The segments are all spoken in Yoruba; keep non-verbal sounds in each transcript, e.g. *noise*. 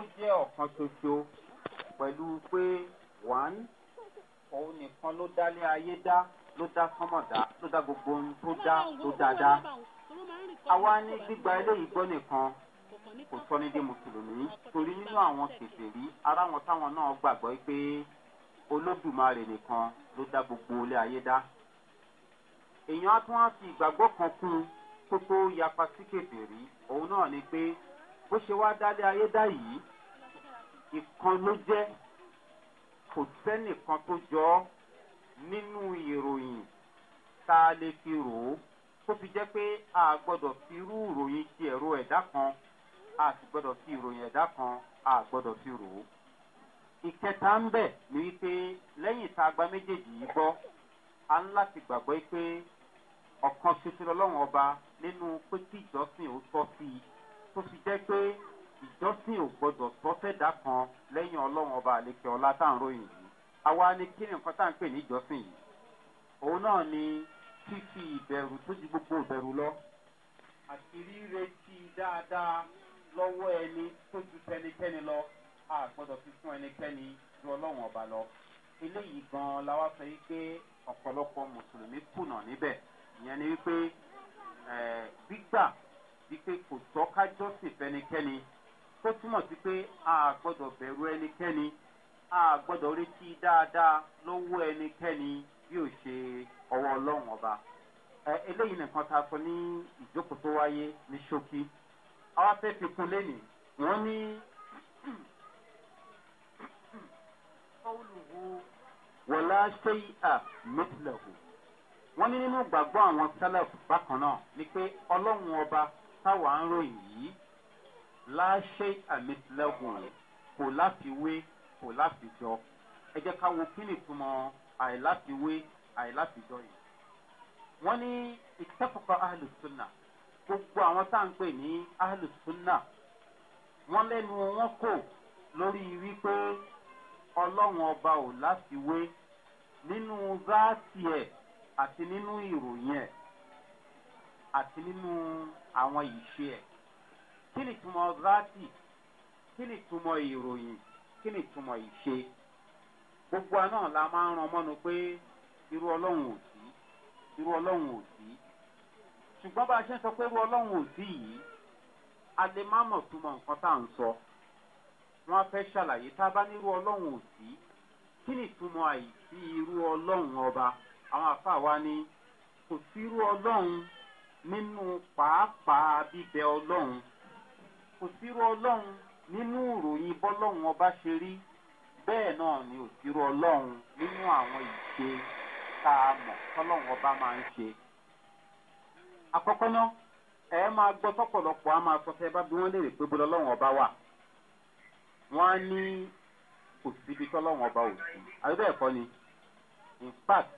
kó jẹ́ ọ̀kan ṣoṣo pẹ̀lú pé one òun nìkan ló dálé ayé dá ló dá sánmọ̀ dá ló dá gbogbo ohun tó dá tó dáadáa. àwa ní gbígba eléyìí gbọ́ nìkan kò sọ ní dé mùsùlùmí torí nínú àwọn kèfèrí ara wọn táwọn náà gbàgbọ́ pé olódùmarè nìkan ló dá gbogbo ilé ayé dá. èèyàn á tún wá fi ìgbàgbọ́ kan kún kó tó yapa sí kèfèrí òun náà ni pé bó ṣe wá dálé ayé dá yìí ìkan ló jẹ́ kò sẹ́nìkan tó jọ ọ́ nínú ìròyìn tá a lè fi rò ó tó fi jẹ́ pé a gbọ́dọ̀ fi irú ìròyìn ti ẹ̀rọ ẹ̀dá kan a sì gbọ́dọ̀ fi ìròyìn ẹ̀dá kan a gbọ́dọ̀ fi rò ó. ìkẹta ń bẹ̀ ni wípé lẹ́yìn tá a gba méjèèjì yìí gbọ́ a ń láti gbàgbọ́ pé ọ̀kan ṣoṣo lọ́lọ́run ọba nínú pé kí ìjọsìn ó tọ́ sí i tó fi jẹ́ pé ìjọsìn ò gbọdọ̀ sọ́fẹ̀dá kan lẹ́yìn ọlọ́run ọba àlekè ọlá tá à ń ròyìn yìí àwa ni kí ni nǹkan tá à ń pè ní ìjọsìn yìí òun náà ni fífi ìbẹ̀rù tó ju gbogbo ìbẹ̀rù lọ àti rírètí dáadáa lọ́wọ́ ẹni tó ju tẹnikẹ́ni lọ a gbọdọ̀ fi fún ẹnikẹ́ni ju ọlọ́run ọba lọ eléyìí gan la wá sọ yìí pé ọ̀pọ̀lọpọ̀ mùsùlùmí kùnà níbẹ̀ ìyẹn ni wípé gbígbà wípé kò tọ́ ká jọ́sìn fẹnikẹ́ni tó túmọ̀ sí pé a gbọ́dọ̀ bẹ̀rù ẹnikẹ́ni a gbọ́dọ̀ retí dáadáa lọ́wọ́ ẹnikẹ́ni bí ó ṣe ọwọ́ ọlọ́run ọba. eléyìí nìkan ta sọ ní ìjókòó tó wáyé ní ṣókí. àwa fẹ́ fi kún lẹ́nì wọ́n ní. wọ́lá ṣe à mẹ́tìlẹ̀ hù. wọ́n ní nínú gbàgbọ́ àwọn sẹ́lẹ̀f bákan náà ni pé ọlọ́run ọba táwa ń ròyìn yìí láṣẹ àmìtìlẹ́gùn kò láfiwé kò láfijọ́ ẹ jẹ́ ká wo kí nìtumọ̀ àìláfiwé àìláfijọ́ yìí. wọ́n ní ìtẹ́kọ̀ọ́ ahlùsùnà gbogbo àwọn tá à ń pè ní ahlùsùnà wọ́n lẹ́nu wọn kò lórí wípé ọlọ́run ọba ò láfiwé nínú záàtì ẹ̀ àti nínú ìròyìn ẹ̀ àti nínú àwọn ìṣe ẹ̀ kí ni túmọ̀ zati kí ni túmọ̀ ìròyìn kí ni túmọ̀ ìṣe gbogbo àná la máa ń ran mọ́nu pé irú ọlọ́run ò sí irú ọlọ́run ò sí ṣùgbọ́n bá a ṣe ń sọ pé irú ọlọ́run ò sí yìí a lè má mọ̀ túmọ̀ nǹkan tá à ń sọ wọ́n á ṣàlàyé tá a bá nírú ọlọ́run ò sí kí ni túmọ̀ àìsí irú ọlọ́run ọba àwọn àfa wa ni kò sí irú ọlọ́run nínú pàápàá bíbẹ ọlọ́run kò sírú ọlọ́run nínú ìròyìn bọ́lọ́run ọba ṣe rí bẹ́ẹ̀ náà ni ò sírú ọlọ́run nínú àwọn ìṣe tá a mọ̀ tọ́lọ́run ọba máa ń ṣe. àkọ́kọ́ náà ẹ máa gbọ́ tọ́pọ̀lọpọ̀ á máa sọ fẹ́ bá bí wọ́n léèrè pé bọ́lọ́ ọlọ́run ọba wà wọ́n á ní kò síbi tọ́lọ́run ọba ò sí àbíbẹ̀ ẹ̀kọ́ ni in fact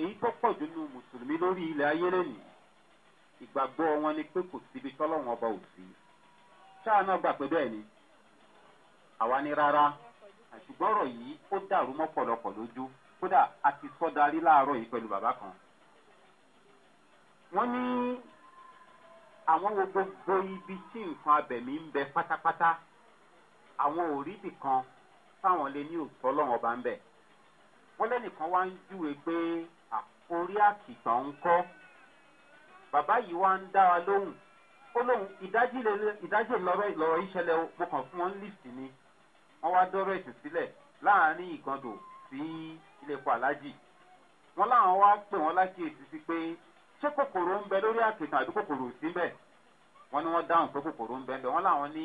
èyí tó pọ̀ jù nínú mùsùlùmí lórí ilẹ̀ ayé lẹ́nìí ìgbàgbọ́ wọn ni pé kò síbi tọ́lọ́wọ́n ọba ò sí ṣáà náà gbà pé bẹ́ẹ̀ ni àwa ni rárá àṣùgbọ́n ọ̀rọ̀ yìí ó dàrú mọ́pọ̀lọpọ̀ lójú kódà a ti sọ darí láàárọ̀ yìí pẹ̀lú bàbá kan. wọ́n ní àwọn wo gbogbo ibi tí nǹkan abẹ̀mí ń bẹ pátápátá àwọn ò kan táwọn lè ní òótọ́ lọ́wọ́n ọba ń bẹ̀. wọ́n lẹ́nìkan wá ń júwe pé àkórí àkìtàn ń kọ́ bàbá yìí wá ń dá wa lóhùn ó lóhùn ìdájí lọ́rọ̀ ìṣẹ̀lẹ̀ mo kàn fún wọn lift ni wọ́n wá dọ́rọ̀ ètò sílẹ̀ láàrin ìgàndò sí ilé epo alájì wọ́n láwọn wá pè wọ́n lákìyèsí sí pé ṣé kòkòrò ń bẹ lórí àkìtàn àbí kòkòrò sí bẹ́ẹ̀ wọ́n ní wọ́n dáhùn pé kòkòrò ń bẹ bẹ́ẹ̀ wọ́n láwọn ní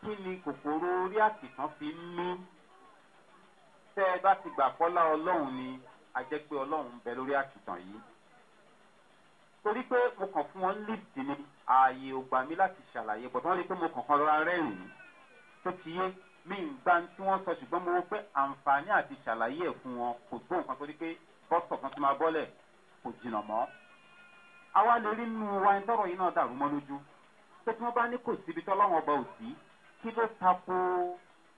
kí ni kòkòrò orí àkìtàn fi ń mí tẹ́ ẹ bá ti gbà kọ́lá ọlọ́run ni a jẹ́ pé ọlọ́run ń bẹ lórí àkìtàn yìí torí pé mo kàn fún wọn lift ni ààyè ò gbà mí láti ṣàlàyé bọ̀ tí wọ́n rí pé mo kàn kan rọra rẹ́rìn-ín tó ti yé mi ń gbá tí wọ́n sọ ṣùgbọ́n mo rò pé àǹfààní àti ṣàlàyé ẹ̀ fún wọn kò tó nǹkan torí pé bọ́sọ̀ kan ti máa bọ́lẹ̀ kò jìnà mọ́. àwa lè rí nínú wa ẹni tọrọ yìí náà dàrú mọ́ lójú pé tí wọ́n bá ní kò síbi tọ́lọ́wọ́n ọba òsì kí ló tako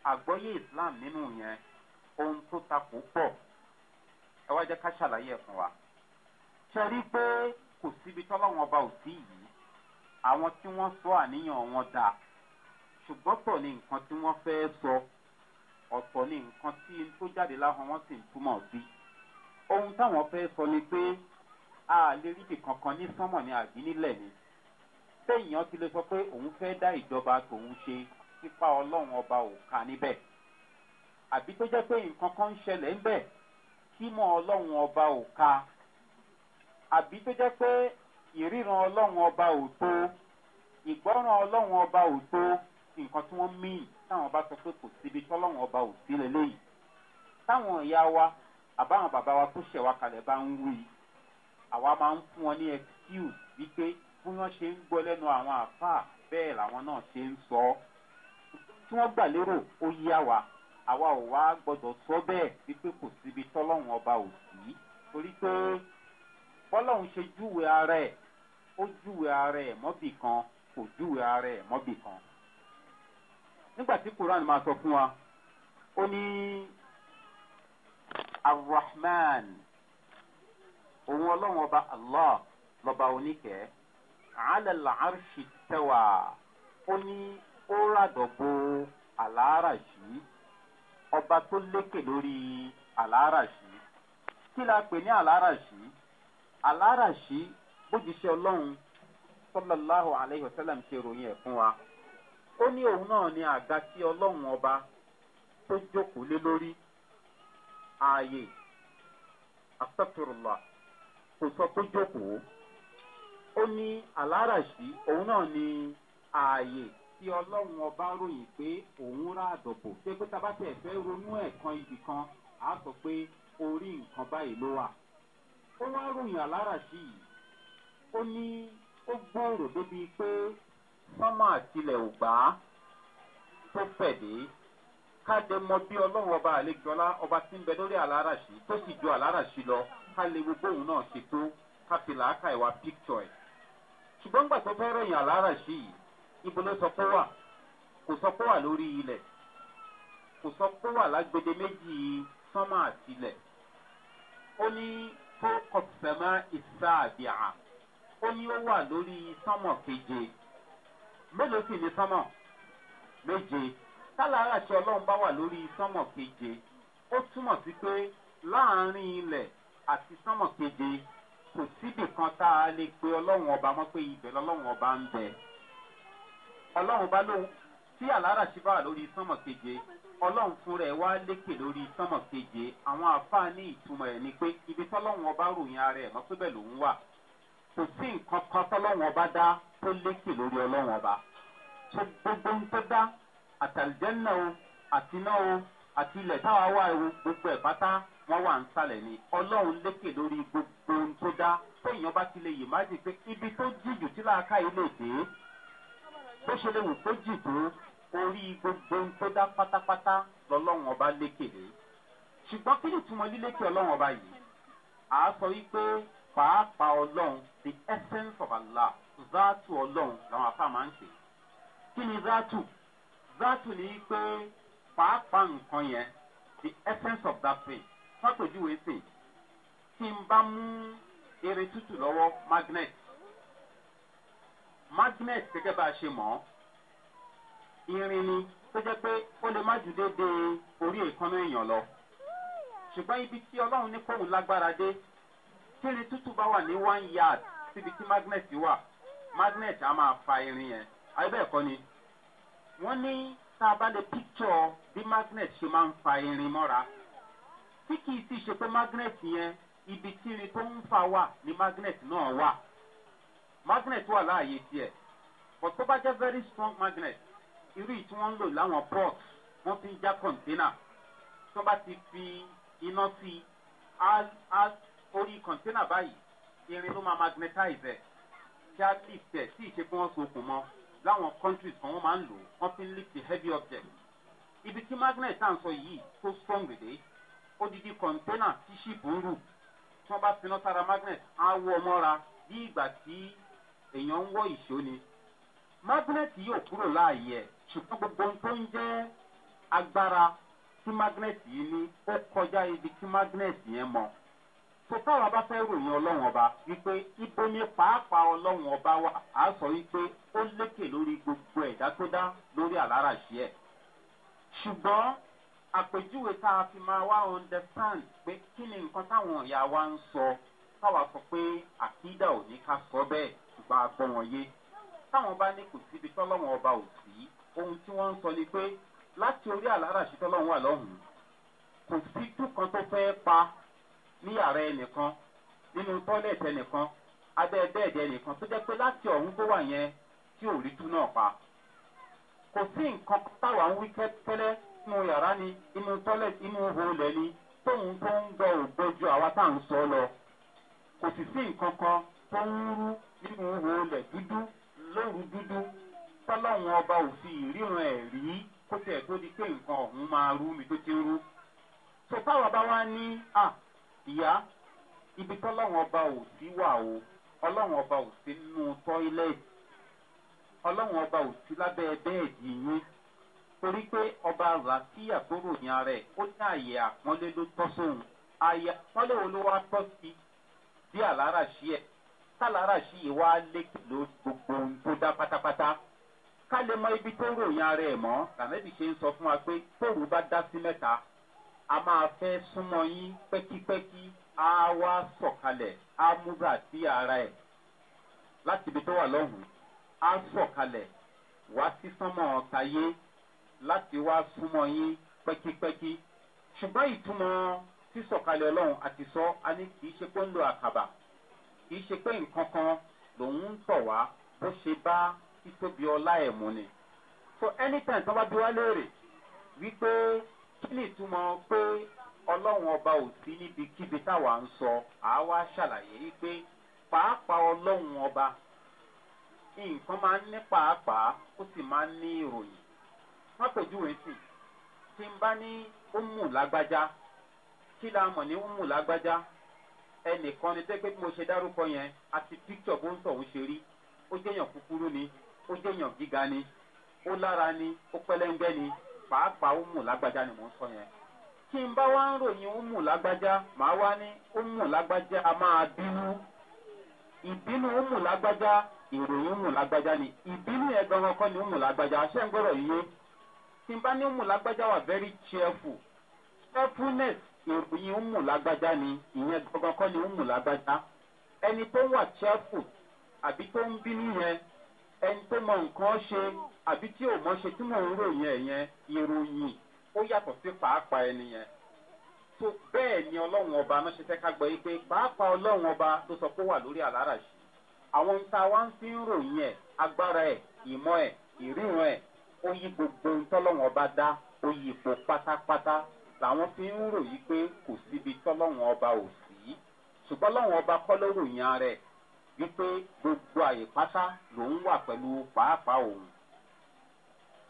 àgbọ́yé islam nínú yẹn ohun tó tako pọ̀ ẹ wá jẹ́ ká ṣàlàyé ẹ̀ fún wa. ṣe rí pé kò síbi tọ́lọ́wọ́n ọba ò sí yìí àwọn tí wọ́n sọ àníyàn wọn dà ṣùgbọ́n tọ̀ ni nǹkan tí wọ́n fẹ́ sọ ọ̀tọ̀ ni nǹkan tí tó jáde láhùn wọn sì ń túmọ̀ sí ohun táwọn fẹ́ sọ ni pé a lè ríbi kankan ní sánmọ̀ ní àbí nílẹ̀ ni téèyàn ti lè sọ pé òun fẹ́ dá ìjọba tòun ṣe pípa ọlọ́run ọba ò ka níbẹ̀ àbí tó jẹ́ pé nǹkan kan ń ṣẹlẹ̀ ń bẹ̀ kí mọ́ ọlọ́run ọba ò ka àbí tó jẹ́ pé ìríran ọlọ́run ọba ò tó ìgbọ́ràn ọlọ́run ọba ò tó nǹkan tí wọ́n mí táwọn bá sọ pé kò síbi tọ́lọ́run ọba ò sí lélẹ́yìí táwọn ìyá wa àbáwọn bàbá wa tó ṣẹ̀wá kalẹ̀ bá ń wí àwa máa ń fún wọn ní excuse wípé bí wọ́n ṣe ń gbọ́ lẹ́nu àwọn àfáà bẹ́ẹ̀ làwọn náà ṣe ń sọ tí wọ́n gbà lérò ó yá wa àwa ò wá gbọ́dọ̀ sọ bẹ́ẹ̀ wípé kò síbi tọ́lọ́run ọba ò sí torí pé bọ́lọ́hún ṣe júwe ara ẹ̀ ó júwe ara ẹ̀ mọ́bì kan kò júwe ara ẹ̀ mọ́bì kan. nígbà tí quran máa sọ fún wa ó ní arrahman òun ọlọ́run ọba allah lọ́ba oníkẹ́ alẹ́lá arṣi tẹ́wà ó ní ó ràdọ̀gbò àlàáràṣí ọba tó lékè lórí àlàáràṣí kí la pè ní àlàáràṣí aláràṣí bójúṣe ọlọ́run sọlọ́láhùn aláìhùsálàm ṣe ròyìn ẹ̀ fún wa ó ní òun náà ni àga tí ọlọ́run ọba tó jókòó lé lórí ààyè asọ́tòrùlà kò sọ tó jókòó ó ní aláràṣí òun náà ni ààyè tí ọlọ́run ọba ròyìn pé òun rà àdọ̀bò ṣé pé tabatẹ̀ fẹ́ ronú ẹ̀kan ibì kan àá sọ pé orí nǹkan báyìí ló wà wọ́n wá ròyìn aláràṣí yìí ó ní ó gbòòrò débi pé sánmà àtilẹ̀ ò gbà á tó pẹ̀dé káde mọ bí ọlọ́run ọba àlejòọlá ọba tí ń bẹ lórí aláràṣí tó sì ju aláràṣí lọ ká lè wo bóun náà ṣe tó ká fi làákà ìwà píktọ̀ ẹ̀ ṣùgbọ́n gbà tó fẹ́ ròyìn aláràṣí yìí ibo ló sọ pé wà kò sọ pé wà lórí ilẹ̀ kò sọ pé wà lágbede méjì sánmà àtilẹ̀ ó ní fọ́kọ̀ sẹ́mà ìsáàbíà ó ní ó wà lórí sánmọ̀ keje mélòó sì ni sánmọ̀ méje tálára tí ọlọ́run bá wà lórí sánmọ̀ keje ó túmọ̀ sí pé láàrin ilẹ̀ àti sánmọ̀ keje kò síbì kan tá a lè pe ọlọ́run ọba mọ́ pé ibẹ̀ lọ́lọ́run ọba ń bẹ ọlọ́run bá lóhun tí àlárà ṣe bá wà lórí sánmọ̀ keje ọlọ́run fún rẹ̀ wá lékè lórí sánmọ̀ keje àwọn àfáà ní ìtumọ̀ ẹ̀ ni pé ibi tọ́lọ́run ọba ròyìn ara ẹ̀ mọ́pẹ́bẹ̀ lòún wà kò sí nǹkan kan tọ́lọ́run ọba dá tó lékè lórí ọlọ́run ọba tó gbogbo ń tó dá àtàlìjẹ́nà o àtiná o àti ilẹ̀ táwa wà ewu gbogbo ẹ̀ pátá wọ́n wà ń salẹ̀ ni ọlọ́run lékè lórí gbogbo ń tó dá tó èèyàn bá ti lè yè má jì pé ibi tó jìjù tí láàká yìí lè dé bó ṣe lè wù kó jì tó orí gbogbo ń tó dá pátápátá lọ́lọ́run ọba lékèlé ṣùgbọ́n kí ni túmọ̀ lílékè ọlọ́run ọba yìí à sọ wípé pàápàá ọlọ́run the essence of allah zaatu ọlọ́run làwọn afá máa ń pè kí ni zaatu zaatu ni pé pàápàá nǹkan yẹn the essence of that thing fàpèjúwe sè tí n bá mú eré tútù lọ́wọ́ magnet magnet gẹ́gẹ́ bá a ṣe mọ̀ ọ́ irin ni tó jẹ́ pé ó lè má ju dédé orí èékánná èèyàn lọ. ṣùgbọ́n ibi tí ọlọ́run ní kóhùn lágbára dé tíri tútù bá wà ní one yard síbi tí magnet wà magnet á máa fa irin yẹn àbẹ́ẹ̀ kọ́ ni. wọ́n ní tá a bá lè píkṣọ̀ bí magnet ṣe máa ń fa irin mọ́ra tí kì í sì ṣe pé magnet yẹn ibi tíri tó ń fa wà ni magnet náà wà magnet wà láàyè tiẹ̀ but tó bá jẹ́ very strong magnet irú yìí tí wọ́n ń lò láwọn port wọ́n fi ń já kọ̀ǹténà tí wọ́n bá ti fi iná sí orí kọ̀ǹténà báyìí irin ló máa magnetize ẹ̀ kí á lift ẹ̀ tí ìṣe kí wọ́n sokùn mọ́ láwọn countries kan wọ́n máa ń lò wọ́n fi ń lift heavy object ibi tí magnet tá à ń sọ yìí tó strong dé odidi kọ̀ǹténà tí ṣìpù ń rù tí wọ́n bá finá sára magnet á wọ́ ọmọ́ra bí ìgbà tí èèyàn ń wọ́ ìṣó ni magnet yóò kúrò láàyè ẹ̀ ṣùgbọ́n gbogbo ohun tó ń jẹ́ agbára tí magnet yìí ní ó kọjá ibi tí magnet yẹn mọ tòtò àwọn bá fẹ́ ròyìn ọlọ́run ọba wípé ibo ni pàápàá ọlọ́run ọba wà á sọ wípé ó lékè lórí gbogbo ẹ̀dá tó dá lórí àláràṣí ẹ̀ ṣùgbọ́n àpèjúwe tá a fi máa wá understand pé kí ni nǹkan táwọn ìyá wa ń sọ táwa sọ pé àkídà ò ní ká sọ bẹ́ẹ̀ ṣùgbọ́n a gbọ́ wọn yé táwọn bá ní kò síbi tọ́lọ́wọ́n ọba ò sí ohun tí wọ́n ń sọ ni pé láti orí àlárà ṣiṣẹ́ lọ́hùn wà lọ́hùn kò sí túkan tó fẹ́ pa ní yàrá ẹnìkan nínú tọ́lẹ̀tì ẹnìkan abẹ́ bẹ́ẹ̀dì ẹnìkan tó jẹ́ pé láti ọ̀hún tó wà yẹn tí ò rí tú náà pa kò sí nǹkan táwa ń wí kẹ́tẹ́lẹ́ nínú yàrá ni inú tọ́lẹ̀tì inú olè ni tóun tó ń gbọ́ ògbójú àwa tá à ń sọ lọ kò sì sí nǹkan kan tó ń rú nínú olè dúdú lóru dúdú tọ́lọ́hún ọba ò sì ríran ẹ̀ rí kó tiẹ̀ tó di pé nǹkan ọ̀hún máa rú mi tó ti ń rú. tó táwa bá wá ní à ìyá ibi tọ́lọ́hún ọba ò sí wà o ọlọ́hún ọba ò sí nínú tọ́ílẹ̀tì ọlọ́hún ọba ò sí lábẹ́ bẹ́ẹ̀dì yín torí pé ọba ràkíyà tó ròyìn ara ẹ̀ ó ní àyè àpọ́nlé ló tọ́ sóhun àyè àpọ́nlé wo ló wá tọ́ sí bí àláràṣí ẹ̀ táláràṣí yìí wá lékè lórí gbogbo ohun tó dá pátápátá ká lè mọ ibi tó ròyìn ara ẹ̀ mọ́ làmẹ́bí ṣe ń sọ fún wa pé tóòrù bá dá sí mẹ́ta a máa fẹ́ súnmọ́ yín pẹ́kípẹ́kí á wá sọ̀kalẹ̀ á múra sí ara ẹ̀ láti ibi tó wà lọ́hùn-ún á sọ̀kalẹ̀ wá sí sánmọ́ ọ̀tayé láti wá súnmọ́ yín pẹ́kípẹ́kí ṣùgbọ́n ìtumọ̀ sísọ̀kalẹ̀ ọlọ́run àti sọ a ní kì í ṣe pé ń lo àkàbà kì í ṣe pé nǹkan kan lòun ń tọ̀ wá bó ṣe bá títóbi ọlá ẹ̀ mú ni so anytime tó bá bí wá léèrè wípé kí ni ìtumọ̀ pé ọlọ́run ọba ò sí níbi kíbi táwa ń sọ àwa ṣàlàyé wípé pàápàá ọlọ́run ọba nǹkan máa ń ní pàápàá ó sì máa ń ní ìròyìn wọ́n pèjúwe sí tí n bá ní ọmú lágbájá kí la mọ̀ ní ọmú lágbájá ẹnìkan ni tẹ́gbẹ́ bí mo ṣe dárúkọ yẹn àti píkítọ̀ bó ń sọ̀hún ṣe rí ó jẹ́yàn kúkúrú ni ó jẹ́yàn gíga ni ó lára ni ó pẹ́lẹ́ńgbẹ́ ni pàápàá ó mú lágbájá ni mò ń sọ yẹn kí n bá wá ń ròyìn ó mú lágbájá màá wá ní ó mú lágbájá a máa bínú ìbínú ó mú lágbájá ìròyìn ó mú lágbájá ni ìbínú yẹn gan kọ́ ni ó mú lágbájá ṣé ń gbọ́dọ̀ yíyé tí n bá ní ó mú lágbájá wà very cheerful cheerfulness ìròyìn ó mú lágbájá ni ìyẹn gan-an kọ́ ni ó mú lágbájá ẹni tó wà cheerful àbí tó ń bínú yẹn ẹni tó mọ nǹkan ṣe àbí tí ò mọ ṣe tí mò ń ròyìn ẹ̀ yẹn ìròyìn ó yàtọ̀ sí pàápàá ẹni yẹn tó bẹ́ẹ̀ ni ọlọ́run ọba náà ṣe fẹ́ ká gbọ́ yí pé pàápàá ọlọ́run ọba tó sọ pé wà lórí àláràṣì àwọn ohun tá a wá ń fi ń ròyìn ẹ̀ agbára ẹ̀ ìmọ̀ ẹ̀ ìríran ẹ̀ ó yí gbogbo ohun tọ́lọ́run ọba dá ó yí ipò pátápátá làwọn fi ń ròyìn pé kò síbi tọ́lọ́run ọba ò sí ṣùgbọ́n ọlọ́run ọba kọ́ ló ara ẹ̀ wípé gbogbo àyè pátá lòún wà pẹ̀lú pàápàá òun.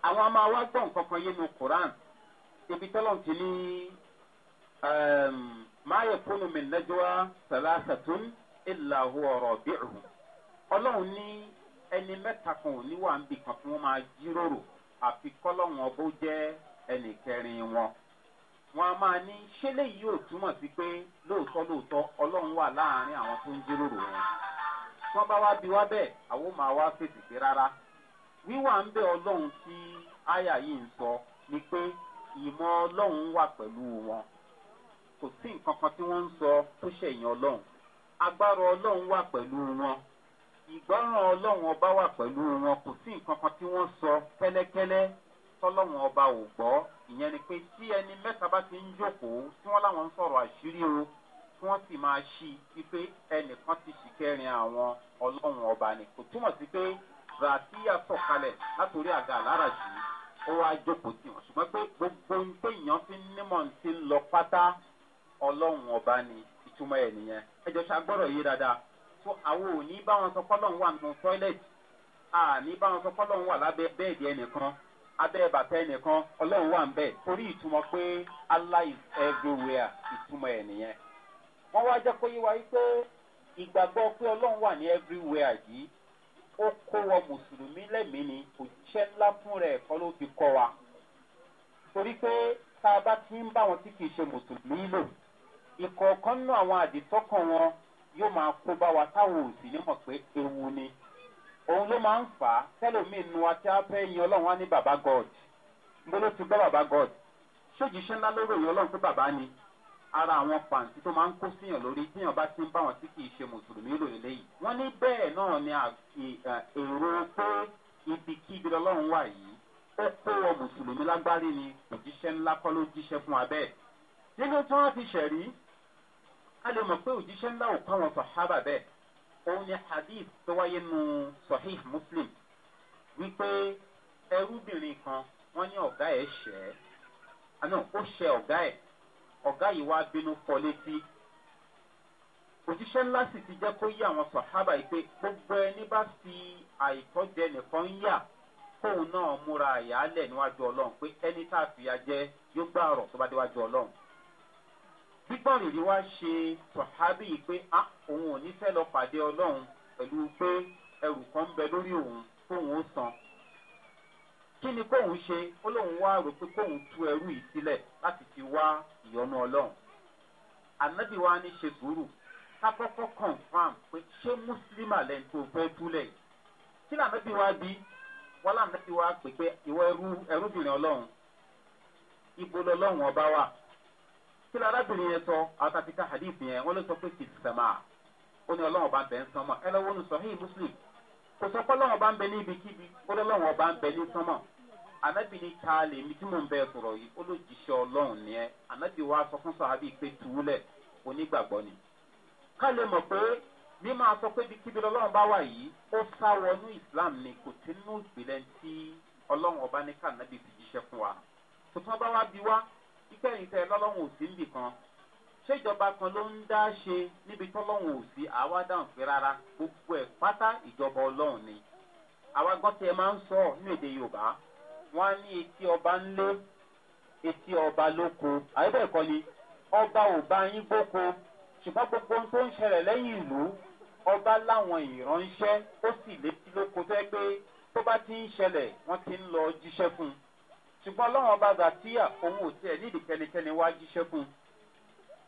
àwọn a máa wá gbọ́ nǹkan kan yé nu quran ibi tọ́lọ̀ ti ní máyè fúnnu mi lẹ́jọ́wá sàlásàtún ìlà ọ̀rọ̀ bíìrù. ọlọ́run ní ẹni mẹ́ta kan ò ní wà ń bì kan fún wọn máa jíròrò àfi kọ́lọ́run ọbó jẹ́ ẹnì kẹrin wọn wọn a máa ní ṣé léyìí yóò túmọ̀ sí pé lóòótọ́ lóòótọ́ ọlọ́run wà láàrin àwọn tó ń jíròrò wọn. tán bá wá bí wá bẹ́ẹ̀ àwọn máa wá fèsì pé rárá wíwà ń bẹ ọlọ́run tí àyà yìí ń sọ ni pé ìmọ̀ ọlọ́run wà pẹ̀lú wọn kò sí nǹkan kan tí wọ́n ń sọ tó ṣẹ̀yìn ọlọ́run agbára ọlọ́run wà pẹ̀lú wọn tí wọ́n sì máa ṣí wípé ẹnìkan ti ṣì kẹrin àwọn ọlọ́run ọba ni kò túmọ̀ sí pé ràtíyà sọ̀kalẹ̀ látòrí àga àlára jù ó wá jókòó tì wọ́n ṣùgbọ́n pé gbogbo ohun tó èèyàn fi nímọ̀ ti lọ pátá ọlọ́run ọba ni ìtumọ̀ ẹ̀ nìyẹn ẹjọ́ ṣá yé dáadáa tó àwọn ò ní bá wọn sọ kọ́lọ́run wà nù tọ́ílẹ̀tì àní bá wọn sọ kọ́lọ́run wà lábẹ́ bẹ́ẹ̀dì ẹnìkan abẹ́ bàtà ẹnìkan ọlọ́run wà ń bẹ̀ torí ìtumọ̀ pé allah is everywhere ìtumọ̀ ẹ̀ nìyẹn wọ́n wá jẹ́ kó wa wípé ìgbàgbọ́ pé ọlọ́run wà ní everywhere yìí ó kó wọ mùsùlùmí lẹ́mìí ni kò ńlá fún rẹ̀ kọ́ ló fi kọ́ wa torí pé tá a bá ti ń bá wọn tí kì í ṣe mùsùlùmí lò ìkọ̀ọ̀kan àwọn àdìtọ́kàn wọn yóò máa kó bá wa táwọn ní mọ̀ pé ewu ni òun ló máa ń fà á nu wa ara àwọn pàǹtí tó máa ń kó síyàn lórí tíyàn bá ti ń bá wọn tí kì í ṣe mùsùlùmí lò lélẹ́yìí wọ́n ní bẹ́ẹ̀ náà ni èrò pé ibikíbi lọ́lọ́run wà yìí ó kó wọ mùsùlùmí lágbárí ni òjíṣẹ́ ńlá kọ́ ló jíṣẹ́ fún wa bẹ́ẹ̀ nínú tí wọ́n ti ṣẹ̀rí a lè mọ̀ pé òjíṣẹ́ ńlá ò kọ́ wọn sọ̀hábà bẹ́ẹ̀ òun ni hadith tó wáyé nu sahih muslim wípé ẹrúbìnrin kan wọ́n ní ọ̀gá ẹ̀ ṣẹ́ àná ah, ó ṣe ọ̀gá ẹ̀ ọ̀gá yìí wá bínú fọ létí òjíṣẹ́ ńlá sì ti jẹ́ kó yí àwọn sọ̀hábà yìí pé gbogbo ẹni bá fi àìtọ́jẹ nìkan ń yà kóun náà múra àyálẹ̀ níwájú ọlọ́run pé ẹni tá a fìyà jẹ yóò gbà ọ̀rọ̀ tó bá déwájú ọlọ́run gbígbọ́n rèé wá ṣe sọ̀hábì yìí pé a ah, òun ò ní fẹ́ lọ pàdé ọlọ́run pẹ̀lú pé ẹrù kan ń bẹ lórí òun tóun ó san kí ni kóun ṣe ó lóun wá rò pé kóun tú ẹrú yìí sílẹ̀ láti fi wá ìyọnu ọlọ́run ànábì wa ní ṣe sùúrù ká kọ́kọ́ confam pé ṣé mùsùlùmá lẹ́nu tó fẹ́ túlẹ̀ kí lànábì wa bí wọn lànábì wa pè pé ìwọ ẹrú ẹrúbìnrin ọlọ́run ibo lọlọ́run ọba wà kí lárábìnrin yẹn sọ àtàtìkà hadith yẹn wọn ló sọ pé kìsìtàmà ó ní ọlọ́run ọba bẹ́ẹ̀ sọmọ ẹ lọ́wọ́ nù sọ́hìn muslim kò sọ pé lọ́wọ́ bá ń bẹ ní ibikíbi ó lọ́wọ́ bá ń bẹ ní sánmọ̀ anabi ni taale mi tí mò ń bẹ sọ̀rọ̀ yìí ó ló jíṣẹ́ ọlọ́run ni ẹ anabi wa sọ fún sàábì pé tuulẹ̀ onígbàgbọ́ ni. ká lè pé bí máa sọ pé ibikíbi lọ́wọ́n bá wà yìí ó sá wọnú islam ni kò tí nínú ìpìlẹ̀ tí ọlọ́run ọba ní ká anabi fi jíṣẹ́ fún wa. tuntun bá wá bí wá ikẹ́yìn tẹ lọ́lọ́run ò sí níbì ṣèjọba kan ló ń dá ṣe níbi tọ́lọ́hún ò sí àwa dáhùn pé rárá gbogbo ẹ̀ pátá ìjọba ọlọ́run ni àwa gbọ́ tí ẹ máa ń sọ ní èdè yorùbá wọn á ní etí ọba ńlé etí ọba lóko àyẹ́bẹ̀ẹ́kọ́ ni ọba ò bá yín gbóko ṣùgbọ́n gbogbo ohun tó ń ṣẹlẹ̀ lẹ́yìn ìlú ọba láwọn ìránṣẹ́ ó sì létí lóko tó yẹ pé tó bá ti ń ṣẹlẹ̀ wọ́n ti ń lọ jíṣẹ́ fún un ṣùgbọ́n ọlọ́run ọba gàtíyà òun ò tiẹ̀ nídìí kẹnikẹ́ni wá jíṣẹ́ fún un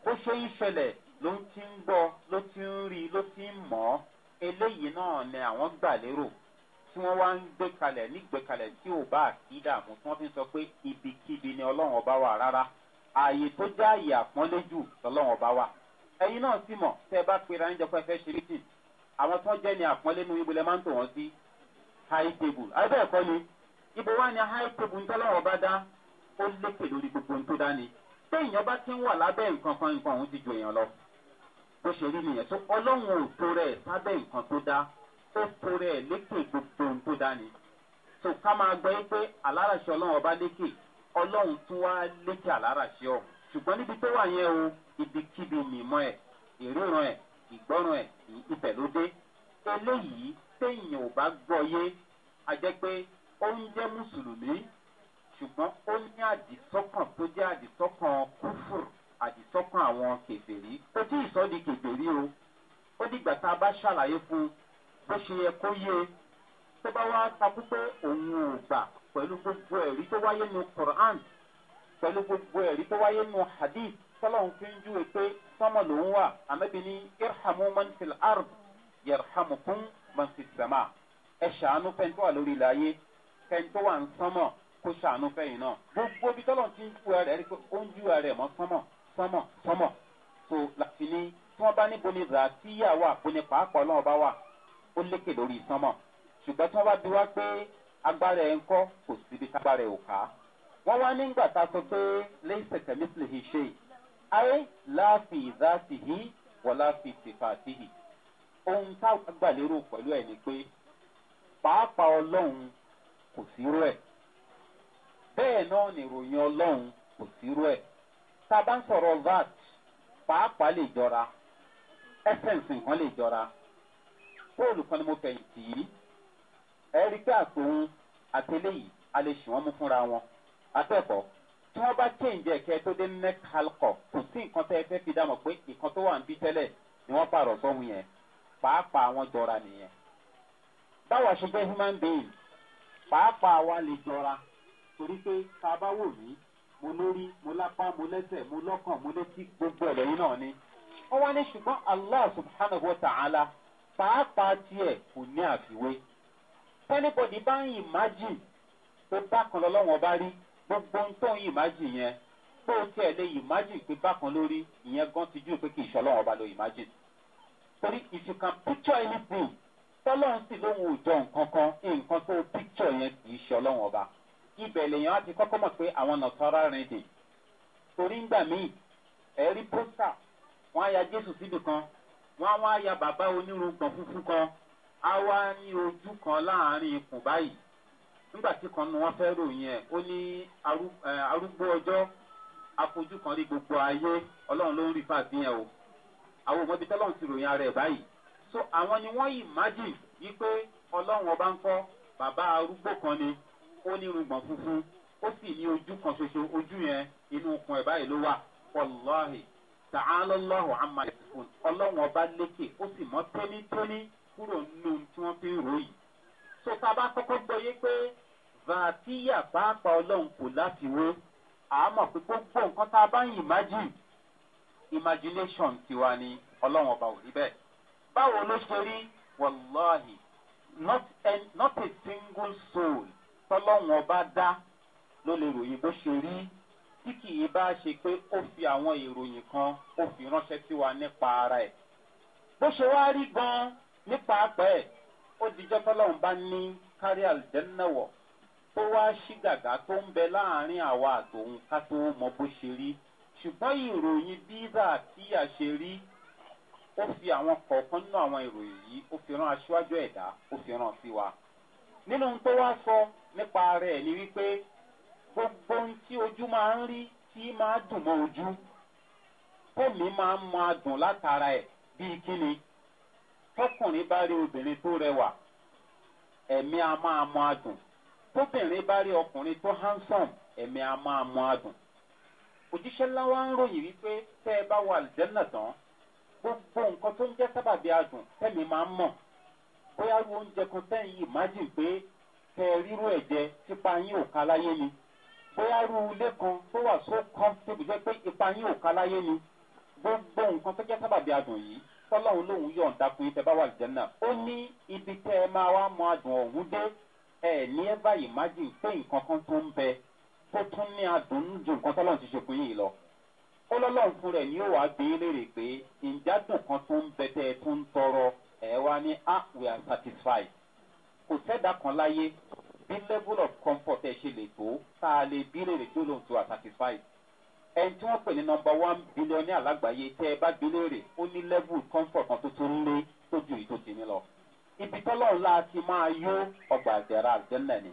ó ṣe ń ṣẹlẹ̀ ló ti ń gbọ́ ló ti ń rí ló ti ń mọ̀ ọ́ eléyìí náà ni àwọn gbà lérò tí wọ́n wá ń gbé kalẹ̀ nígbé kalẹ̀ tí ò bá àkídà mú tí wọ́n fi ń sọ pé ibikíbi ni ọlọ́run ọba wà rárá ààyè tó jẹ́ ààyè àpọ́nlé jù lọ́lọ́run ọba wà ẹ̀yin náà sì mọ̀ tẹ́ ẹ bá pera ń jẹ pé ṣe mítìn àwọn tó jẹ́ ni àpọ́nlé nu ibùdó máa ń tò wọ́n sí high table àbẹ́ ẹ̀kọ́ ni ibo wá ni high table ń tọ́lọ́run ọba dá ó lékè lórí gbogbo ń tó dá ni téèyàn bá ti ń wà lábẹ́ nǹkan kan nǹkan òun ti ju èèyàn lọ bó ṣe rí nìyẹn tó ọlọ́run ò tó rẹ̀ sábẹ́ nǹkan tó dá ó tó rẹ̀ lékè gbogbo ohun tó dá ni tó ká máa gbọ́ yí pé aláràṣẹ ọlọ́run ọba lékè ọlọ́run tún wá lékè aláràṣẹ ọ̀hún ṣùgbọ́n níbi tó wà yẹn o ibikíbi mìmọ́ ẹ̀ ìríran ẹ̀ ìgbọ́ràn ẹ̀ ibẹ̀ ló dé eléyìí téèyàn ò bá gbọ́ yé a jẹ́ pé ó ń jẹ́ mùsùlùmí ṣùgbọ́n ó ní àdìsọ́kàn tó jẹ́ àdìsọ́kàn kúfùr àdìsọ́kàn àwọn kèfèrí kò tí ì sọ́ di kèfèrí o ó dìgbà tá a bá ṣàlàyé fún un bó ṣe yẹ kó yé e tó bá wá takú pé òun ò gbà pẹ̀lú gbogbo ẹ̀rí tó wáyé nu quran pẹ̀lú gbogbo ẹ̀rí tó wáyé nu hadith tọ́lọ́hún fi ń júwe pé sọ́mọ lòún wà àmẹ́bí ní irhamu manfil ard yarhamu fún manfil sama ẹ̀ ṣàánú fẹ́ntọ́ wà lórí wà ń sánmọ̀ kó sànú fẹ́yìn náà gbogbo bí tọ́lọ̀ ti ń ju ẹ̀rẹ̀ rí pé ó ń ju ẹ̀rẹ̀ mọ́ sánmọ̀ sánmọ̀ sánmọ̀ so láti ní tí wọ́n bá níbo ni ràtíyà wà bó ni pàápàá ọlọ́run bá wà ó lékè lórí sánmọ̀ ṣùgbọ́n tí wọ́n bá bí wá pé agbára ẹ̀ ń kọ́ kò síbi tágbára ẹ̀ ò ká wọ́n wá nígbà tá a sọ pé lẹ́sẹ̀ kẹ́mísìlì yìí ṣe ayé láàfin ìdáàtì yìí wọ́n láàfin ìtìfàtì yìí ohun táwọn agbàlérò pẹ̀lú ẹ̀ ni pé pàápàá ọlọ́run kò sí rú bẹ́ẹ̀ náà ni ìròyìn ọlọ́run kò sírú ẹ̀ tá a bá ń sọ̀rọ̀ vat pàápàá lè jọra ẹsẹ̀nsì nǹkan lè jọra póòlù kan ni mo fẹ̀yìntì yìí ẹ rí àtòun àtẹlẹ́yìí a lè ṣì wọ́n mú fúnra wọn àtẹ̀kọ́ tí wọ́n bá kéǹjẹ kẹ́ tó dé mẹ́kálkọ̀ kò sí nǹkan tẹ́ ẹ fẹ́ fi dámọ̀ pé nǹkan tó wà ń bí tẹ́lẹ̀ ni wọ́n pààrọ̀ sọ́hun yẹn pàápàá wọn jọra nìyẹn báwa ṣe jẹ́ human being pàápàá wa lè jọra torí pé tá a bá wò yìí mo lórí mo lápá mo lẹ́sẹ̀ mo lọ́kàn mo létí gbogbo ẹ̀ náà ni. ó wá ní ṣùgbọ́n allah subhanahu wa ta'ala pàápàá tiẹ̀ kò ní àfiwé. tẹ́lifọ̀dì bá ń imagine pé bákan lọ́lọ́wọ́n bá rí gbogbo ń tó ń imagine yẹn pé ó tiẹ̀ lè imagine pé bákan lórí ìyẹn gan ti jù pé kì í ṣọlọ́wọ́n bá lo imagine. torí if you can picture anything tọ́lọ́run sì lóhun ò jọ nǹkan kan nǹkan tó picture yẹn kì í ṣe ọlọ́run ibẹ̀ lèèyàn á ti kọ́kọ́ mọ̀ pé àwọn nàṣọ́ra rìn dè torí ńgbà míì ẹ̀rí pósítà wọ́n á ya jésù síbi kan wọ́n á wá ya bàbá onírun gbọ̀n funfun kan á wá ní ojú kan láàrin ikùn báyìí nígbà tí kan nu wọn fẹ́ ròyìn ẹ̀ ó ní arúgbó ọjọ́ afojú kan rí gbogbo ayé ọlọ́run ló ń rí fáàbí yẹn o àwọn ọmọbi tọ́lọ́run ti ròyìn ara ẹ̀ báyìí so àwọn ni wọ́n imagine wípé ọlọ́run ọba ń kọ́ bàbá arúgbó kan ni ó ní irungbọ̀n funfun ó sì ní ojú kan ṣoṣo ojú yẹn inú kun ẹ̀ báyìí ló wà wàláhì tààlọ́láhùn àmà ìsìnkún ọlọ́run ọba lékè ó sì mọ́ tónítóní kúrò nínú tí wọ́n fi ń ròyìn. tó ta bá kọ́kọ́ gbọ́yé pé vàtíyà pàápàá ọlọ́run kò láti wé àmọ̀ pé gbogbo nǹkan tá a bá ń imagine imagination tiwa ni ọlọ́run ọba ò rí bẹ́ẹ̀. báwo ló ṣe rí wàláhì not a single soul tọ́lọ́hún ọba dá ló lè ròyìn bó ṣe rí tí kì í bá ṣe pé ó fi àwọn ìròyìn kan ó fi ránṣẹ́ sí wa nípa ara ẹ̀. bó ṣe wá rí gan-an nípa apẹ́ ẹ̀ ó dijọ́ tọ́lọ́hún bá ní kárí àlùjẹ́nàwọ̀ tó wá ṣí gàgà tó ń bẹ láàrin àwa àtòun ká tó mọ bó ṣe rí ṣùgbọ́n ìròyìn bíbà tí a ó fi àwọn kọ̀ọ̀kan nínú àwọn ìròyìn yìí ó fi ran aṣíwájú ẹ̀dá ó fi ran sí wa. nínú tó wá sọ nípa rẹ̀ ni wípé gbogbo ohun tí ojú máa ń rí tí máa dùn mọ́ ojú kómi máa ń máa dùn látara ẹ̀ bíi kíni tọkùnrin bá rí obìnrin tó rẹwà ẹ̀mí a máa máa dùn tóbìnrin bá rí ọkùnrin tó handsome ẹ̀mí a máa máa dùn òjíṣẹ́ ńlá ń ròyìn wípé tẹ́ ẹ bá wà àlùjẹ́nà tán gbogbo nǹkan tó ń jẹ́ sábàbí adùn tẹ́mi máa ń mọ̀ bóyá oúnjẹ kan tẹ́yìn imagine pé tẹ rírú ẹ̀jẹ̀ tipa yín oka ká láyé ni bóyá rú ilé kan tó wà so comfortable jẹ́ pé ipa yín oka ni gbogbo nǹkan tó jẹ́ sábàbí adùn yìí tọ́lọ́hún lòun yọ̀ǹda fún yín ibi tẹ́ ẹ máa wá mọ adùn ọ̀hún dé ẹ ní ẹ báyìí májì pé nǹkan kan tó ń bẹ tó tún ní adùn ju nǹkan tọ́lọ́hún ti pé ìjádùn kan tó ń bẹ tẹ́ ẹ wá ní ah we are satisfied kò sẹ́dá kan láyé bí level of comfort ẹ ṣe lè tó tá a lè bí lèrè tó lòun tó a satisfied ẹni tí wọ́n pè ní number one billionaire lágbàáyé tẹ́ ẹ bá bí lèrè ó ní level comfort kan tó tó ń lé tó ju èyí tó ti ní lọ ibi tọ́lọ́ ńlá ti máa yó ọgbà àjẹrà àjẹlẹ̀ ni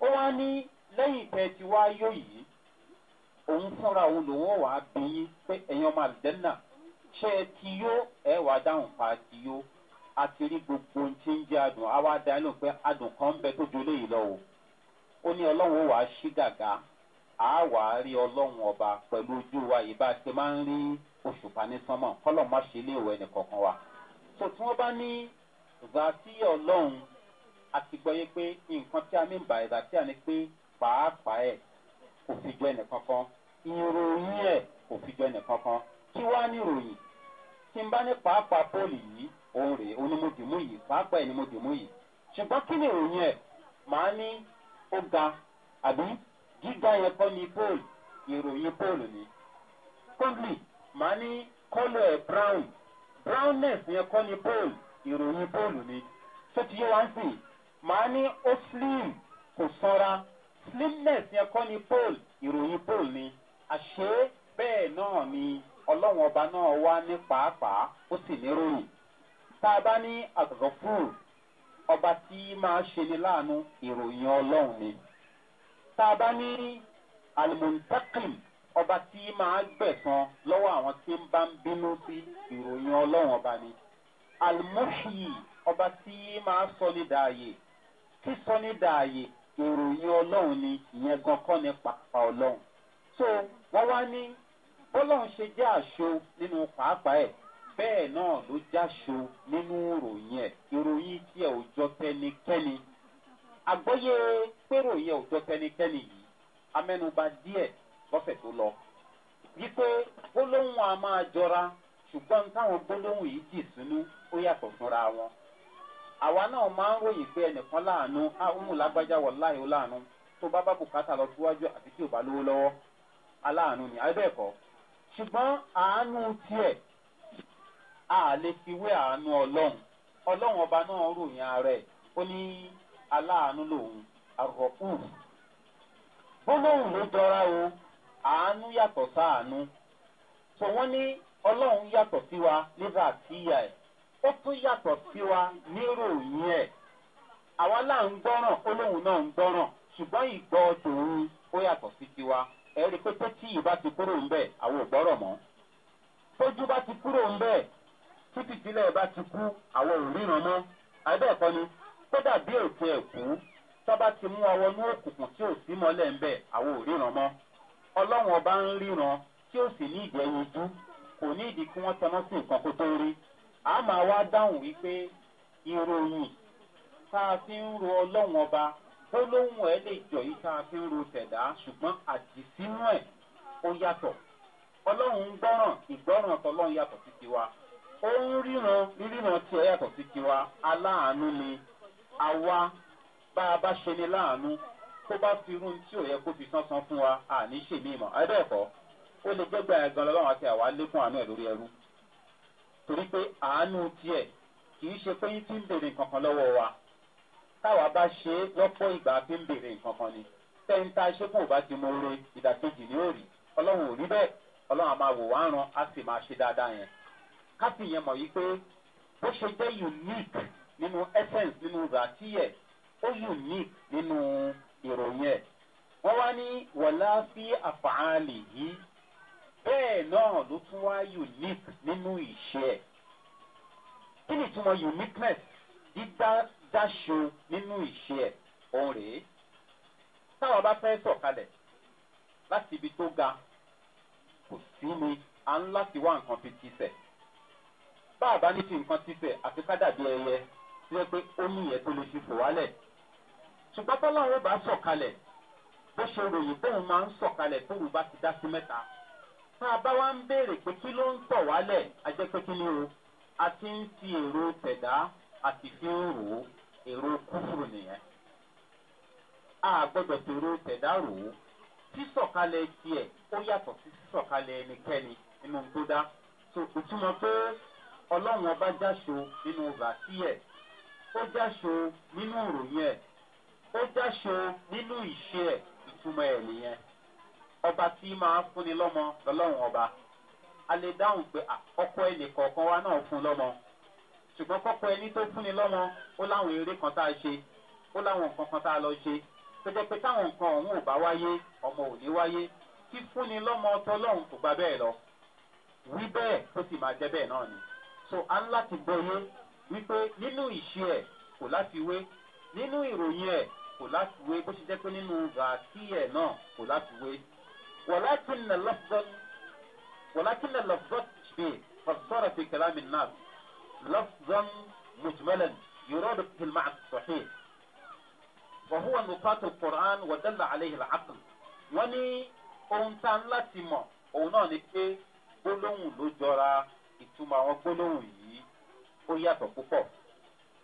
ó wá ní lẹ́yìn tẹ́ ẹ ti wá yó yìí òun fúnra òun lòun wà á bí yín pé ẹ̀yin ọmọ àjẹlẹ̀ ṣé ẹ ti yó ẹ wàá dáhùn pa ti yó a ti rí gbogbo ohun tí ń jẹ́ adùn àwa dání pé adùn kan ń bẹ tó ju eléyìí lọ o ó ní ọlọ́run ó wàá ṣí gàgà á wàá rí ọlọ́run ọba pẹ̀lú ojú wa yìí bá a ṣe máa ń rí òṣùpá ní sánmọ̀ kọ́lọ̀ má ṣe ilé ìwé ẹnìkọ̀ọ̀kan wa so tí wọ́n bá ní zàtí ọlọ́run àti gbọ́yé pé nǹkan tí a mí ń bà ẹ̀ zàtí à ní pé pàápàá ẹ̀ kò fi jọ ẹnìkankan ìròyìn ẹ̀ kò fi jọ ẹnìkankan kí wá ní ìròyìn tí n bá ní pàápàá bọ́ọ̀lù yìí òun rèé òun ni mo dìmú yìí pàápàá ẹ̀ ni mo dìmú yìí ṣùgbọ́n kí ni ìròyìn ẹ̀ màá ní ó ga àbí gíga yẹn kọ́ ni pole ìròyìn pole ni kóńdì màá ní kọ́lọ̀ ẹ̀ brown brownness yẹn kọ́ ni pole ìròyìn pole ni tó ti yé wá ń sìn màá ní ó slim kò sanra slimness yẹn kọ́ ni pole ìròyìn pole ni àṣé bẹ́ẹ̀ náà ni ọlọ́wọ́n ọba náà wá ní pàápàá ó sì ní ròyìn tá a bá ní àgọ́fúrù ọba tí máa ṣe ni láàánú ìròyìn ọlọ́run ni tá a bá ní alimontakim ọba tí máa gbẹ̀sán lọ́wọ́ àwọn tí ń bá ń bínú sí ìròyìn ọlọ́run ọba ni alimuhi ọba tí máa sọ dààyè sísọ ní dààyè ìròyìn ọlọ́run ni ìyẹn gan kọ́ ni pàpà ọlọ́run so wọ́n wá ní bọ́lọ́run ṣe jẹ́ àṣo nínú pàápàá ẹ̀ bẹ́ẹ̀ náà ló jáṣo nínú ìròyìn ẹ̀ ìròyìn tí ẹ̀ ò jọ tẹnikẹ́ni àgbọ́yé péròyìn ẹ̀ ò jọ tẹnikẹ́ni yìí amẹ́nuba díẹ̀ lọ́sẹ̀ tó lọ wípé gbólóhùn a máa jọra ṣùgbọ́n táwọn gbólóhùn yìí dì sínú ó yàtọ̀ fúnra wọn àwa náà máa ń ròyìn pé ẹnìkan láàánú ah, lágbájá wọ lọ síwájú àti tí ò bá lówó lọ́wọ́ aláàánú ni àbẹ́ẹ̀kọ́ ṣùgbọ́n a lè fi àánú ọlọ́run ọlọ́run ọba náà ròyìn ààrẹ ó ní aláàánú lòun àrọ̀kù gbólóhùn ló jọra o àánú yàtọ̀ sáànú tó wọ́n ní ọlọ́run yàtọ̀ sí wa nígbà àtìyà ẹ̀ ó tún yàtọ̀ sí wa níròyìn ẹ̀ àwa là ń gbọ́ràn olóhùn náà ń gbọ́ràn ṣùgbọ́n ìgbọ́ tòun ó yàtọ̀ sí ti kúrò ń bẹ̀ àwọn ò gbọ́rọ̀ mọ́ ti kúrò ń títí tílẹ̀ bá ti kú àwọn ò ríran mọ́ àbẹ́ẹ̀kọ́ ni kódà bí ètò ẹ̀kú sábà ti mú ọwọ́ ní òkùnkùn tí ò sí mọ́lẹ̀ ń bẹ̀ àwọn ò ríran mọ́ ọlọ́run ọba ń ríran tí ó sì ní ìgbẹ́yìn ojú kò ní ìdí kí wọ́n tẹná sí nǹkan kó tó rí a máa wá dáhùn wípé ìròyìn tá a fi ń ro ọlọ́run ọba ó lóhùn ẹ lè jọ yìí tá a fi ń ro tẹ̀dá ṣùgbọ́n àdìsínú ẹ̀ ó yàtọ̀ ọlọ́run gbọ́ràn ìgbọ́ràn tọ́lọ́run yàtọ̀ sí tiwa ó ń ríran ríran tí ẹ yàtọ̀ sí tiwa aláàánú ni àwa bá a bá ṣe ni láàánú tó bá fi irun tí ò yẹ kó fi sánsan fún wa àní ṣèmí mọ̀ ẹ̀dẹ́ẹ̀kọ́ ó lè gbẹ́gbẹ́ ẹ̀ gan lọ́wọ́ àti àwa lékún àánú ẹ̀ lórí ẹrú torí pé àánú tiẹ̀ kì í ṣe pé yín ti ń bèrè nǹkan kan lọ́wọ́ wa táwa bá ṣe é lọ́pọ̀ ìgbà fi ń bèrè nǹkan kan ni tẹ́ńtà ṣépò bá ti mọ ore ìdàkejì ní òrì ọlọ́run ò rí bẹ́ẹ̀ ọlọ́run á máa wò wá ran á sì máa ṣe dáadáa yẹn káfí yẹn mọ̀ yí pé ó ṣe jẹ́ unique nínú essence nínú ràtíyẹ̀ ó unique nínú ìròyìn ẹ̀. wọ́n wá ní wọ̀lá sí àfààní yìí bẹ́ẹ̀ náà ló tún wá unique nínú ìṣe ẹ̀. kí ni ìtumọ̀ uniqueness dídáṣo nínú ìṣe ẹ̀ òun rèé? táwọn bá fẹ́ sọ̀kalẹ̀ láti ibi tó ga kò sí ni a ń láti wá nǹkan fi ti sẹ̀ tá a bá ní fi nǹkan títẹ̀ àfi ká dàbí ẹyẹ tí wọ́n pé ó ní ìyẹn tó lè fi fò wálẹ̀ ṣùgbọ́n tọ́lọ́run bá sọ̀kalẹ̀ bó ṣe ròyìn bóun máa ń sọ̀kalẹ̀ tóun bá ti dá sí mẹ́ta tá a bá wá ń béèrè pé kí ló ń tọ̀ wálẹ̀ ajẹ́pẹ́ kí o a ti ń fi èrò tẹ̀dá àti fi ń rò ó èrò kúfùrù nìyẹn a gbọ́dọ̀ fèrò tẹ̀dá rò ó sísọ̀kalẹ̀ tiẹ̀ ó yàtọ̀ sí sísọ̀kalẹ̀ ẹnikẹ́ni nínú tó dá so ìtumọ̀ pé ọlọ́run ọba jáṣo nínú vàásì ẹ̀ ó jáṣo nínú ìròyìn ẹ̀ ó jáṣo nínú ìṣe ẹ̀ ìtumọ̀ ẹ̀ nìyẹn ọba tí máa fúnni lọ́mọ lọ́lọ́run ọba a lè dáhùn pé ọkọ ẹnì kọ̀ọ̀kan wa náà fún lọ́mọ ṣùgbọ́n kọ́kọ́ ẹni tó fúnni lọ́mọ ó láwọn eré kan tá a ṣe ó láwọn nǹkan kan tá a lọ ṣe tó jẹ́ pé táwọn nǹkan ọ̀hún ò bá wáyé ọmọ ò ní wáyé fífúnni lọ́mọ ọtọ́ lọ́hùn kò gbà bẹ́ẹ̀ lọ wí bẹ́ẹ̀ tó sì máa jẹ́ bẹ́ẹ̀ náà ni so a ń láti gbọ́yé wípé nínú ìṣe ẹ̀ kò láti wé nínú ìròyìn ẹ̀ kò láti wé bó ṣe jẹ́ pé nínú gàtí ẹ̀ náà kò láti wé. wọ́lákínà lọ́fọ́t ṣe fọ́sọ́rọ̀ fi kàlámì náà lọ́fọ́n mùtúmẹ́lẹ̀ yòròdù pìlmà sọ̀hìn. وهو نقاط القرآن ودل عليه العقل وني أونتان لاتي مو أونان إيه بلون لجرا ìtumọ̀ àwọn gbólóhùn yìí ó yàtọ̀ púpọ̀.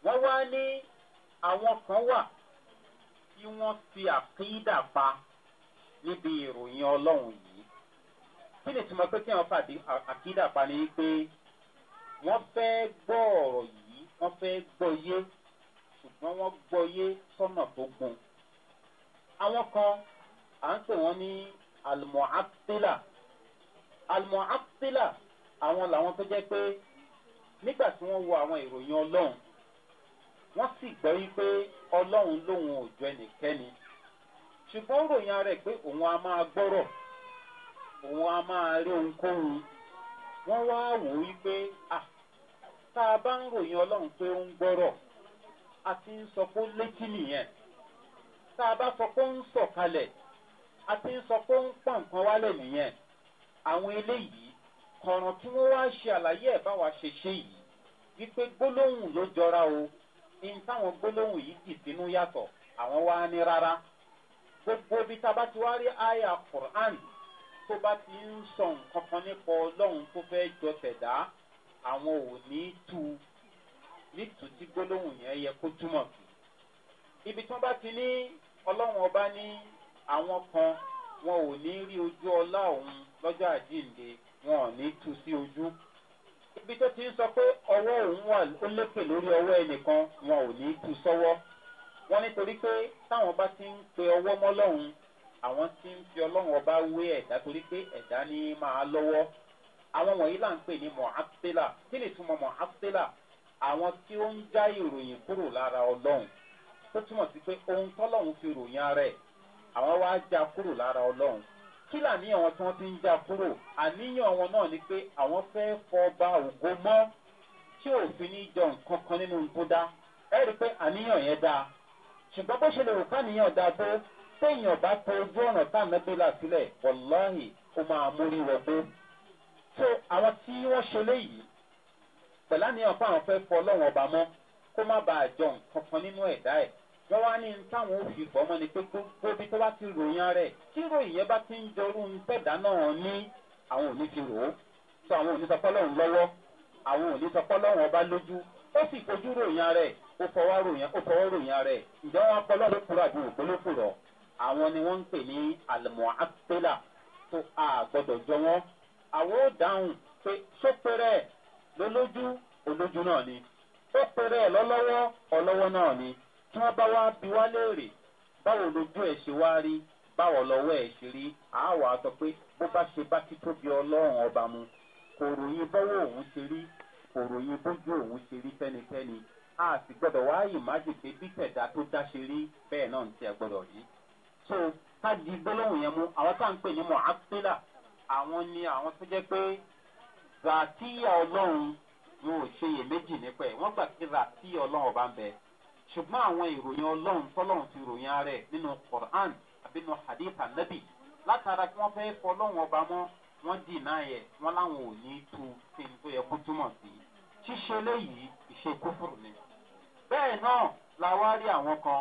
wọ́n wá ní àwọn kan wà tí wọ́n fi àkídà pa níbi ìròyìn ọlọ́run yìí. kí ni ìtumọ̀ pé kí wọ́n fàdí àkídà pa ni pé wọ́n fẹ́ gbọ́ ọ̀rọ̀ yìí wọ́n fẹ́ gbọ́ yé ṣùgbọ́n wọ́n gbọ́ yé sọ́nà tó gun. àwọn kan à ń pè wọ́n ní almuhatsila almuhatsila àwọn làwọn tó jẹ́ pé nígbà tí wọ́n wo àwọn ìròyìn ọlọ́run wọ́n sì gbọ́ wípé ọlọ́run lòun ò jọ ẹnìkẹ́ni ṣùgbọ́n ròyìn ara pé òun a máa gbọ́rọ̀ òun a máa rí ohunkóhun wọ́n wá wò wípé ah tá a bá ń ròyìn ọlọ́run pé ó ń gbọ́rọ̀ a ti ń sọ pé ó létí nìyẹn tá a bá sọ pé ó ń sọ̀kalẹ̀ a ti ń sọ pé ó ń pọ̀ nǹkan wálẹ̀ nìyẹn àwọn eléyìí kọ̀ràn tí wọ́n wá ṣe àlàyé ẹ̀ bá wa ṣe ṣe yìí wípé gbólóhùn ló jọra o ní táwọn gbólóhùn yìí dì sínú yàtọ̀ àwọn wá ní rárá gbogbo bí tá a bá ti wá rí àyà quran tó bá ti ń sọ nǹkan kan nípa ọlọ́run tó fẹ́ jọ tẹ̀dá àwọn ò ní tu nítù tí gbólóhùn yẹn yẹ kó túmọ̀ sí ibi tí wọ́n bá ti ní ọlọ́run ọba ní àwọn kan wọn ò ní rí ojú ọlá òun lọ́jọ́ àjíǹde wọn ò ní tu sí ojú ibi tó ti ń sọ pé ọwọ́ òun wà ó lépè lórí ọwọ́ ẹnìkan wọn ò ní tu sọ́wọ́ wọn nítorí pé táwọn bá ti ń pe ọwọ́ mọ́ lọ́hùn àwọn ti ń fi ọlọ́run ọba wé ẹ̀dá torí pé ẹ̀dá ní máa lọ́wọ́ àwọn wọ̀nyí là ń pè ní mọ̀hápítélà kí lè túmọ̀ mọ̀hápítélà àwọn tí ó ń já ìròyìn kúrò lára ọlọ́run tó túmọ̀ sí pé ohun tọ́lọ́run fi ròyìn ara ẹ̀ àwọn wá já kúrò lára ọlọ́run kí làníyàn wọn tí wọ́n ti ń já kúrò àníyàn wọn náà ni pé àwọn fẹ́ fọba ògo mọ́ tí òfin ní jọ nǹkan kan nínú nǹkan dá ẹ rí i pé àníyàn yẹn dáa ṣùgbọ́n bó ṣe lè rò káníyàn dáa tó téèyàn bá tọ ojú ọ̀nà tá ànábẹ́là sílẹ̀ wọ̀láhì ó máa mórí wọgbó. tó àwọn tí wọ́n ṣe léyìí pẹ̀lú fún àwọn fẹ́ fọ ọlọ́run ọba mọ́ kó má bàa jọ nǹkan kan nínú ẹ̀dá ẹ̀ wọ́n wá ní táwọn ò fi pọ̀ mọ́ ni pé gbogbo bí tó bá ti ròyìn rẹ̀ tí ròyìn yẹn bá ti ń jọrú ń tẹ̀dá náà ní àwọn ò ní fi rò ó tó àwọn ò ní sọpọ́ lọ́hùn lọ́wọ́ àwọn ò sọpọ́ lọ́hùn ọba lójú ó sì fojú ròyìn rẹ̀ ó fọwọ́ ròyìn ó fọwọ́ ròyìn rẹ̀ ìjọ wọn pọ́ lọ́dún kúrò àbí ògbólókù rọ̀ àwọn ni wọ́n ń pè ní àlùmọ́ àpélà tó a gbọ́dọ̀ jọ wọn àwọn ò dáhùn pé sópẹ́rẹ́ lólójú olójú náà ni tí wọ́n bá wá bí wá léèrè báwo lójú ẹ̀ ṣe wá rí báwo lọ́wọ́ ẹ̀ ṣe rí àáwọ̀ á sọ pé bó bá ṣe bá ti tóbi ọlọ́run ọba mu kò ròyìn bọ́wọ́ òun ṣe rí kò ròyìn bójú òun ṣe rí fẹ́nikẹ́ni a sì gbọ́dọ̀ wá ìmájì pé bí tẹ̀dá tó dá ṣe rí bẹ́ẹ̀ náà ní tiẹ̀ gbọ́dọ̀ yí. so ká di gbólóhùn yẹn mú àwọn tá à ń pè ní mọ̀ápílà àwọn ni àwọn tó jẹ́ pé ràtíyà ọlọ́run yóò ṣe iyèméjì nípa ẹ̀ gbà pé ràtíyà ọlọ́run ọba ń bẹ ṣùgbọ́n àwọn ìròyìn ọlọ́run tọ́lọ́run ti ròyìn ara ẹ̀ nínú quran àbínú hadith anabi látara kí wọ́n fẹ́ fọlọ́run ọba mọ́ wọ́n dì náà yẹ wọ́n láwọn ò ní tu kí n tó yẹ kó túmọ̀ sí ṣíṣe léyìí ìṣe kófòrò ni. bẹ́ẹ̀ náà la rí àwọn kan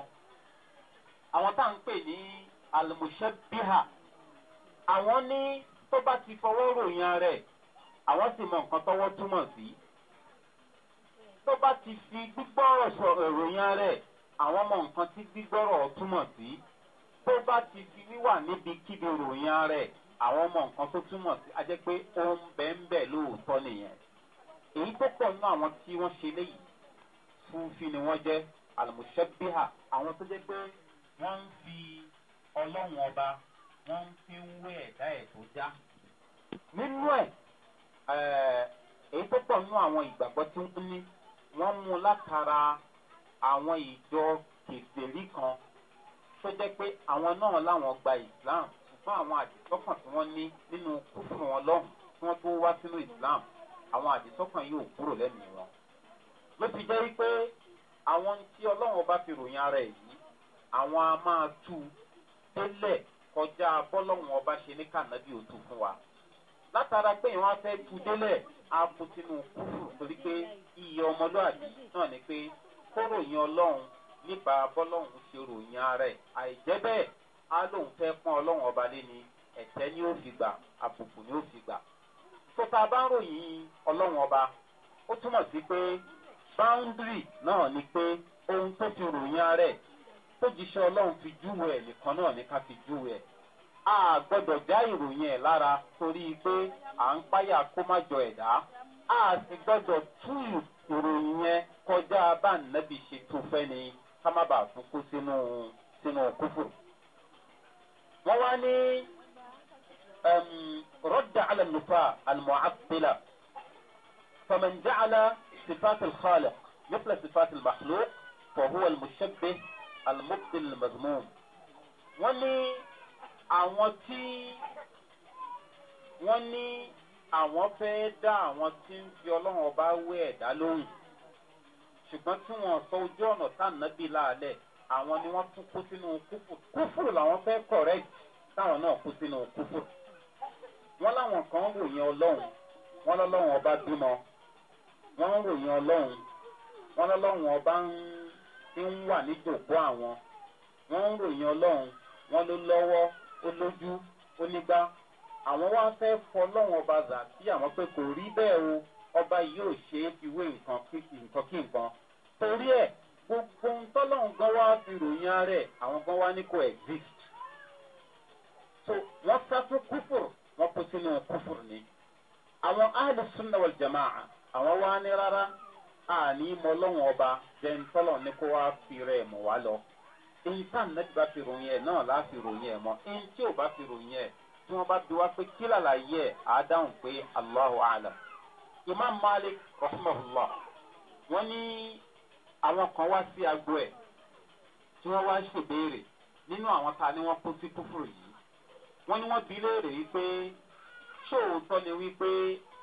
àwọn tá à ń pè ní alimusẹ́ bíhà àwọn ní tó bá ti fọwọ́ ròyìn ara ẹ̀ àwọn sì mọ nǹkan tọ́wọ́ túmọ̀ sí. Si tó bá ti fi gbígbọ́rọ̀ sọ̀rọ̀ ìròyìn ara ẹ̀ àwọn ọmọ nǹkan tí gbígbọ́rọ̀ túmọ̀ sí tó bá ti fi wíwà níbi kíbi ìròyìn ara ẹ̀ àwọn ọmọ nǹkan tó túmọ̀ sí a jẹ́ pé ó ń bẹ́ ń bẹ̀ lóòótọ́ nìyẹn èyí tó pọ̀ nínú àwọn tí wọ́n ṣe léyìí fúnfí ni wọ́n jẹ́ àlùmọ̀ṣẹ́bíhà àwọn tó jẹ́ pé wọ́n ń fi ọlọ́run ọba wọ́n fi ń wé ẹ̀dá ẹ̀ tó já nínú ẹ̀ eh, èyí tó pọ̀ nínú àwọn ìgbàgbọ́ tí wọ́n ní wọ́n mú látara àwọn ìjọ kèsèrí kan tó jẹ́ pé àwọn náà láwọn gba islam fún àwọn àdìsọ́kàn tí wọ́n ní nínú kúfù wọn lọ́hùn tí wọ́n tó wá sínú islam àwọn àdìsọ́kàn yóò kúrò lẹ́nu wọn. ló ti jẹ́ wípé àwọn tí ọlọ́run bá fi ròyìn ara ẹ̀ yìí àwọn a máa tú délẹ̀ kọjá bọ́lọ́run ọba ṣe ní kànábì òtún fún wa látara pé ìwọ́n á fẹ́ tu délẹ̀ á fún kúrú torí pé iye ọmọlúwàbí náà ni pé kó ròyìn ọlọ́run nípa bọ́lọ́run ṣe ròyìn ara ẹ̀ àìjẹ́ bẹ́ẹ̀ á lóun fẹ́ pọ́n ọlọ́run ọba lé ni ẹ̀tẹ́ ni ó fi gbà àbùkù ni ó fi gbà. sọta bá ń ròyìn ọlọ́run ọba ó túmọ̀ sí pé báńdírì náà ni pé ohun tó fi ròyìn ara ẹ̀ tó jíṣẹ́ ọlọ́run fi júwe nìkan náà ní ká fi júwe a gbọdọ̀ já ìròyìn ẹ̀ lára torí pé à ń páyà kó má jọ ẹ̀dá a sì gbọdọ̀ tú ìròyìn yẹn kọjá bá nàbì ṣe tó fẹ́ ni ká má bàa tún kú sínú sínú kúfù. wọ́n wá ní rọ́dà alẹ́nufa almuhabila fọmọ̀njàlá sifat alkhalẹ̀ مثل صفات المخلوق فهو المشبه المبطل المذموم ومن àwọn tí wọ́n ní àwọn fẹ́ dá àwọn tí ń fi ọlọ́run ọba wé ẹ̀dá lóhùn ṣùgbọ́n tí wọ́n sọ ojú ọ̀nà tànàbí láàlẹ̀ àwọn ni wọ́n tún kú sínú kúfù kúfù làwọn fẹ́ correct táwọn náà kú sínú kúfù wọ́n láwọn kan ń ròyìn ọlọ́run wọ́n lọ́lọ́run ọba bímọ wọ́n ń ròyìn ọlọ́run wọ́n lọ́lọ́run ọba ń wà níjòkó àwọn wọ́n ń ròyìn ọlọ́run wọ́n ló lọ́wọ́ ó lójú ó nígbà àwọn wá fẹ́ fọlọ́wọ́n ọba zà sí àwọn pé kò rí bẹ́ẹ̀ o ọba yóò ṣe é fi wé nǹkan kí nǹkan kí nǹkan torí ẹ̀ gbogbo ohun tọ́lọ́run gan wá fi ròyìn ara ẹ̀ àwọn gan wá ní kò exist so wọ́n sá fún kúfùrù wọ́n kó sínú kúfùrù ni àwọn áàlù súnà wọ̀l jamaà àwọn wá ní rárá àní mọ́lọ́wọ́n ọba jẹun tọ́lọ́run ní kó wá fi rẹ̀ mọ̀ wá lọ èyí tá nẹ́ẹ̀dì bá fi ròyìn ẹ̀ náà láà fi ròyìn ẹ̀ mọ́ èyí tí ò bá fi ròyìn ẹ̀ tí wọ́n bá bi wá pé kí làlàyé ẹ̀ á dáhùn pé allahu alam imam malik rahmanulah wọ́n ní àwọn kan wá sí agbo ẹ̀ tí wọ́n wá ṣèbéèrè nínú àwọn ta ni wọ́n kó sí kúfùrù yìí wọ́n ní wọ́n bi léèrè wípé ṣóòótọ́ ni wípé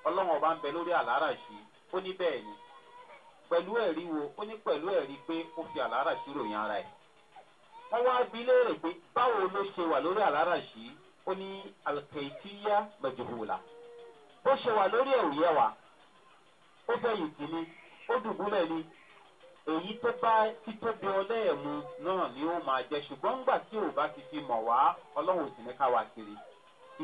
ọlọ́run ọba ń bẹ lórí àlárà sí ó ní bẹ́ẹ̀ ni pẹ̀lú ẹ̀rí wo ó ní pẹ̀lú ẹ̀rí pé ó fi àlárà sí ròyìn ara ẹ̀ wọ́n wá bí léèrè pé báwo ló ṣe wà lórí àláràṣí ó ní alkaitia mẹjọbùlà bó ṣe wà lórí ẹ̀rù yẹ wa ó fẹ̀yìn tì ní ó dùbúlẹ̀ ni èyí tó bá títóbi ọlẹ́ẹ̀mú náà ni ó máa jẹ ṣùgbọ́n ńgbà tí ò bá ti fi mọ̀ wá ọlọ́run ò sì ní ká wa kiri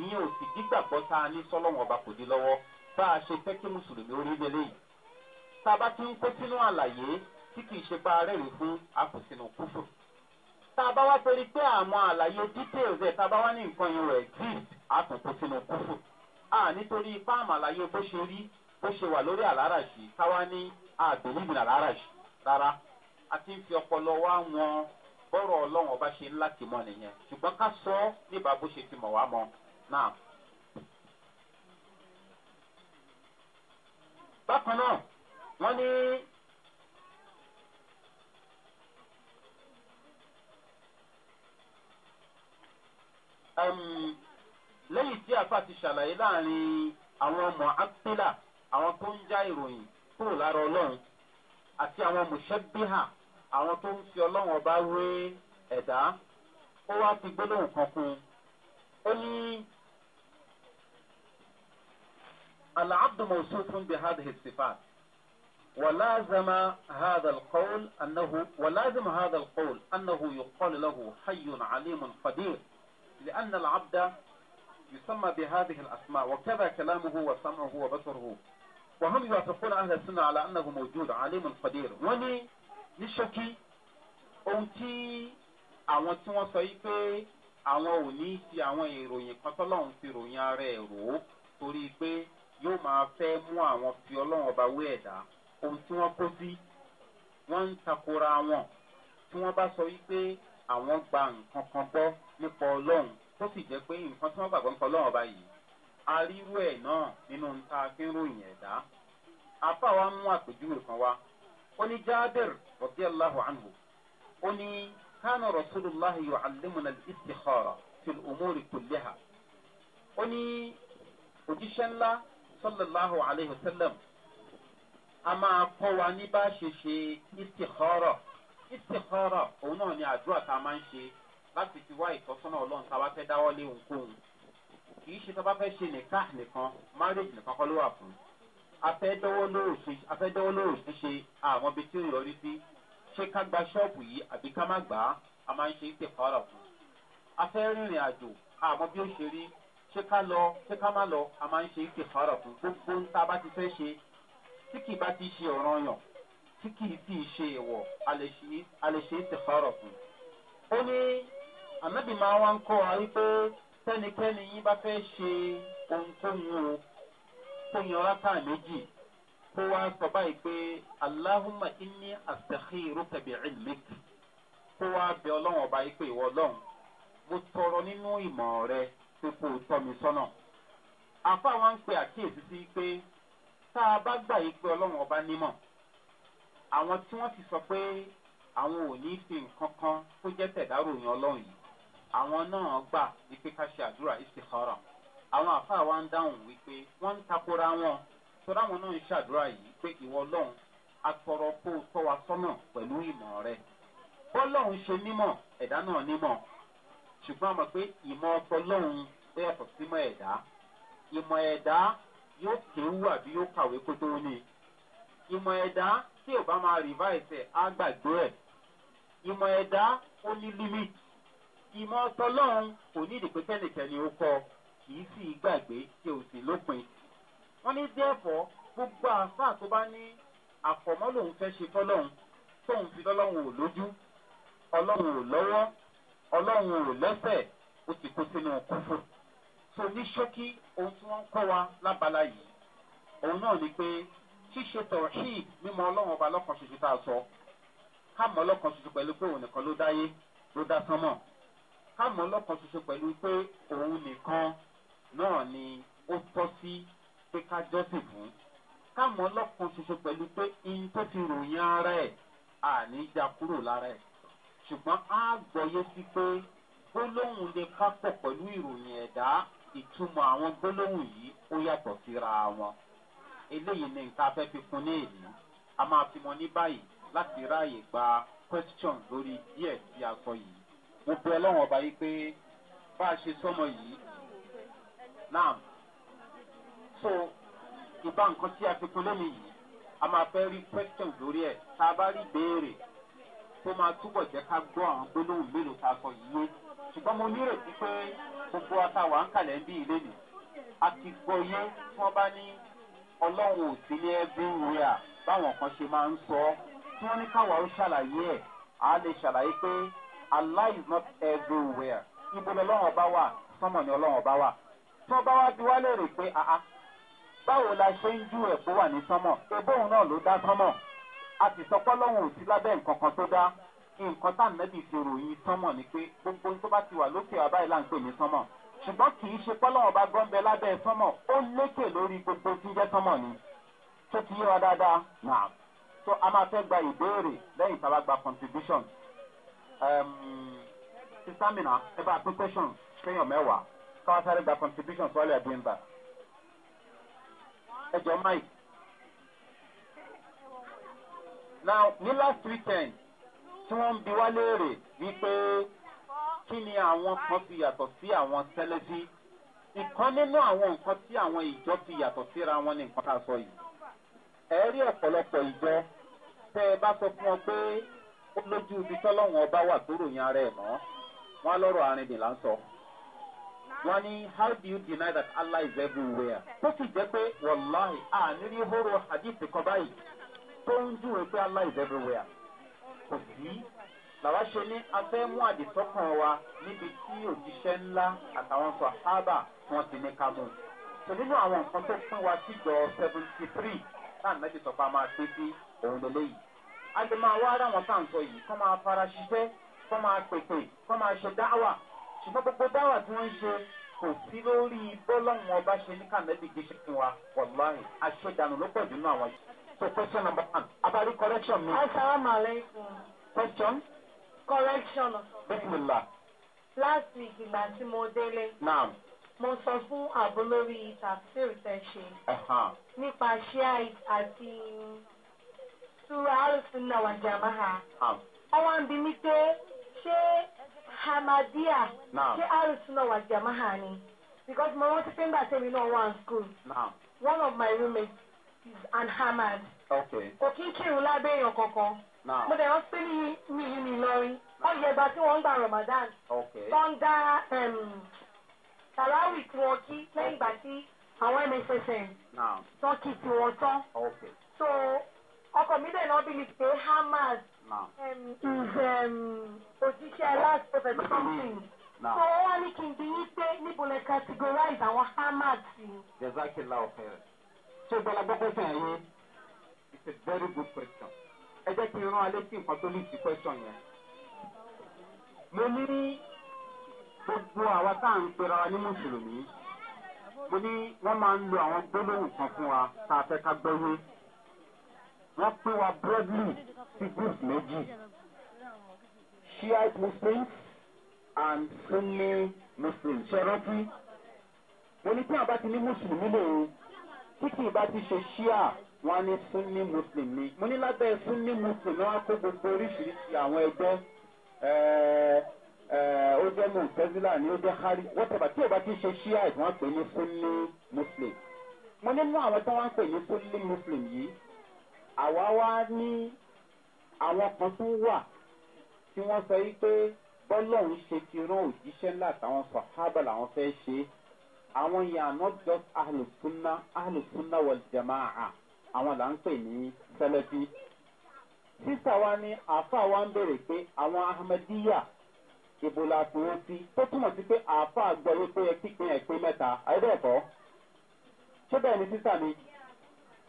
ìyẹn ò sì dígbàgbọ́ tá a ní sọ́lọ́run ọba kò dé lọ́wọ́ bá a ṣe fẹ́ kí mùsùlùmí orí lélẹ̀ yìí tá a bá ti ń kó sínú àlàyé tí kì í ṣe bá a rẹ́rìn fún a sínú kúfù tá a bá wá fẹ́ pé àwọn àlàyé details ẹ̀ tá a bá wá ní nǹkan yẹn rẹ̀ gist àtúntò sínú kúfù à nítorí fáàmù àlàyé bó ṣe rí bó ṣe wà lórí àláràṣì káwá ní àdéhùn àláràṣì rárá a ti ń fi ọpọlọ wá wọn bọ́rọ̀ ọlọ́wọ́n bá ṣe ńlá tìmọ̀ nìyẹn ṣùgbọ́n ká sọ ọ́ níbà bó ṣe ti mọ̀ wá mọ́ náà. bákan náà wọ́n ní. lẹ́yìn tí àfa ti ṣàlàyé láàrin àwọn ọmọ apílà àwọn tó ń já ìròyìn kúrò lára ọlọ́run àti àwọn mùsẹ́bíhà àwọn tó ń fi ọlọ́run ọba wé ẹ̀dá ó wá fi gbólóhùn kan kún un ó ní alàbdùmọ̀ sófin bí hadhihi sifat ولازم هذا القول أنه ولازم هذا القول أنه يقال له حي عليم قدير لأن العبد يسمى بهذه الأسماء وكذا كلامه وسمعه وبصره وهم يوافقون أهل السنة على أنه موجود عليم قدير وني نشكي أوتي àwọn tí wọ́n sọ yí pé àwọn ò ní ti àwọn ìròyìn kan tọ́lọ́run fi ròyìn ara ẹ̀ rò ó torí pé yóò máa fẹ́ mú àwọn fi ọlọ́run ọba wé ẹ̀dá ohun tí wọ́n kó sí wọ́n ń takora wọn tí wọ́n bá sọ yí pé àwọn gba nǹkan kan gbọ́ nípa ọlọ́run tó sì jẹ́ pé nǹkan tí wọ́n gbàgbọ́ nípa ọlọ́run ọba yìí arírú ẹ̀ náà nínú ta fi ń ròyìn ẹ̀dá apá wa mú àpèjúwe kan wa ó ní jábẹ̀r rọ̀bíàláhu anhu ó ní kánà rasulillah yóò alimuna istikhara fil umuri kulliha ó ní òjíṣẹ́ ńlá sallallahu alayhi wa a máa kọ́ wa ní bá ṣe ṣe istikhara istikhara òun náà ni àdúrà tá a máa ń ṣe láti fi wá ìtọ́sọ́nà ọlọ́run tá a bá fẹ́ dáwọ́ lé ohunkóhun kì í ṣe tá a bá fẹ́ ṣe nìka nìkan marriage nìkan kọ́ ló wà fún a fẹ́ dọ́wọ́ lóòrò ṣíṣe àwọn ibi tí ó yọrí sí ṣé ká gba ṣọ́ọ̀bù yìí àbí ká má gbà á a máa ń ṣe é tẹ̀kọ́rà fún a fẹ́ rìnrìn àjò àmọ́ bí ó ṣe rí ṣé ká lọ ṣé ká má lọ a máa ń ṣe é tẹ̀kọ́rà fún gbogbo ń tá bá ti fẹ́ ṣe tí kì í bá ti ṣe ọ̀ràn yàn tí kì í sì ṣe ìwọ̀ a lè ṣe é tẹ̀kọ́rà fún ó ní ànábì máa wá ń kọ́ wa wípé sẹ́nikẹ́ni yín bá fẹ́ ṣe ohunkóhun o kó yan rákà méjì kó wá sọ báyìí pé aláhùnmá iní àtẹ̀kí rúkẹ̀bì ìlmík kó wá bẹ ọlọ́run ọba yìí pé ìwọ ọlọ́run mo tọrọ nínú ìmọ̀ rẹ pé kó o wa ń pe àkíyèsí sí pé tá a bá gbà yìí pé ọlọ́run ọba nímọ̀ àwọn tí wọ́n ti sọ pé àwọn ò ní fi nǹkan kan tó jẹ́ tẹ̀dárò yan ọlọ́run yìí àwọn náà gbà wípé ká ṣe àdúrà ìsìkọrọ àwọn àfáà wa ń dáhùn wípé wọn ń takora wọn sọdá náà ń ṣàdúrà yìí pé ìwọ ọlọrun atọrọ kó o tọ wa sọnà pẹlú ìmọ rẹ bọlọrun ṣe nímọ ẹdá náà nímọ ṣùgbọn a mọ pé ìmọ ọtọlọrun ó yàtọ símọ ẹdá ìmọ ẹdá yóò kéwú àbí yóò kàwé kó tó ní ìmọ̀ ẹ̀dá tí ò bá máa rìváìsì á gbàgbé ẹ̀ ìmọ̀ ẹ̀dá ó ní límìtì ìmọ̀ ọtọlọ́run kò ní ìdìpé tẹ́nìkẹ́ni ó kọ kì í sì gbàgbé tí o sì lópin. wọ́n ní dẹ́ẹ̀fọ́ gbogbo àáfàá tó bá ní àfọ̀mọ́ lòun fẹ́ ṣe tọ́lọ́run tóun fi tọ́lọ́run ò lójú ọlọ́run ò lọ́wọ́ ọlọ́run ò lẹ́sẹ̀ ó ti kó sínú kófò. so ní ṣókí ohun tí wọ́n ń kọ́ wa lábala yìí òun náà ni pé ṣíṣe tọ̀ọ̀ṣì mímọ ọlọ́run ọba lọ́kàn ṣoṣo tá a sọ ká mọ ọlọ́kan ṣoṣo pẹ̀lú pé òun nìkan ló dáyé ló dá sánmọ̀ káàmọ́ lọ́kàn ṣoṣo pẹ̀lú pé òun nìkan náà ni ó tọ́ sí pé ká jọ́sìn fún káàmọ́ lọ́kàn ṣoṣo pẹ̀lú pé ihun tó ti ròyìn ara ẹ̀ àní já kúrò lára ẹ̀ ṣùgbọ́n á gbọ́yé sí pé gbólóhùn lè kápọ̀ pẹ̀lú ìròyìn ẹ̀dá ìtumọ̀ àwọn gbólóhùn yìí ó yàtọ̀ síra wọn eléyìí ni nǹkan afẹ́ fi kún ní èyí a máa fi mọ ní báyìí láti ráàyè gba questions lórí díẹ̀ tí a sọ yìí mo pe ọlọ́run ọba yìí pé bá a ṣe sọmọ yìí náà so ìbá nǹkan tí a fi kun lónìí yìí a máa fẹ́ rí questions lórí ẹ̀ tá a bá rí béèrè tó máa túbọ̀ jẹ́ ká gbọ́ àwọn gbólóhùn mélòó tá a sọ yìí yé ṣùgbọ́n mo nírètí pé gbogbo àtàwà ń kàlẹ̀ ń bí ilé nì a ti gbọ́ yé tí wọ́n bá ní ọlọ́run ò sí ní ẹbí wíwà báwọn kan ṣe máa ń sọ tí wọ́n ní káwa ó ṣàlàyé ẹ̀ á lè ṣàlàyé pé allah is not everywhere ibo lọ́wọ́ ọba wà sọ́mọ̀ ni ọlọ́wọ́ ọba wà tí wọ́n bá wá bí wá lérè pé àá báwo la ṣe ń ju ẹ̀kọ́ wà ní sọ́mọ̀ ebóun náà ló dá sọ́mọ̀ a sì sọ pé lọ́wọ́ òsì lábẹ́ nǹkan kan tó dá nǹkan tá nẹ́bì fi ròyìn sọ́mọ̀ ni pé gbogbo tó bá ti wà lókè ọba ìlà ń pè ní sọ́mọ̀ ṣùgbọ́n kì í ṣe pọ́lọ́wọ́ bá gbọ́n bẹ lábẹ́ sọ́mọ̀ ó lékè lórí gbogbo tí ń jẹ́ sọ́mọ̀ ni tó ti yé wa dáadáa nà so a máa fẹ́ gba ìbéèrè lẹ́yìn tá a bá gba contributions. Um, sista mina ẹ bá pín questions fẹ́yàn mẹ́wàá káwá sáré gba contribution sọ́ọ́lì ẹ̀dín gbà. ẹ jọ mike. now ní last weekend tí wọ́n ń bi wá léèrè wípé kí ni àwọn kan fi yàtọ̀ sí àwọn sẹ́lẹ́sì ìkan nínú àwọn nǹkan tí àwọn ìjọ fi yàtọ̀ síra wọn ní nǹkan tá a sọ yìí. ẹ̀ẹ́rí ọ̀pọ̀lọpọ̀ ìjọ tẹ́ ẹ bá sọ fún ọ pé ó lójú ibi tọ́lọ́wọ́n ọba wà tó ròyìn ara ẹ̀ mọ́ wọn lọ́rọ̀ arìnrìn là ń sọ. wọ́n ní how do you deny that allah is everywhere. tó sì jẹ́ pé wàláhì àníní hóró hadith kan báyìí tó ń júwe pé allah is everywhere. kò sí làwa ṣe ní afẹ́ mú àdìsọ́kàn wa níbi tí òjíṣẹ́ ńlá àtàwọn sọ hábà wọn ti ní ká sọ nínú àwọn nǹkan tó pín wa síjọ seventy three náà nàìjíríà sọ pé a máa pín sí òun lélẹ́yìí àti máa wá ara wọn táǹtọ̀ yìí kọ́ máa fara ṣiṣẹ́ kọ́ máa pèpè kọ́ máa ṣe dáwà ṣùgbọ́n gbogbo dáwà tí wọ́n ń ṣe kò sí lórí bọ́lọ́hún ọba ṣe ní kàmẹ́bí gbèsè fún wa wàláhì àṣẹdànù ló pọ̀ jùlọ àwọn yìí. so question number one abali correction mi. asalaamualeykum. question. correction. bisimilah. last week ìgbà tí mo délé. naam. mo sọ fún àbólórí tafsir tẹ ṣe. nípa shia àti sura alùsùnà wà jàmáà wọn wá ń bi mí pé ṣé hamadiya ṣé alùsùnà wà jàmáà ni because mo rántí pé nígbà tẹ́mi náà wà school. Now, one of my roommates is an hamad kò kí n kírun lábẹ́ èèyàn kankan mo dẹ̀ rántí pé ní mi yìí ni lọ́rí wọ́n yẹ ìgbà tí wọ́n ń gba ramadan tó ń dá tàláwì tí wọ́n kí lẹ́yìn ìgbà tí àwọn mssn tó kì tí wọ́n tán so ọkọ mi dẹ̀ náà bí mi pé hammers òṣìṣẹ́ last prophet something so wọ́n ní kí n bí yín pé níbo lẹ categorize àwọn hammers yìí. jẹ́sàkì la ọ̀fẹ́ rẹ̀ ṣé gbọ́dọ̀ question yẹn it's a very good question ẹ jẹ́ kí n rán alẹ́ sí nǹkan tó ní ti question yẹn. mo ní gbogbo àwa tá à ń pera wa ní mùsùlùmí mo ní wọ́n máa ń lo àwọn gbólóhùn kan fún wa tá a fẹ́ ká gbọ́ wọ́n pín wa broadly sí groups méjì shiite muslims and sunni muslims ṣe rántí. mo ní tí àbá ti ní mùsùlùmí lòun tí kì í bá ti ṣe shia wọn ní sunni muslim ni. mo ní lábẹ́ sunni muslim ni wọ́n kó gbogbo oríṣiríṣi àwọn ẹgbẹ́ ó jẹ́ mọ̀tẹ́sílà ni ó jẹ́ harry wọ́tẹ̀bà tí ò bá ti ṣe shiite wọ́n pè ní sunni muslim. mo nínú àwọn tí wọ́n ń pè ní sunni muslim yìí àwa wá ní àwọn kan tún wà tí wọ́n sọ yí pé bọ́lọ́hún ṣe ti rán òjíṣẹ́ ńlá àtàwọn sọ̀hábà làwọn fẹ́ ṣe àwọn yẹn are not just ahlùsúnná ahlùsúnná wọ̀lùjàmáà àwọn là ń pè ní sẹlẹ́bí. sísà wa ni àáfàá wa ń bèrè pé àwọn ahmadiyya ìbò la fi wọ́n sí tó túmọ̀ sí pé àáfàá gbọ́ yé pé ẹ kíkún ẹ̀ pé mẹ́ta àyẹ́dẹ́ẹ̀kọ́ ṣé bẹ́ẹ̀ ni sísà ni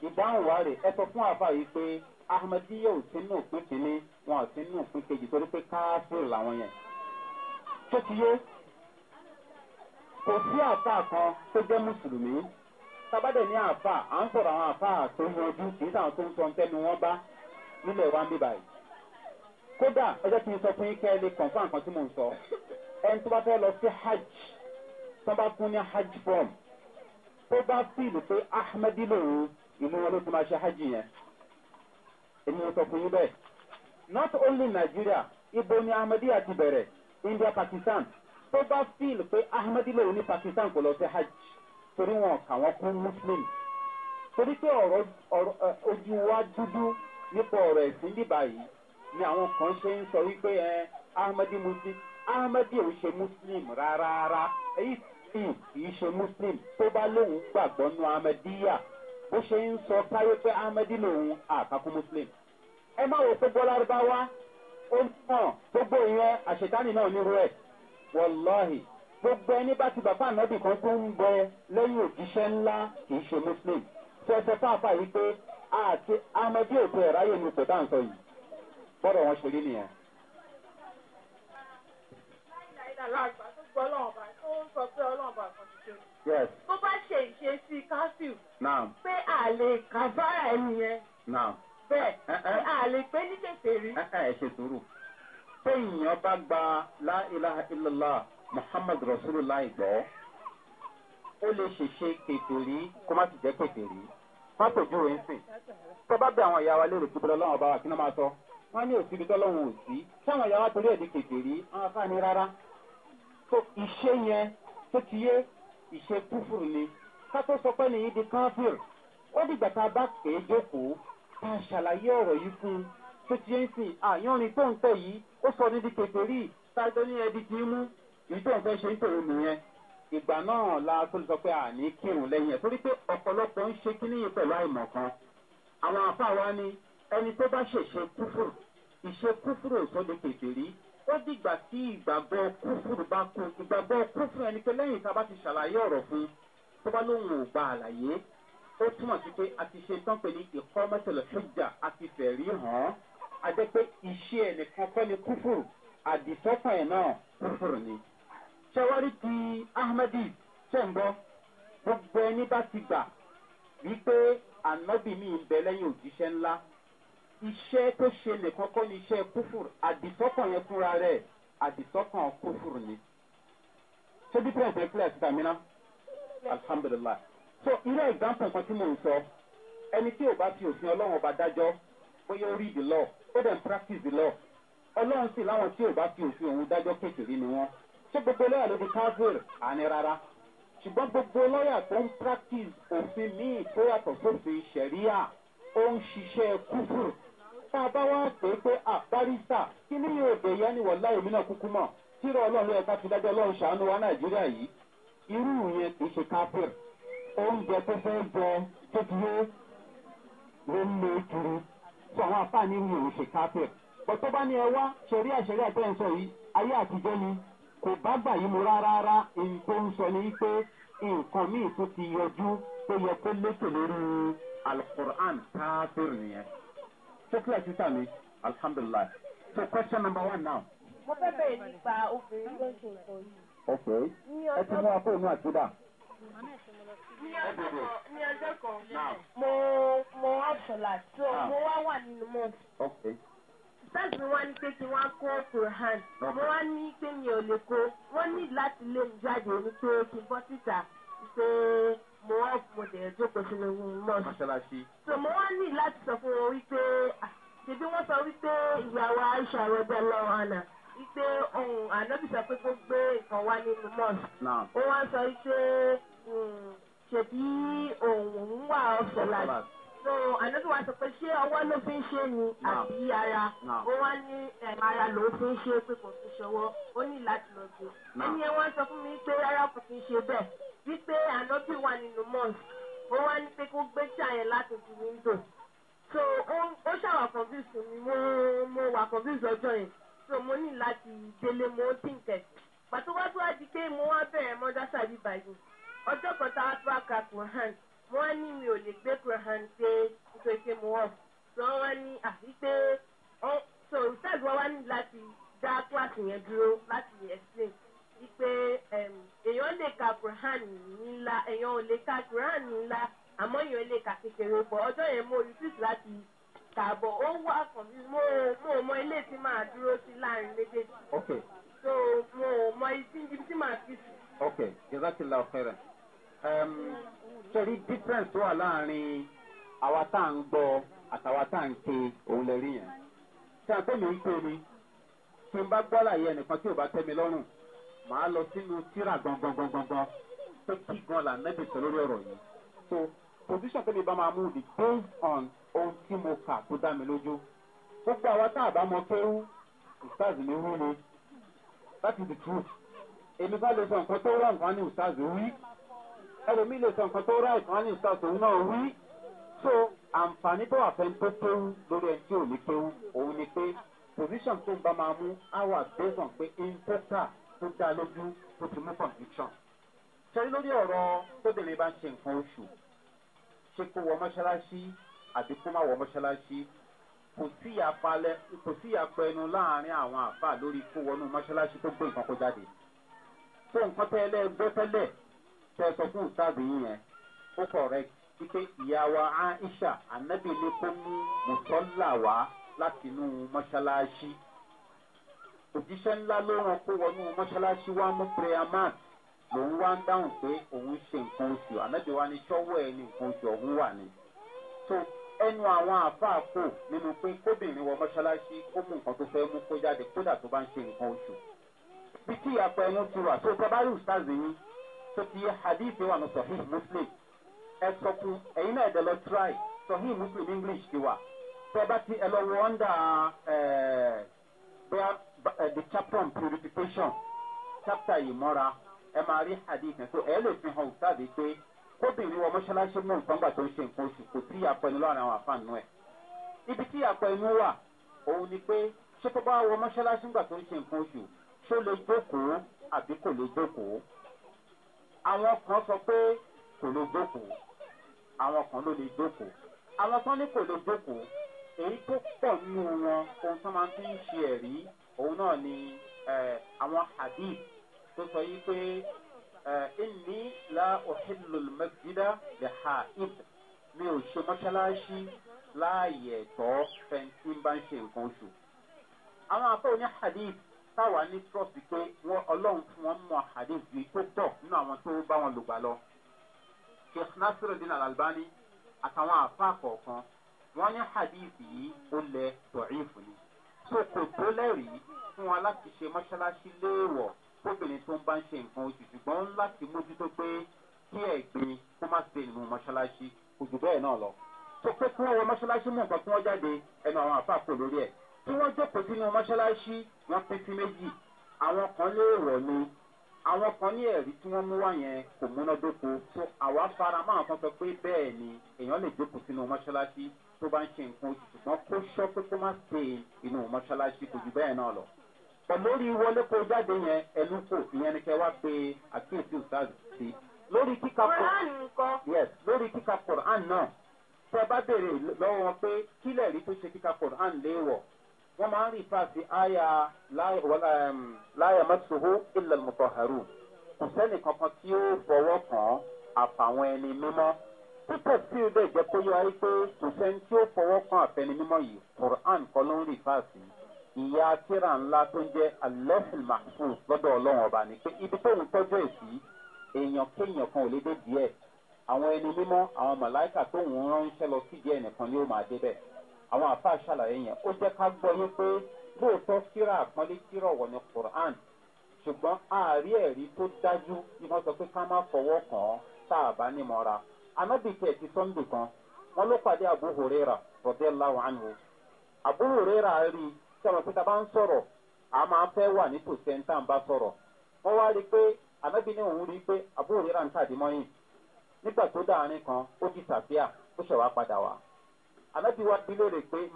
ìdáhùn wa rè ẹ sọ fún àfa yìí pé ahmadiya ò sí nù òpin kìíní wọn ò sí nù òpin kejì torí pé káfíìrì làwọn yẹn. tó ti yé kò sí àfa kan tó jẹ́ mùsùlùmí tabadẹ ní àfa à ń sọ̀rọ̀ àwọn àfa tó yanjú kì í sàn tó ń sọ ntẹ́nu wọn bá nílẹ̀ wa ń bí báyìí. kódà ẹ jẹ́ kí n sọ fún yín kẹ́ ẹ lè kọ̀ǹfà nǹkan tí mò ń sọ ẹni tó bá fẹ́ lọ sí hajj tó bá fún ní hajj form tó bá fìlù pé ahmadi lòun ìmú wọn máa ṣe hajj yẹn èmi sọ fún yín bẹ́ẹ̀ not only nigeria ibo ni ahmadiyya ti bẹ̀rẹ̀ india pakistan tó bá fíìl pé ahmadi lòun ní pakistan kò lọ sí hajj torí wọn kà wọn kún muslim torí pé ọ̀rọ̀ ojú wa dúdú nípa ọ̀rọ̀ ẹ̀sìn bíbá yìí ni àwọn kan ṣe ń sọ wípé ẹ ahmadi muslim ahmadi ò ṣe muslim rárá rárá èyí sì kì í ṣe muslim tó bá lóun gbàgbọ́ nu ahmadiyya bó ṣe ń sọ táyé pé ahmedi lòun àkàkú muslim ẹ má wò pé bọ́lárúbáwá ó ń tàn gbogbo ìyẹn àṣetánì náà nírú ẹ̀ wọláhì gbogbo ẹni bá ti bàbá ànábì kan tó ń bẹ lẹ́yìn òjíṣẹ́ ńlá kì í ṣe muslim fẹsẹ̀ fáfá yìí pé àti ahmedi òkú ẹ̀ ráyè ní ìpè táǹsọ yìí bọ́dọ̀ wọn ṣe rí nìyẹn. láìláìlà láàgbà tó gbọ́ ọlọ́run tó ń sọ pé ọlọ́run kan yes. tó bá ṣe ìṣesí káfíù. naam. pé àlè kàbára ẹni yẹn. naam. bẹ́ẹ̀ eh, eh. pé àlè pé ní tètè rí. ẹ eh, ẹ ṣe sùúrù pé èèyàn bá gba láìláha ilàlá muhammad rasulillah ìgbọ́ ó lè ṣèṣe kètèrí kó má ti jẹ́ kètèrí má pèjú òun sìn tó bá bẹ àwọn ìyá wa lérò kíbi lọ́wọ́ bá wa kí ni máa sọ wọ́n ní òsibí tọ́lọ́hún ò sí sáwọn ìyá wa torí ẹ̀dí kètèrí àwọn afáàní rárá tó ìṣe yẹn tó ti yé ìṣe kúfùrù ni ká tó sọ pé nìyí di káfíìr ó dìgbà tá a bá pè é jókòó tá a ṣàlàyé ọ̀rọ̀ yìí fún un tó ti ń sìn àyànrin tó ń tẹ̀ yìí ó sọ ní di kékeré tájọ ní ẹbí ti mú èyí tó ń fẹ́ ṣe ń tòun nìyẹn ìgbà náà la tó lè sọ pé àní kírun lẹ́yìn ẹ̀ torí pé ọ̀pọ̀lọpọ̀ ń ṣe kíní yìí pẹ̀lú àìmọ̀ kan àwọn àfa wa ni ẹni tó bá ṣèṣe kúfùrù ìṣe kúfùrù sóde kékeré ó dìgbà tí ìgbàgbọ́ kúfùrù bá kú ìgbàgbọ́ kúfùrù ẹni pé lẹ́yìn tá a bá ti ṣàlàyé ọ̀rọ̀ fún tó bá lóun ò gba àlàyé ó túmọ̀ sí pé a ti ṣe tán pé ní ìkọ́ mẹ́tẹ̀lẹ̀ ṣújà a ti fẹ̀rí hàn án a jẹ́ pé ìṣe ẹnìkan kọ́ ni kúfùrù àdìsọ́kàn ẹ̀ náà kúfùrù ni. ṣẹ́wárí ti ahmedi ṣẹ̀ǹbọ́ gbogbo ẹni bá ti gbà wípé ànábì mi ń bẹ lẹ́yìn òjíṣẹ́ ńlá iṣẹ́ tó ṣẹlẹ̀ kọ́kọ́ ni iṣẹ́ kúfùrù àdìsọ́kàn yẹn fúnra rẹ̀ àdìsọ́kàn kúfùrù ni. ṣé difference yẹn clear síta mìíràn? alhamdulilah. so irú example kan tí mò ń sọ ẹni tí ò bá fi òfin ọlọ́run ọba dájọ́ bóyá ó rí the law ó dẹ̀ ń practice the law ọlọ́run sì láwọn tí ò bá fi òfin òun dájọ́ kékeré ni wọ́n ṣé gbogbo lọ́yà ló di káfíìr àní rárá ṣùgbọ́n gbogbo lọ́yà tó ń practice òfin míì tó yàtọ̀ sófin ṣẹ̀ríà ó ń ṣiṣẹ́ kúfùrù tá a bá wá pè é pé àbáríṣà kí ní yóò dé yá ni wọ́n láì mí náà kúkú mọ̀ tíra ọlọ́run ẹ̀ka ti dájọ́ ọlọ́run ṣàánú wa nàìjíríà yìí irú yẹn kì í ṣe kápẹ́r oúnjẹ tó fẹ́ jẹ tó ti yé ló ń lé kiri tí àwọn afáàní mi ò ṣe kápẹ́r bọ́ tó bá ní ẹ wá ṣẹ̀rí àṣẹ̀rí àtẹ̀sọ yìí ayé àtijọ́ ni kò bá gbà yí mu rárá èyí tó ń sọ ni wípé nǹkan míì tó ti yọjú tó yẹ kó lékè lórí alukur'an káfíìr nìyẹn. So sókè àtúntà mi alhamdulilayi so question number one now. mo fẹ́ bẹ̀rẹ̀ nípa obìnrin ló ń ṣe nǹkan yìí. ok ẹ ti mú akó inú àtúndà. ní ọjọ́ kan mo mo ọ̀ṣọ́lá so ah. mo wá wà nínú mọ́ọ̀tì sáàsì mi wá ní pé kí wọ́n kó quran mo wá ní pé mi ò lè kó wọ́n ní láti lé mi jáde ní pé kí n bọ́ síta pé mo wá mo dẹ̀ jókòó sínú mọ́ọ̀sì. mọ́ṣáláṣí. so mo wá ní láti sọ fún wọn wípé ah, ṣèbí wọ́n sọ wípé ìyàwó aisha rẹ̀gbẹ́ lọ́wọ́ àná wípé ohun ànábì sọ pé kó nǹkan wá nínú mọ́ọ̀sì. ó wá sọ wípé hmm, ṣèbí òun wà ọ̀sẹ̀ láti so ànábì wa sọ pé ṣé ọwọ́ ló fi ń ṣe ni àbí ara ó wá ní ara ló fi ń ṣe pé kò fi ṣọwọ́ ó ní láti lọ gbé. ẹni ẹ wá sọ fún mi pé rárá kò fi ṣe bẹ́ẹ̀ wípé ànábì wà nínú mosque ó wá ní pé kó gbé ṣàyẹn láti ju window so ó ṣàwà confuse mi mo mo wà confuse ọjọ́ yẹn so mo ní láti délé mo ti ń tẹ̀ pàtó wá tó wá di pé mo wá bẹ̀rẹ̀ mọ́dásà bíbá yìí ọjọ́ kan tá a tó ka quran mo wá ní mi ò lè gbé quran pé nítorí pé mo wọ̀ so wá ní àfi ah, pé so ìṣègùn wa wá ní láti dá kíláàsì yẹn dúró láti explain wípé èèyàn lè ka quran ńlá èèyàn ò lè ka quran ńlá àmọ́ èèyàn lè ka kékeré bọ̀ ọjọ́ yẹn mo refuse láti kààbọ̀ ó wà kàn mí mo mo mọ ilé tí màá dúró sí láàrin méjèèjì. so mo mọ ibi tí màá fi sùn. ok jẹ́sàkìlá ọ̀fẹ́rẹ̀ sẹ́rí difference wà láàrin àwa tá à ń gbọ́ àtàwa tá à ń pe òun lè rí yẹn. ṣé àgbẹ̀mí ń pe mi kí n bá gbọ́ àlàyé ẹnìkan tí ò bá tẹ́ mi lọ́rùn màá lọ sínú tíra gbọngbọngbọngbọngbọn pé kí gan la nẹ́bí sọ lórí ọ̀rọ̀ yìí so position tẹ́lẹ̀ bá máa mú the based on ohun tí mo kà tó dá mi lójú gbogbo àwa tá a bá mọ kéwú ustaz mi wú ni that is the truth èmi bá lè sọ nǹkan tó rà nǹkan ní ustaz wí ẹlòmíì lè sọ nǹkan tó rà nǹkan ní ustaz òun náà wí so àǹfààní tó wà fẹ́ tó kéwú lórí ẹni tí ò ní kéwú òun ni pé position tó ń bá máa mú á wà based on pé in total tó dá lójú tó ti mú conviction. sẹ́rí lórí ọ̀rọ̀ tóbìnrin bá ń ṣe nǹkan oṣù ṣé kó wọ mọ́ṣáláṣí àbí kó má wọ mọ́ṣáláṣí kò sí ìyapa ẹnu láàrin àwọn àfa lórí kó wọnú mọ́ṣáláṣí tó gbé nǹkan kó jáde. tó nǹkan tẹ́ ẹlẹ́gbẹ́ tẹ́lẹ̀ tẹ́ sọ fún ìsáàbì yín yẹn ó correct wípé ìyàwó aisha anabi ní kó mú mùsọ́là wá látinú mọ́ṣáláṣí òjíṣẹ́ ńlá ló ràn kó wọnú mọ́ṣáláṣí wá mú prayaman lòun wá ń dáhùn pé òun ṣe nǹkan oṣù ànájọwá ni ṣọ́wọ́ ẹ ní nǹkan oṣù ọ̀hún wà ní. so ẹnu àwọn àáfàá kò nínú pé kóbìnrin wọ mọ́ṣáláṣí kó mú nǹkan tó fẹ́ mú kó jáde kódà tó bá ń ṣe nǹkan oṣù. bí kí ìyàpá ẹnu ti wà tó tọ́ bá rí ìsáàzì yín tó ti yẹ hadith wà ní sahih muslim ẹ sọ fún ẹ̀yin náà ẹ̀dẹ̀ lọ try sahih muslim english ti wà tẹ bá ti ẹ lọ wọ ẹ̀ẹ́ bẹ́ẹ̀ Uh, the chapter on purification chapter ìmọ́ra ẹ máa rí hadith yẹn tó ẹ lè fi hàn sáàbì pé kóbìnrin wọ mọ́ṣáláṣí mú nǹkan gbà tó ń ṣe nǹkan oṣù kò sí ìyàpọ̀ ẹni lọ́rùn àwọn àfààní ẹ̀. ibi tí ìyàpọ̀ ẹni wà òun ni pé ṣé tó bá wọ mọ́ṣáláṣí gbà tó ń ṣe nǹkan oṣù ṣó lè jókòó àbí kò lè jókòó. àwọn kan sọ pé kò lè jókòó àwọn kan ló lè jókòó àwọn kan ní kò lè jókòó èyí tó pọ̀ nínú wọn ohun tó máa ń fi ń ṣe ẹ̀rí òun náà ni àwọn hadith tó sọ yí pé inni la ohilul masjida le ha ib mi ò ṣe mọ́ṣáláṣí láàyè ẹ̀tọ́ fẹ́ntì bá ń ṣe nǹkan oṣù. àwọn afẹ́ oní hadith táwa ní trust pé wọ́n ọlọ́run fún wọn mọ hadith yìí tó tọ̀ nínú àwọn tó bá wọn lògbà lọ. sheikh nasiruddin alalbani àtàwọn àfa kọ̀ọ̀kan wọ́n ní hadith yìí ó lẹ tọ̀rí fún ni so kò tó lẹ́rìí fún wa láti ṣe mọ́ṣáláṣí léèwọ̀ kóbìnrin tó ń bá ń ṣe nǹkan oṣù ṣùgbọ́n láti mójútó pé kí ẹ̀gbin kó má ṣe nínú mọ́ṣáláṣí kò jù bẹ́ẹ̀ náà lọ. tó pé kí wọ́n wọ mọ́ṣáláṣí mú nǹkan kí wọ́n jáde ẹnu àwọn àfa kò lórí ẹ̀ tí wọ́n jókòó sínú mọ́ṣáláṣí wọ́n pín sí méjì àwọn kan léèwọ̀ ni àwọn kan ní ẹ̀rí tí wọ́n mú wá yẹn kò múnádóko tó àwa fara máa kan sọ pé bẹ́ẹ̀ ni èèyàn lè jókòó sínú mọ́ṣáláṣí tó bá ń ṣe nǹkan oṣù ṣùgbọ́n kó ṣọ́ pé kó má ṣe inú mọ́ṣáláṣí kò jù bẹ́ẹ̀ náà lọ. lórí wọlé kó jáde yẹn ẹnu kò ìyẹn ni kẹ wá pé àkíyèsí òṣàlù sí. lórí kíka quran lórí kíka quran náà tẹ bá béèrè lọ́wọ́ wọn pé kílẹ̀ rí tó ṣe kíka quran léèwọ̀ wọ́n máa ń rí fáàsì àyà láyà mọ́tòhó ilẹ̀ mọ̀tòhárù kò sẹ́nì kankan tí ó fọwọ́ kàn án àfàwọn ẹni mímọ́ pípọ̀ tí ó dẹ̀ jẹ́ kó yọ ayé pé kò sẹ́ni tí ó fọwọ́ kan àfẹnumímọ́ yìí quran kan ló ń rí fáàsì ìyá tíra ńlá tó ń jẹ́ alẹ́sìn mahfuz lọ́dọ̀ ọlọ́run ọba ni pé ibi tó ń tọ́jú ẹ̀ sí èèyàn kéèyàn kan ò lè dé díẹ̀ àwọn ẹni mímọ́ àwọn màláìkà tó ń ránṣẹ́ lọ sí díẹ̀ nìkan ni ó máa débẹ̀ àwọn àfáà ṣàlàyé yẹn ó jẹ́ ká gbọ́ yín pé lóòótọ́ tíra àpọ́nlé tíra ọ̀wọ́ ni quran ṣùgbọ́n àárí ẹ̀rí tó dájú ni wọ́n sọ pé ká má fọwọ́ kàn án tá a bá nímọ̀ra anábìkẹ́ ti sọ́ndù kan wọn ló pàdé àbúhùrẹ́rà rọ̀bí aláwọ̀ àánú àbúhùrẹ́rà rí sọ̀rọ̀ pé tá a bá ń sọ̀rọ̀ a máa fẹ́ wà nítòsí ẹ̀ ń bá sọ̀rọ̀ wọ́n wá rí i pé anábì ní òun rí i pé àbúhùrẹ́rà ń nígbà tó kan ó ti sàbíà ó ṣẹ̀wá padà wá wá pé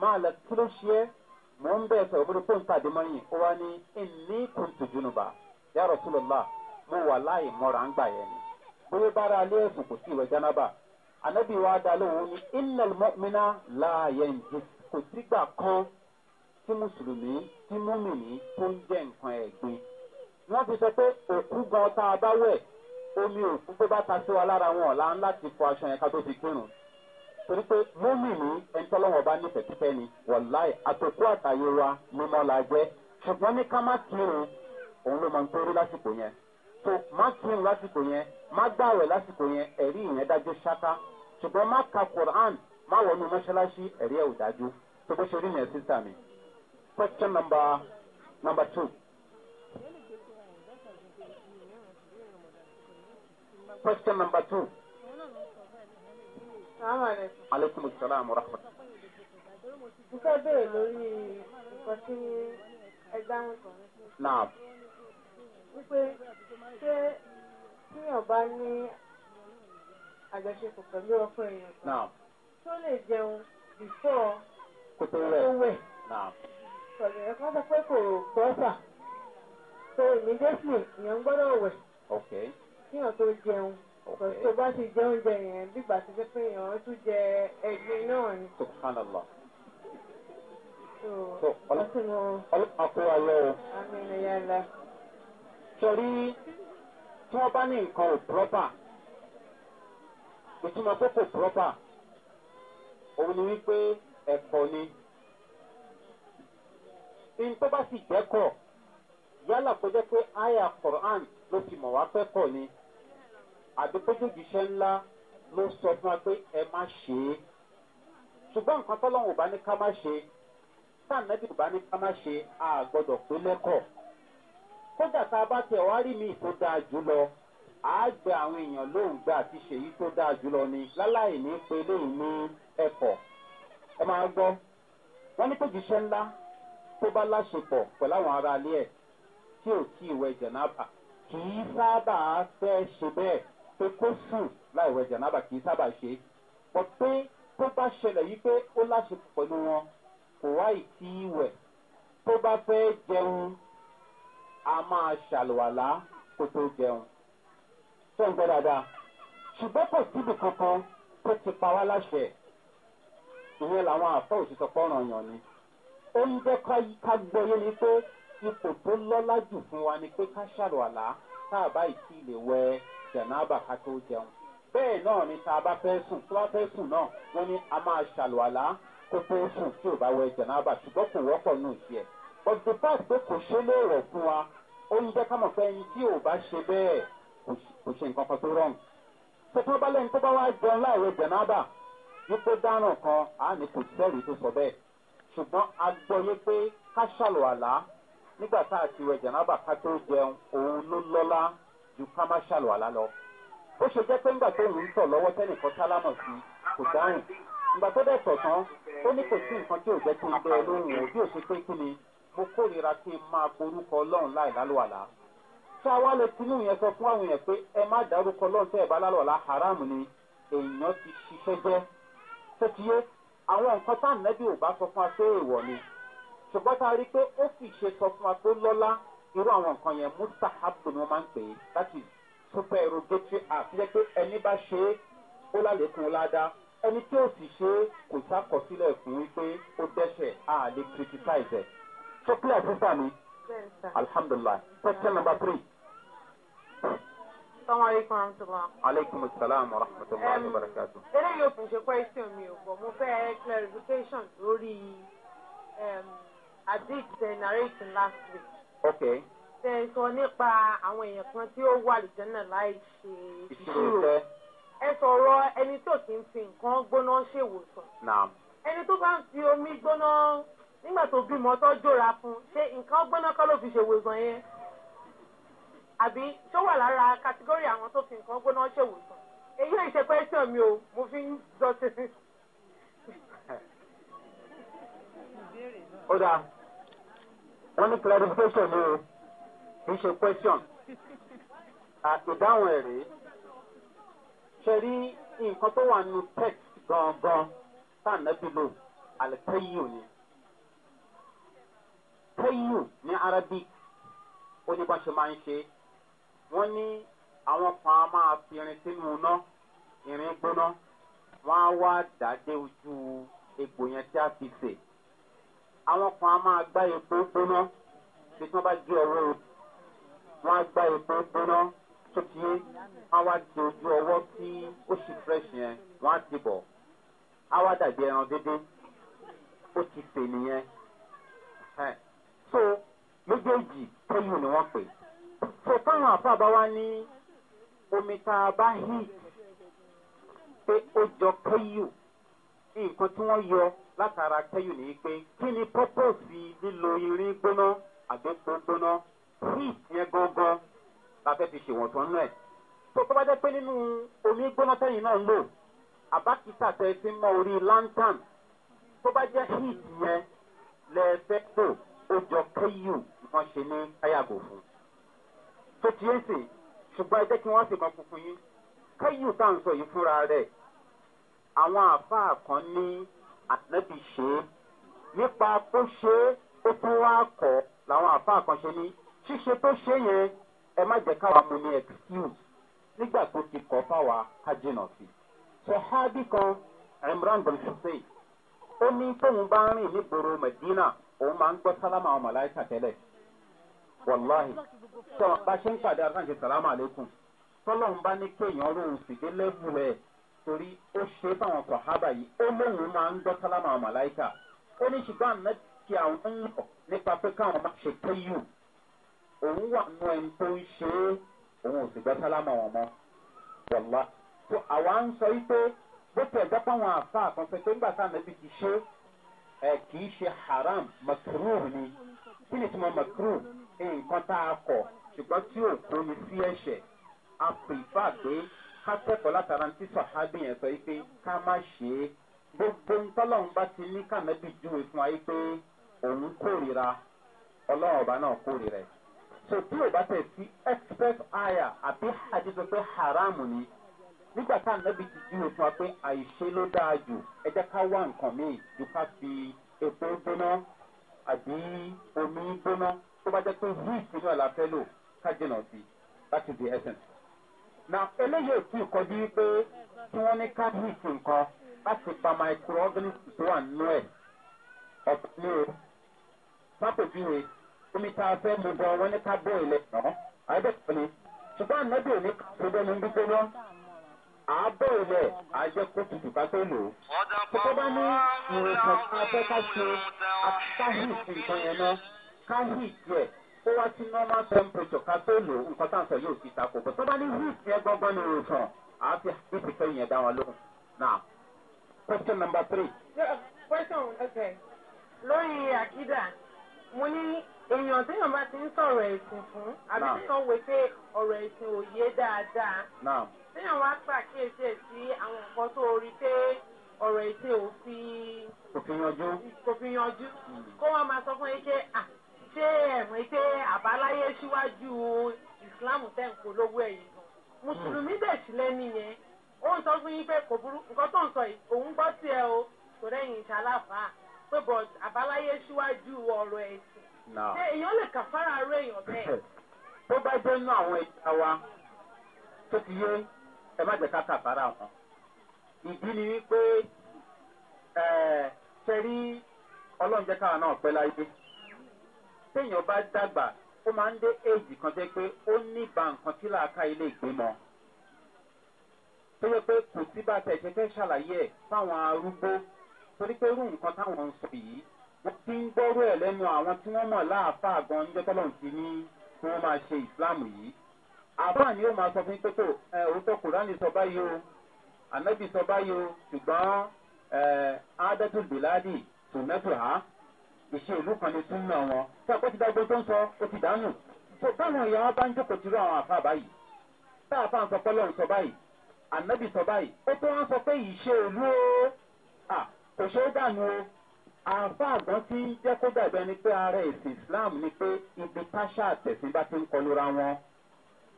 máa lọ kí ló ṣe mò ń bẹ̀ sọ̀rọ̀ ó wá ní yàrá òṣùlọ́lá mo wà mọ́ra ń gbà yẹn ni bóyá bára alẹ́ ẹ̀sùn kò sí ìwẹ̀ jánábà anabi wa dá lóhùn ní ilẹ̀ mọ́mìnà láàyè ǹjẹ́ kò sígbà kan tí mùsùlùmí tí múmìnì tó ń jẹ́ nǹkan ẹ̀gbin wọ́n ti sọ pé òkú gan tá a omi òkú tó bá ta sí wa lára wọn ọ̀la ńlá fọ aṣọ yẹn ká tó fi kírun torí pé múmìnì ẹni tọ́lọ́wọ́n bá ní pẹ̀tẹ́pẹ́ ni wọ̀láì àtòkú àtàyè wa mímọ́ la jẹ́ ṣùgbọ́n ní ká má kírun òun ló máa ń torí lásìkò yẹn tó má kírun lásìkò yẹn má gbààwẹ̀ lásìkò yẹn ẹ̀rí ìyẹn dájú ṣáká ṣùgbọ́n má ka quran má wọnú mọ́ṣáláṣí ẹ̀rí ẹ̀ ò dájú tó bó ṣe rí ní ẹ̀ sísá mi. question number number two. question number two. aleykum salaam wa rahmatulah. mo fẹ́ bèrè lórí ìkọ́sí ẹgbẹ́ àwọn kan. naam. wípé ṣé tíyàn bá ní àjọṣepọ̀ pẹ̀lú ọkọ èèyàn kan tó lè jẹun before kó tó wẹ̀ sọ̀rọ̀ ẹ̀ kọ́ sọ pé kò gbọ́sà so immediately èèyàn gbọ́dọ̀ wẹ̀ tíyàn tó jẹun tó bá ti jẹ oúnjẹ yẹn bígbà tó jẹ pé èèyàn tún jẹ ẹgbin náà ni. ọlọ́pàá kó wa lọ o. àmì ìyá tí wọ́n bá ní nǹkan ò proper ìtumọ̀ pé kò proper òun ni wípé ẹ̀kọ́ ni ní tó bá sì jẹ́kọ̀ yálà kó jẹ́ pé aya quran ló ti mọ̀ wá pẹ́kọ̀ ni àbí pé jòjìṣẹ́ ńlá ló sọ fún wa pé ẹ má ṣe é ṣùgbọ́n nǹkan tọ́lọ́hùn ò bá ní ká má ṣe tá nàbì ò bá ní ká má ṣe a pé lẹ́kọ̀ọ́ kódà tá a bá tẹ̀ wá rí mi tó dáa jùlọ a gbẹ àwọn èèyàn lóhùn gbà àti ṣèyí tó dáa jùlọ ni láláì ní pe léyìn ní ẹ̀kọ́ ẹ máa gbọ́ wọ́n ní kó jíṣẹ́ ńlá tó bá láṣepọ̀ pẹ̀lú àwọn ará ilé ẹ̀ tí ò tí ì wẹ jẹ̀nábà kì í sábà fẹ́ ṣe bẹ́ẹ̀ pé kó sùn láì wẹ jẹ̀nábà kì í sábà ṣe pọ̀ pé tó bá ṣẹlẹ̀ yìí pé ó láṣepọ̀ pẹ̀lú wọn kò wá ì tí ì wẹ̀ tó bá fẹ́ jẹun a máa ṣàlùwàlá kó tó jẹun tó ń gbọ́ dáadáa ṣùgbọ́n kò síbi kankan tó ti pa wá láṣẹ ìyẹn làwọn àfẹ́ òṣìṣẹ́ pọ́nrán yàn ni ó ń jẹ́ ká gbọ́yé ni pé ipò tó lọ́lá jù fún wa ni pé ká ṣàlùwàlá tá a bá ìtì lè wẹ jẹ̀nàbà ká tó jẹun bẹ́ẹ̀ náà ni tá a bá fẹ́ sùn tó bá fẹ́ sùn náà wọ́n ní a máa ṣàlùwàlá kó tó sùn tí ò bá wẹ jẹ̀nàbà ṣùgbọ́n kò wọ́pọ̀ nù sí ẹ̀ but the fact pé kò ṣe léèrè fún wa ó ń jẹ́ kámọ̀ pé ẹni tí ò bá ṣe bẹ́ẹ̀ kò ṣe nǹkan kan tó rọrùn. tẹ̀tọ́ bá lẹ́yìn tó bá wá jẹun láìwé jẹ̀náàbà wípé dáràn kan á ní kò sẹ́rìí tó sọ bẹ́ẹ̀ ṣùgbọ́n a gbọ́ yé pé ká ṣàlọ̀ àlá nígbà tá a ti wẹ̀ jẹ̀náàbà ká tó jẹun òun ló lọ́lá ju ká má ṣàlọ̀ àlá lọ. ó ṣe jẹ́ pé ńgbà tó ń tọ̀ lọ́wọ́ tẹ́nìkan sálámọ̀ sí kò dáhùn ìgbà tó dẹ̀ tọ̀ tán ó ní kò sí nǹkan tí ò jẹ́ kí n bẹ lóhùn òbí òṣèpé kí ni mo kórìíra pé máa porúkọ ọlọ́run láì lálùwàlá tá a wá lè tinú yẹn sọ fún àwọn èèyàn pé ẹ má dárúkọ ọlọ́run tẹ́ ẹ bá lálùwàlá haram ni èèyàn ti ṣiṣẹ́ jẹ́ tẹ́tíyé àwọn nǹkan tá nẹ́bí ò bá sọ fún wa pé èèwọ̀ ni ṣùgbọ́n tá a rí i pé ó fi ṣe sọ fún wa pé lọ́lá irú àwọn nǹkan yẹn mustahabu ni wọ́n máa ń pè é láti super erogatory act jẹ́ pé ẹni bá ṣe é ó lálẹ́kùn ládàá ẹni tí ó sì ṣe é kò sákọsílẹ̀ fún wípé ó dẹ́sẹ̀ a lè criticize ẹ̀ ṣe clear sísá mi alhamdulilah question number three. Salaamaleykum wa rahmatulah. Aleykum salaam wa rahmatulah wa barakatu. Eléyìí ò kì í ṣe question mi ò bọ̀, mo fẹ́ clarification lórí Adik ṣe narrating last week. Okay. Ṣé sọ nípa àwọn èèyàn kan tí ó wà lìjẹ́nà láì ṣe ìṣirò? Ẹ sọ̀rọ̀ ẹni tó kì í fi nǹkan gbóná ṣèwòsàn. Ẹni tó bá ń fi omi gbóná nígbà tó bímọ tó jòra fún ṣé nǹkan gbóná kọ́ ló fi ṣèwòsàn yẹn àbí tó wà lára kàtígórì àwọn tó fi nǹkan gbóná ṣèwòsàn èyí ò ṣe pẹ́sàn mi o mo fi ń jọ tèmi. ó dáa wọ́n ní clarification ni o kì í ṣe question ìdáhùn ẹ̀ rèé ṣe rí nǹkan tó wà nù text gangan tá à ń nẹ́bí lò àlẹ́ tẹ́yìn òní tẹ́yìn ní arabic ó ní bá ṣe máa ń ṣe wọ́n ní àwọn kan á máa fi irin sínú iná irin gbóná wọ́n á wá dàdé ojú egbò yẹn tí a fi sè àwọn kan á máa gbá epo gbóná bí tí wọ́n bá ju ọwọ́ wọ́n á gbá epo gbóná tó ti yé wọ́n á wá di ojú ọwọ́ tí ó sì fresh yẹn wọ́n á ti bọ̀ á wá dàbí ẹran dédé ó ti sè nìyẹn so méjèèjì tẹ́yù ni wọ́n pè so táwọn àfa bá wá ní omi tá a bá heat pé ó jọ kẹ́yù nǹkan tí wọ́n yọ látara kẹ́yù nìyí pé kí ni pọ́pọ́sì lílo irin gbóná àgbépo gbóná heat yẹn gangan la fẹ́ fi ṣèwọ̀n tán náà tó tó bá jẹ́ pé nínú omi gbóná tẹ́yìn náà ń lò àbákítà tẹ́ ti mọ orí lantern tó bá jẹ́ heat yẹn lẹ́ẹ̀fẹ́ tó. Ojo jọ kéyù nǹkan ṣe ní ayàgò fún tó ti ń sè ṣùgbọ́n ẹ jẹ́ kí wọ́n sì kan funfun yín kéyù tá à ń sọ yìí fúnra rẹ̀ àwọn àáfàá kan ní ànábì ṣe é nípa bó ṣe é ó tún wá kọ́ làwọn àáfàá kan ṣe ní ṣíṣe tó ṣe yẹn ẹ má jẹ́ káwa mu ní excuse nígbà tó ti kọ́ fáwa ká jìnà sí i. sọ̀hábì kan imran bin hussein ó ní tóun bá ń rìn nígboro medina òun máa ń gbọ́ sálámà àwọn màláìkà tẹ́lẹ̀ wàláhì tó bá ṣe ń pàdé àtàǹṣe sàlámà lẹ́kùn tọ́lọ́run bá ní kéèyàn lóhùn fìdí lẹ́bù rẹ̀ torí ó ṣe fáwọn há yìí ó lóhùn máa ń gbọ́ sálámà àwọn màláìkà ó ní ṣùgbọ́n àná ti àwọn ń lọ nípa pé káwọn máa ṣe kéyù òun wà nú ẹni tó ń ṣe é òun ò sì gbọ́ sálámà wọn mọ́ wàlá tó àwa ń sọ yí pé bó tẹ̀ gbọ́ pàwọn àfa àkànṣe tó ń gbà sáà ẹ kì í ṣe haram makruh ni kí ni tí mo makruh nǹkan tá a kọ ṣùgbọ́n tí ò tóni sí ẹ̀ṣẹ̀ a pèfà pé ká kẹ́kọ̀ọ́ látara tí sọ̀hábì yẹn sọ pé ká má ṣe é gbogbo ntọ́lọ́run bá ti ní kànáàbì júwe fún wa pé òun kórìíra ọlọ́run ọba náà kórìíra ẹ̀ so tí ò bá tẹ̀ sí expert aya àbí àdìsọ pé haram ni nígbà tá ànábì ti júwe fún wa pé àìṣe ló dáa jù ẹ jẹ́ ká wá nǹkan míì ju ká fi epo gbóná àbí omi gbóná tó bá jẹ́ pé heat náà la fẹ́ lò ká jìnà sí that is the essence. na eléyìí ò tí ì kọjú wípé tí wọ́n ní ká heat nǹkan láti pa microorganisms tó wà nínú ẹ̀ ọ̀pọ̀ ní o sápòjúwe omi tá a fẹ́ mu gan wọ́n ní ká bóyìí lẹ̀ náà àìbẹ̀kọ́ ṣùgbọ́n ànábì ò ní ká bẹ́ẹ̀ ni gbígbóná àábẹ̀rẹ̀ rẹ̀ àjẹ́ kó tutù ká tó lò ó. Tọ́kọ́ bá ní ìrìnkàn kan fẹ́ ká ṣe àtàhìtì nǹkan yẹn náà ká hìtì ẹ̀ ó wá sí normal temperature ká tó lò ó nǹkan tá à ń sọ yóò fi takò. Bọ̀tọ́ bá ní hìtì ẹ̀ gbọ́ngbọ́n ní ìrìnkàn àá fi hìtì kẹ́yìn ẹ̀ dá wọn lóhùn. Now question number three. Yeah, question okay. lórí àkídà mo ní èèyàn téèyàn bá ti ń sọ̀rọ̀ ẹ̀sìn fún àbí téèyàn wé pé ọ̀rọ̀ ẹ̀sìn ò yé dáadáa téèyàn wá pàkíyèsí ẹ̀ sí àwọn nǹkan tó rí pé ọ̀rọ̀ ètè ò fi. kò fi yanjú. kò fi yanjú. Hmm. kó wọn máa sọ fún yín pé ṣé ẹ̀mí pé àbáláyé síwájú ìsìláàmù tẹ̀ ń polówó ẹ̀yìn gan. mùsùlùmí hmm. dẹ̀ sílẹ̀ nìyẹn ó ń sọ fún yín pé kò burú nǹkan tó ń sọ yìí òun gbọ́ tiẹ̀ o kò rẹ́yìn ìṣàlàfà pé bọ̀ àbáláyé síwájú ọ̀rọ̀ ẹ̀sìn. ṣé èèyàn lè kà fara rẹ̀ èèyàn bẹ́ẹ̀. *laughs* tó bá jẹ́ inú àwọn ẹja wa tó ti yé ẹ má gbẹ káka fara wọn ìdí ni wípé ẹ sẹrí ọlọ́run jẹ́ káwọn náà pẹ́ láyé téèyàn bá dàgbà ó máa ń dé éèjì kan jẹ́ pé ó ní ba nǹkan tí làákà ilé ìgbìmọ̀ tó yẹ pé kò sí bá tẹ̀ ṣe fẹ́ ṣàlàyé ẹ̀ fáwọn arúgbó torí pé irú nǹkan táwọn ń sọ yìí wọ́n ti ń gbọ́rọ̀ ẹ̀ lẹ́nu àwọn tí wọ́n mọ̀ láàfáà gan-an níjọ́ tọ́lọ́run ti ní kí wọ́n máa ṣe ìsìláàmù yìí àbá ni ó máa sọ fún yín pé kò ẹ òótọ́ kùránì sọ báyìí o ànábì sọ báyìí o ṣùgbọ́n ẹ ádẹ́tù bìláàdì tòmẹ́tò á ìṣe ìlú kan ní súnmọ́ wọn tí àpò ti dágbó tó ń sọ ó ti dánù tó báwọn èèyàn wọn bá ń jókòó tirú àwọn àfa báyìí tá àfa ń sọ pé lọ́run sọ báyìí ànábì sọ báyìí ó tó wọn sọ pé ìṣe ìlú o kò ṣe é dànù o àfa àgbọn ti jẹ́ kó dàbẹ́ ni pé ara ẹ̀sìn islam ni pé ibi táṣà àtẹ̀sìn bá ti ń kọlura wọn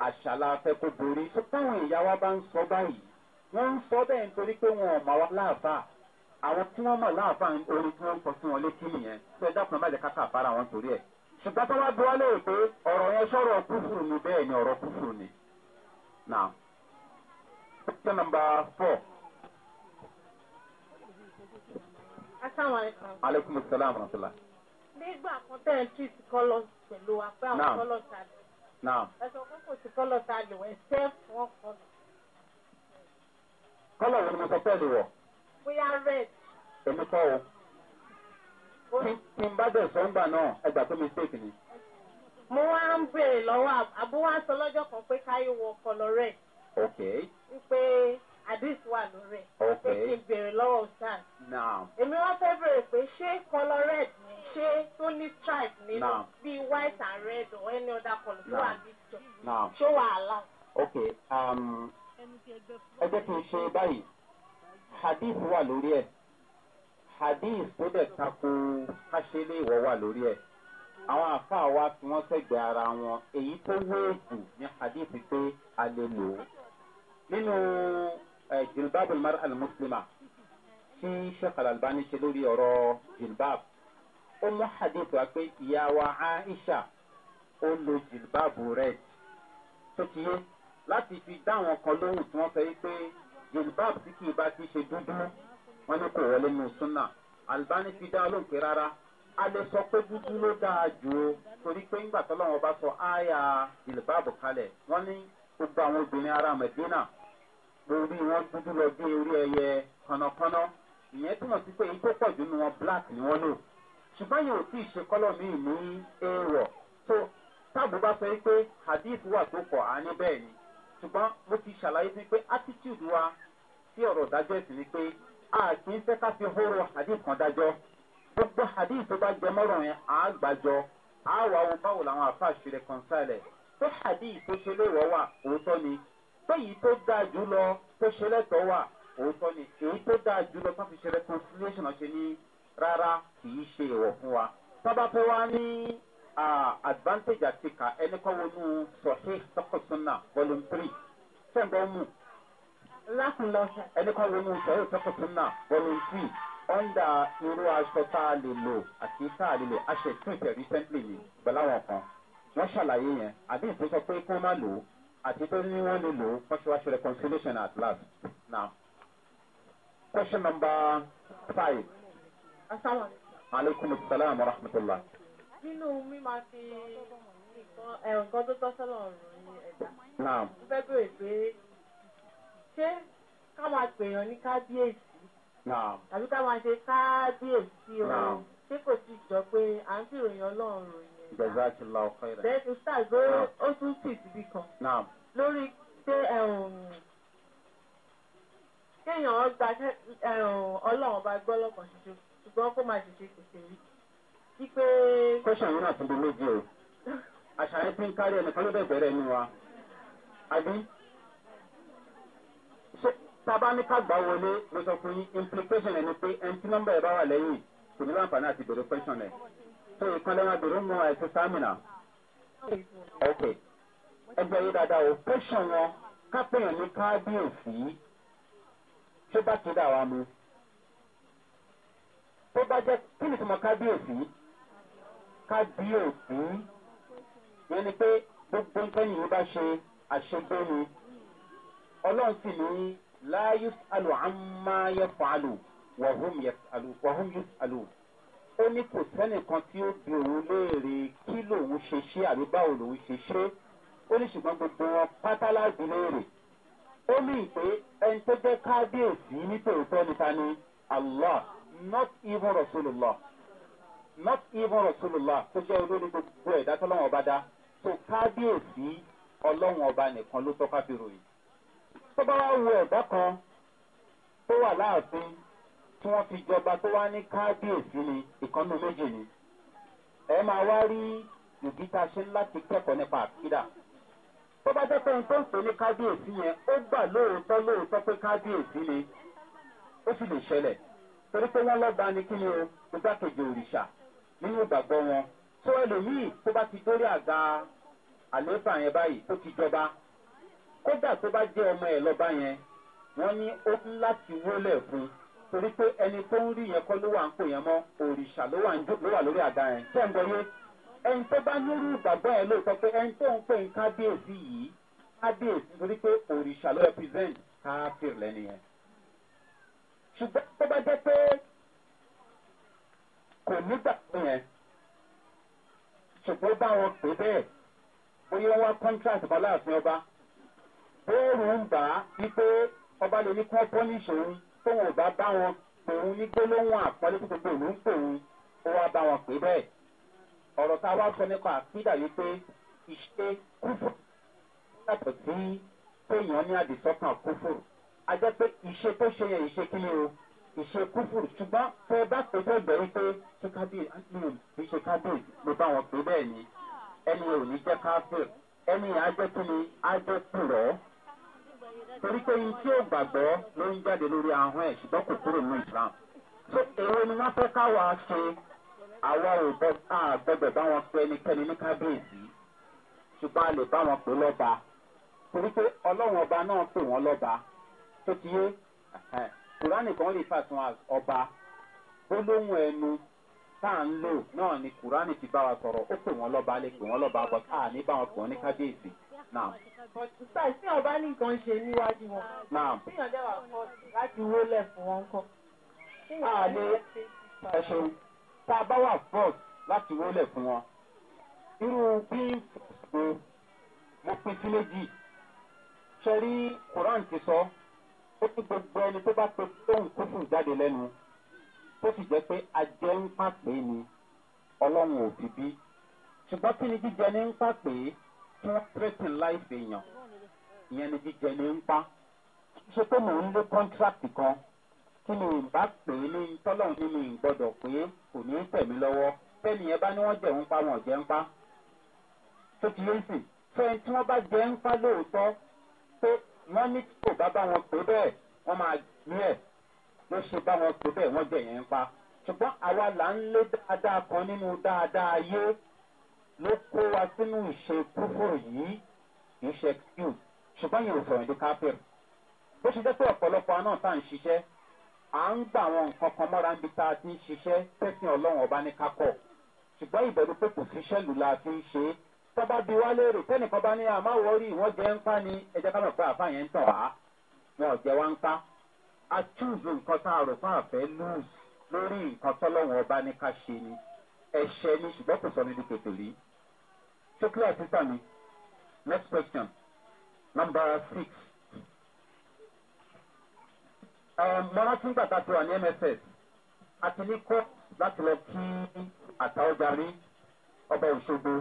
àṣà la fẹ́ kó borí tó táwọn ìyá wa bá ń sọ báyìí wọ́n ń sọ bẹ́ẹ̀ nítorí pé wọn ò mọ̀ wá láàbà àwọn tí wọ́n mọ̀ láàbà orin tí wọ́n ń sọ sí wọn létí nìyẹn tó ẹ dákun ẹ má jẹ káká àbára wọn torí ẹ̀ ṣùgbọ́n tó bá bí wọ́n léèrè pé ọ̀rọ̀ yẹn sọ̀rọ̀ kúfùrù ni bẹ́ẹ̀ ni ọ̀rọ̀ kúfùrù ni. nígbà kan tẹ́ ẹ ti kọ́ lọ pẹ̀lú apá àwọn kọ́ lọ tàbí. Now. sọ pé kò sí kọ́lọ̀ tá a lè wọ ẹsẹ̀ fún ọkọ. kọ́lọ̀ wo ni mo sọ pé ẹ red. èmi kọ́ o. tí n bá bẹ̀ sọ́ńgbà náà ẹ mistake ni. mo wá ń béèrè lọ́wọ́ àbúwá sọ lọ́jọ́ kan pé káyọ̀ wọ kọ́lọ̀ rẹ̀. red. Okay. àdìs wà lórí ẹ̀. ok. pé kí n béèrè lọ́wọ́ ọ̀sán. èmi wá fẹ́ béèrè pé ṣé red ṣé wọ́n ní stripe nínú bí white and red or any other colour tó wà mixture ṣó wà allowed. ok um, ẹ jẹ́ kí n ṣe báyìí hadith wà lórí ẹ̀ hadith tó dẹ̀ takò káṣílẹ̀ ìwọ̀ wà lórí ẹ̀ àwọn àfáà wa tí wọ́n sẹ̀gbẹ̀ ara wọn èyí tó wéèkù ní hadith pé a lè lò ó nínú jilbab al-mar al-muslima tí sheikh al-albani ṣe lórí ọ̀rọ̀ jilbab ó mú hadith wa pé ìyá wa aisha ó lo jìlbáàbù red tó ti yé láti fi dá àwọn kan lóhùn tí wọ́n sọ yí pé jìlbáàbù tí kì bá ti ṣe dúdú wọn ní kò wọlé nù súnà albani fi dá lóhùn pé rárá a lè sọ pé dúdú ló dáa jù o torí pé ńgbà tó lọ́wọ́ bá sọ àyà jìlbáàbù kalẹ̀ wọ́n ní gbogbo àwọn obìnrin ará mẹ̀dínà lórí wọn dúdú lọ dé orí ẹyẹ kànnàkànnà ìyẹn túmọ̀ sí pé èyí tó pọ̀ wọn black ni wọ́n lò ṣùgbọ́n yóò tí ì ṣe kọ́lọ̀ míì ní èrò tó táàbù sọ pé hadith wà tó kọ̀ á ní bẹ́ẹ̀ ni ṣùgbọ́n mo ti ṣàlàyé sí pé attitude wa sí ọ̀rọ̀ dájọ́ ẹ̀sìn ni pé a kì í fẹ́ ká fi hóró hadith kan dájọ́ gbogbo hadith tó bá jẹ mọ́rọ̀ yẹn á gbàjọ á wà wo báwo làwọn àfáà ṣe reconcile ẹ̀ pé hadith tó ṣe léwọ́ wà òótọ́ ni pé èyí tó dáa jùlọ tó ṣe lẹ́tọ̀ọ́ wà òótọ́ ni èyí tó dáa jùlọ tó fi ṣe reconciliation ọ̀ṣẹ́ ní rárá kì í ṣe ìwọ̀ fún wa. sábà pé ní advantage àti kà ẹni kọ́ wọnú sọ̀hí tọkọ̀sọ́nà volume three sẹ́ńgbọ́n mú. lákùnlọ ẹni kọ́ wọnú sọ̀hí tọkọ̀sọ́nà volume three ọ̀ndà irú aṣọ tá a lè lò àti tá a lè lò aṣọ ìtúnṣe recently ni gbẹ̀láwọn kan wọ́n ṣàlàyé yẹn àbí ìtúnṣe pé kí wọ́n má lò ó àti tó ní wọ́n lè lò ó wọ́n ṣe wá ṣe reconciliation at last now question number five asalaamualeykum. aleykum salaam wa rahmatulah. nínú mi máa fi nǹkan eh, tó tọ́ sọ́lọ̀ ọ̀rọ̀ ní ẹ̀dá. Eh, naam. mo fẹ́ bèrè pé ṣé ká máa pèèyàn ní kábíyèsí. naam. tàbí ká máa ṣe kábíyèsí o. naam. ṣé kò sì jọ pé à ń fìròyìn ọlọ́run ròyìn ẹ̀dá. jazakallah khairan. bẹ́ẹ̀ ti sáà gbé ó tún sì síbi kan. naam. lórí pé eh, kéèyàn gba ọlọ́run bá gbọ́ lọ́kàn ṣoṣo ṣùgbọ́n kó máa ṣèṣe kò sí rí. wípé. kọ́ṣà yín náà tún di méje o àṣàyàn tí ń kárí ẹnìkan ló bẹ̀rẹ̀ bẹ̀rẹ̀ ẹnu wa àbí ṣé tábà ní kágbá wọlé ló sọ fún yín implication ẹni pé ẹni tí nọ́mbà ẹ̀ bá wà lẹ́yìn kò ní láǹfààní àti bèrè question ẹ̀ tó ìkànnì wọn bèrè mú àìsàn sámìnà. ok ẹgbẹ́ yìí dáadáa o question wọn kápẹ́yàn ní káàdì òfì ṣé bá ti dà wá mu tó bá jẹ́ kí ni tuma kábíyèsí kábíyèsí yẹn ni pé gbogbo nǹkan yìí bá ṣe àṣegbéni ọlọ́run sì ní láyé alù àmáyé fàálù wàhùn yẹs alù ó ní kò sẹ́nìkan tí ó bi òun léèrè kí lòun ṣe ṣe àbí báwo lòun ṣe ṣe ó ní ṣùgbọ́n gbogbo wọn pátá léèrè ó mì pé ẹni tó jẹ́ kábíyèsí nítòótọ́ níta ni allah not even Rasulullah. not even Rasulullah tó jẹ́ olórí gbogbo ẹ̀dá tọ́lọ́wọ́n ọba dá tó kábíyèsí ọlọ́wọ́n ọba nìkan ló tọ́ka fi ròyìn. tó bá wá wo ẹ̀dá kan tó wà láàfin tí wọ́n fi jọba tó wá ní kábíyèsí ni ìkànnì méjì ni ẹ máa wá rí ìdí tá a ṣe láti kẹ́kọ̀ọ́ nípa àkídà tó bá jẹ́ pé n tó ń pè ní kábíyèsí yẹn ó gbà lóòótọ́ lóòótọ́ pé kábíyèsí ni ó sì lè ṣẹlẹ̀ torí pé wọ́n lọ́ba ni kí ni o igbákejì òrìṣà nínú ìgbàgbọ́ wọn tó ẹlòmíì tó bá ti dórí àga àlééfà yẹn báyìí tó ti jọba kódà tó bá jẹ́ ọmọ ẹ̀ lọ́ba yẹn wọ́n ní ó ń láti wólẹ̀ fún torí pé ẹni tó ń rí yẹn kọ́ ló wà ń pò yẹn mọ́ òrìṣà ló wà lórí àga yẹn tó ń gbọ́yé ẹni tó bá nírú ìgbàgbọ́ yẹn lóòótọ́ pé ẹni tó ń pè ń kábíyèsí yìí kábíyèsí torí pé òrìṣà ló represent káfíìr lẹ́nu yẹn ṣùgbọ́n tó bá jẹ́ pé kò nígbà fún yẹn ṣùgbọ́n bá wọn pè bẹ́ẹ̀ bóyá wá contract bọ́lá àfin ọba bóòrù ń bà á wípé ọba lè ní kí wọ́n pọ́nìṣì òun tóun ò bá bá wọn pè òun ní gbólóhùn àpọ́nlé tó gbogbo òun ń pè òun ó wá bá wọn pè bẹ́ẹ̀ ọ̀rọ̀ tá a wá sọ nípa àfídà yìí ìṣe kúfò yàtọ̀ sí téèyàn ní àdìsọ́kàn kúfò a jẹ́ pé ìṣe tó ṣe yẹn ìṣe kíni o ìṣe kúfùrù ṣùgbọ́n tẹ ẹ bá pè é bẹ́ẹ̀ bẹ́ẹ̀ pé ṣé kábíyèsí àtúnyẹ̀mí kì í ṣe kábíyèsí mo bá wọn pè bẹ́ẹ̀ ni ẹni ò ní jẹ́ káfíìr ẹni ajẹ́ kí ni ajẹ́ pùrọ̀ torí pé yín tí ó gbàgbọ́ ló ń jáde lórí ahọ́n ẹ̀ ṣùgbọ́n kò kúrò ní islam tó èrò ni wọ́n fẹ́ káwa ṣe àwa ò gbọ́dọ̀ bá wọn pe ẹnikẹ́ni ní kábíyèsí ṣùgbọ́n a lè bá wọn pè lọ́ba torí pé ọlọ́run ọba náà pè wọ́n lọ́ba tó ti yé kùránì kan lè fà tún ọba gbólóhùn ẹnu tá à ń lò náà ni kùránì ti bá wa sọ̀rọ̀ ó pè wọ́n lọ́ba lè pè wọ́n lọ́ba bọ́ tá à ní bá wọn pè wọ́n ní kábíyèsí náà. ìgbà tí ọba ní nǹkan ṣe níwájú wọn fíyàn dẹ́wà kọ́ láti wólẹ̀ fún wọn kọ́. àlè ẹ ṣeun tá a bá wà fọ́ọ̀t láti wólẹ̀ fún wọn irú bí mo pin sí méjì ṣe rí kùránì ti sọ. So, ó tún gbogbo ẹni tó bá pe tóun kú fún jáde lẹ́nu tó sì jẹ́ pé ajẹ́ ń pàpé ni ọlọ́run ò fi bí ṣùgbọ́n kí ni jíjẹ ní ń pàpé tí wọ́n threaten life èèyàn ìyẹn ni jíjẹ ní ń pa ṣe pé mò ń lé contract kan kí ni ìbá pè é ní tọ́lọ́run nínú ìgbọ́dọ̀ pé kò ní í tẹ̀mí lọ́wọ́ tẹ́ni ẹ bá ní wọ́n jẹ̀ ń pa wọn jẹ́ ń pa tó fẹ́ẹ́ tí wọ́n bá jẹ́ ń pa lóòótọ́ pé wọ́n ní tí kò bá bá wọn pè bẹ́ẹ̀ wọ́n máa gbé ẹ̀ ló ṣe bá wọn pè bẹ́ẹ̀ wọ́n jẹ̀ yẹn pa ṣùgbọ́n àwa là ń lé dáadáa kan nínú dáadáa ayé ló kó wa sínú ìṣe kúfòrò yìí kì í ṣe excuse ṣùgbọ́n yìí ò sọ̀rọ̀ ní káfíìr bó ṣe jẹ́ pé ọ̀pọ̀lọpọ̀ àná tá à ń ṣiṣẹ́ à ń gbà àwọn nǹkan kan mọ́ra níbi tá a ti ń ṣiṣẹ́ tẹ́sán ọlọ́run ọba ní kákọ̀ ṣùgbọ́n ìbẹ̀rù pé kò síṣẹ́ lù la fi ń ṣe é tọ́ba bí wá lérò tẹ́nìkan bá ní àmáwọ́rí ìwọ́n jẹ́ ńpá ni ẹ̀jẹ̀ ká mọ̀ pé àfa yẹn ń tàn wá wọn ò jẹ́ wá ńpá a túùzù nǹkan tá a rò fún àfẹ́ lùz lórí nǹkan tọ́lọ́wọ́n ọba ní ká ṣe ni ẹ̀ṣẹ̀ ni ṣùgbọ́n kò sọ níbi kòtò rí. ṣókè àtúntà mi next question number six. Um, mo rántí ń gbàgbà tó wà ní mss àti ní kọ́ láti lọ kí àtàwọ̀jà rí ọba òṣogbo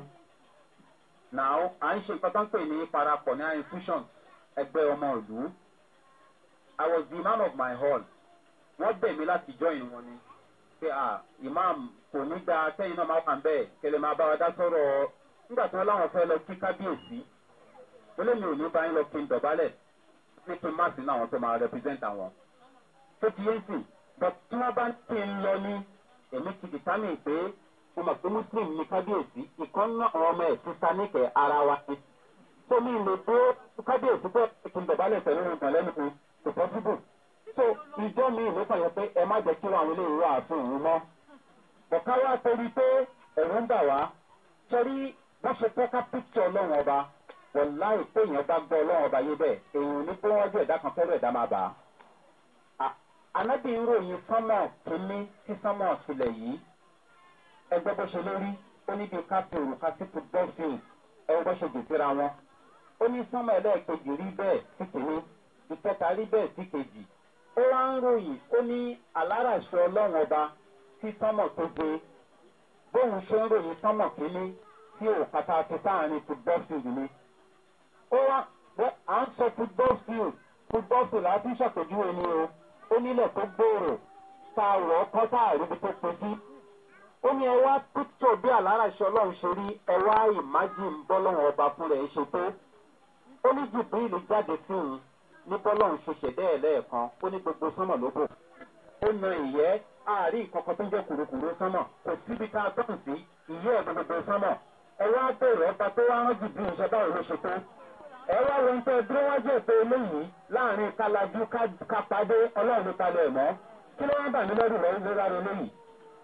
now à ń ṣe nǹkan tó ń pè ní parapọ̀ ní infusion ẹgbẹ́ ọmọ ìlú i was the man of my hall wọ́n bẹ̀ mí láti join wọn ni pé ah imam kò ní gba sẹ́yìn náà máa kàn bẹ́ẹ̀ kẹlẹ́ máa bá wa dá sọ́rọ̀ nígbà tí wọ́n láwọn fẹ́ lọ kí kábíyèsí ó lé mi ò ní bá yín lọ kí n dọ̀bálẹ̀ ní kí n náà wọn tó máa represent àwọn tó ti yé sí but tí wọ́n bá kí n lọ ní èmi ti determine pé mo mọ̀ pé muslim ní kábíyèsí ìkan ná àwọn ọmọ ẹ̀ sísá níkẹ̀ẹ́ ara wa ni. tó mi lè dé kábíyèsí pé kí n dọ̀bálẹ̀ pẹ̀lú nǹkan lẹ́nu mi kò pọ́sibù. so ìjọ mi ìlú pàyẹ pé ẹ má jẹ́ kí wọn àwọn ilé ìwé ààfin yìí mọ́. bọ̀ká wá torí pé ẹ̀rù ń bà wá torí wọ́n ṣe pẹ́ ká píkì ọlọ́run ọba wọ̀n láì pé èèyàn bá gbọ́ ọlọ́run ọba yé bẹ́ẹ̀ èèyàn ní pé wọ́n jẹ́ ẹ̀dá kan fẹ́rẹ̀ ẹ̀dá máa bà á. anábì ń ròyìn sánmọ̀ kínní sí sánmọ̀ sílẹ̀ yìí ẹgbẹ́ bó ṣe lórí ó níbi ká pe òrùka sípò dọ́fìn ẹ̀rọ bó ṣe gbèsèrà wọn. ó ní sánmà ẹlẹ́ẹ̀kejì rí bẹ́ẹ̀ sí kìíní ìkẹta rí bẹ́ẹ̀ sí kejì. ó wá ń ròyìn ó ní aláràṣọ ọlọ́run ọba tí sánmà tó gbé bóun ṣe ń ròyìn sánmà kìíní tí òrùka tá a ti sáàrin ti dọ́fìn ni. ó wá à ń sọ ti dọ́fìn ti dọ́fìn láti ṣàpèjúwe ni o ó nílẹ̀ tó gbòòrò tá rọ̀ ọ́ kọ́ rí ibi tó pe sí ó ní ẹ wá píktọ̀ bí àlàra ṣe ọlọ́run ṣe rí ẹ wá ìmájìn bọ́lọ́run ọba fún rẹ̀ ṣe tó ó ní jìbìrìlì jáde sí òun ní bọ́lọ́run ṣe ṣẹ̀dá ẹ̀ lẹ́ẹ̀kan ó ní gbogbo sánmọ̀ ló bò ó na ìyẹ́ àárín ìkọ̀kọ̀ tó jẹ́ kùrùkùrù sánmọ̀ kò síbi tá a tọ́kùn sí ìyẹ́ ẹ̀ gbogbo sánmọ̀ ẹ wá bèrè ọba tó wá rán jìbìrìlì ṣe báwo ló ṣe tó ẹ wá wọn tó dúró wájú ètò eléyìí láàrin kálajú kápadé ọlọ́run ta lọ kí ló wá bà mí lẹ́rù lọ́rùn lórí eléyìí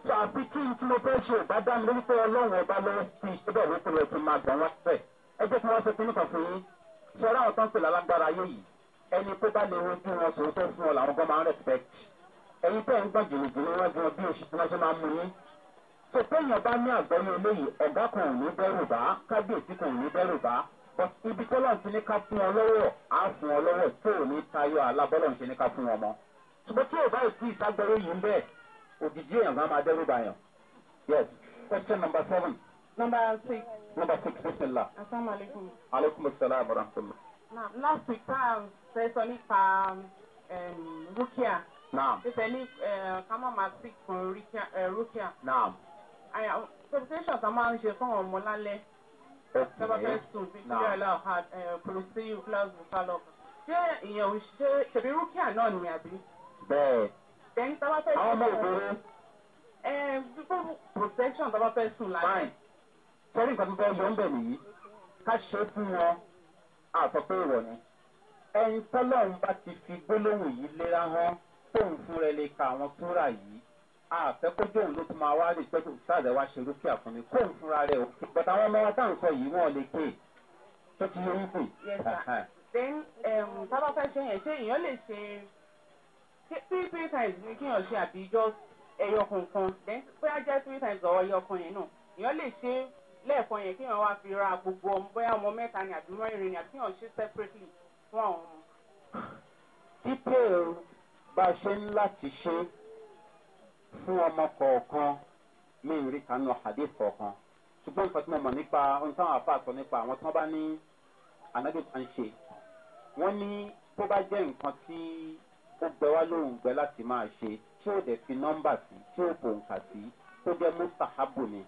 so àfi tí n tí mo fẹ́ ṣe ìbádá mi wípé ọlọ́run ọba lọ fi ìṣẹ́bẹ̀ ló kúrò ẹ̀kú máa gbà wọ́n fẹ́ ẹ jẹ́ kí wọ́n ṣe kí nìkan fún yín ṣe ọ̀rọ̀ àwọn tó ń pè lálágbára ayé yìí ẹni tó bá lè rojú wọn sòrò tó fún wọn làwọn gan máa ń respect ẹyin tẹ́ ń gbọ̀n jìnnìjìnnì wọn ju bí oṣù tí wọ́n ṣe máa ń mú yín tó téèyàn bá ní àgbẹ̀yìn eléyìí ọ̀gá kan ò ní dẹ́rù bá kábíyèsí kan ò ní dẹ́rù bá but ibi tó lọ́n ti ní ká fún ọ lọ́wọ́ á fún ọ lọ́wọ́ tó ò ní tayọ alábọ́lọ́n ṣe ní ká fún ọmọ ṣùgbọ́n tí ò bá ì òjijì èèyàn kan máa dẹ́rù bàyàn. yes question number seven. number six. number six bisimilah. asalaamualeykum. aleykum salaam wa rahmatulah. naam last week tá a fẹ́ sọ nípa rukia. naam. títẹ̀ ní eh, ká má máa sick fún eh, rukia. naam. presentation tá a máa ń ṣe fún ọmọ lálẹ́. Tọ́ba fẹ́ sùn bí kí ọ̀la ọ̀ha kòlòsí class bukalọ. Ṣé ìyẹn ò ṣe ṣèbí rúkìá náà ni àbí? Bẹ́ẹ̀. Then tábà fẹ́ sùn. Àwọn ọmọ òbòrò. Ẹ before protection tábà fẹ́ sùn láyé. Fine. Sẹ́rí nǹkan tó fẹ́ yọ ń bẹ̀ nìyí. Ká ṣe é fún wọn àtọ̀ pé ìwọ̀ ni. Ẹyin tọ́lọ́run bá ti fi gbólóhùn yìí léra hàn tóun fún rẹ lè ka àwọn túra yìí. Àfẹ́kọ́jọ́ òun ló tún máa wá rí pẹ́tù sáàdẹ̀ wá ṣe rúkìá fún mi. fúnra rẹ̀ o. Bọ̀dà àwọn ọmọ wa tá à ń sọ yìí wọ́n lè pè é. Tó ti yẹ wípé. Yes sir. Then um, tábà fẹ́ ṣe yẹn ṣé èèyàn lè ṣe three three times ni kí èèyàn ṣe àbí just ẹyọ kankan then bóyá jẹ́ three times ọ̀wọ́ ẹyọ kan yẹn náà èèyàn lè ṣe lẹ́ẹ̀kan yẹn kí èèyàn wá fi ra gbogbo ọmọ bóyá ọmọ mẹ́ta ni àbí mẹ́rin ni àbí kí ṣe separately fún àwọn ọmọ. detail bá a ṣe ń láti ṣe fún ọmọ kọ̀ọ̀kan mi ì rí kanú hadith kọ̀ọ̀kan ṣùgbọ́n nǹkan tí mo mọ̀ nípa ohun táwọn àfa àtọ̀ nípa àwọn tí wọ́n bá ní ànágbèsà ń ṣe wọ́n ní tó bá jẹ́ nǹkan tí ó gbẹ wá lóhùn gbẹ láti máa ṣe tí ó dẹ̀ fi nọ́mbà sí tí ó kò nkà sí tó jẹ́ mustahabu ni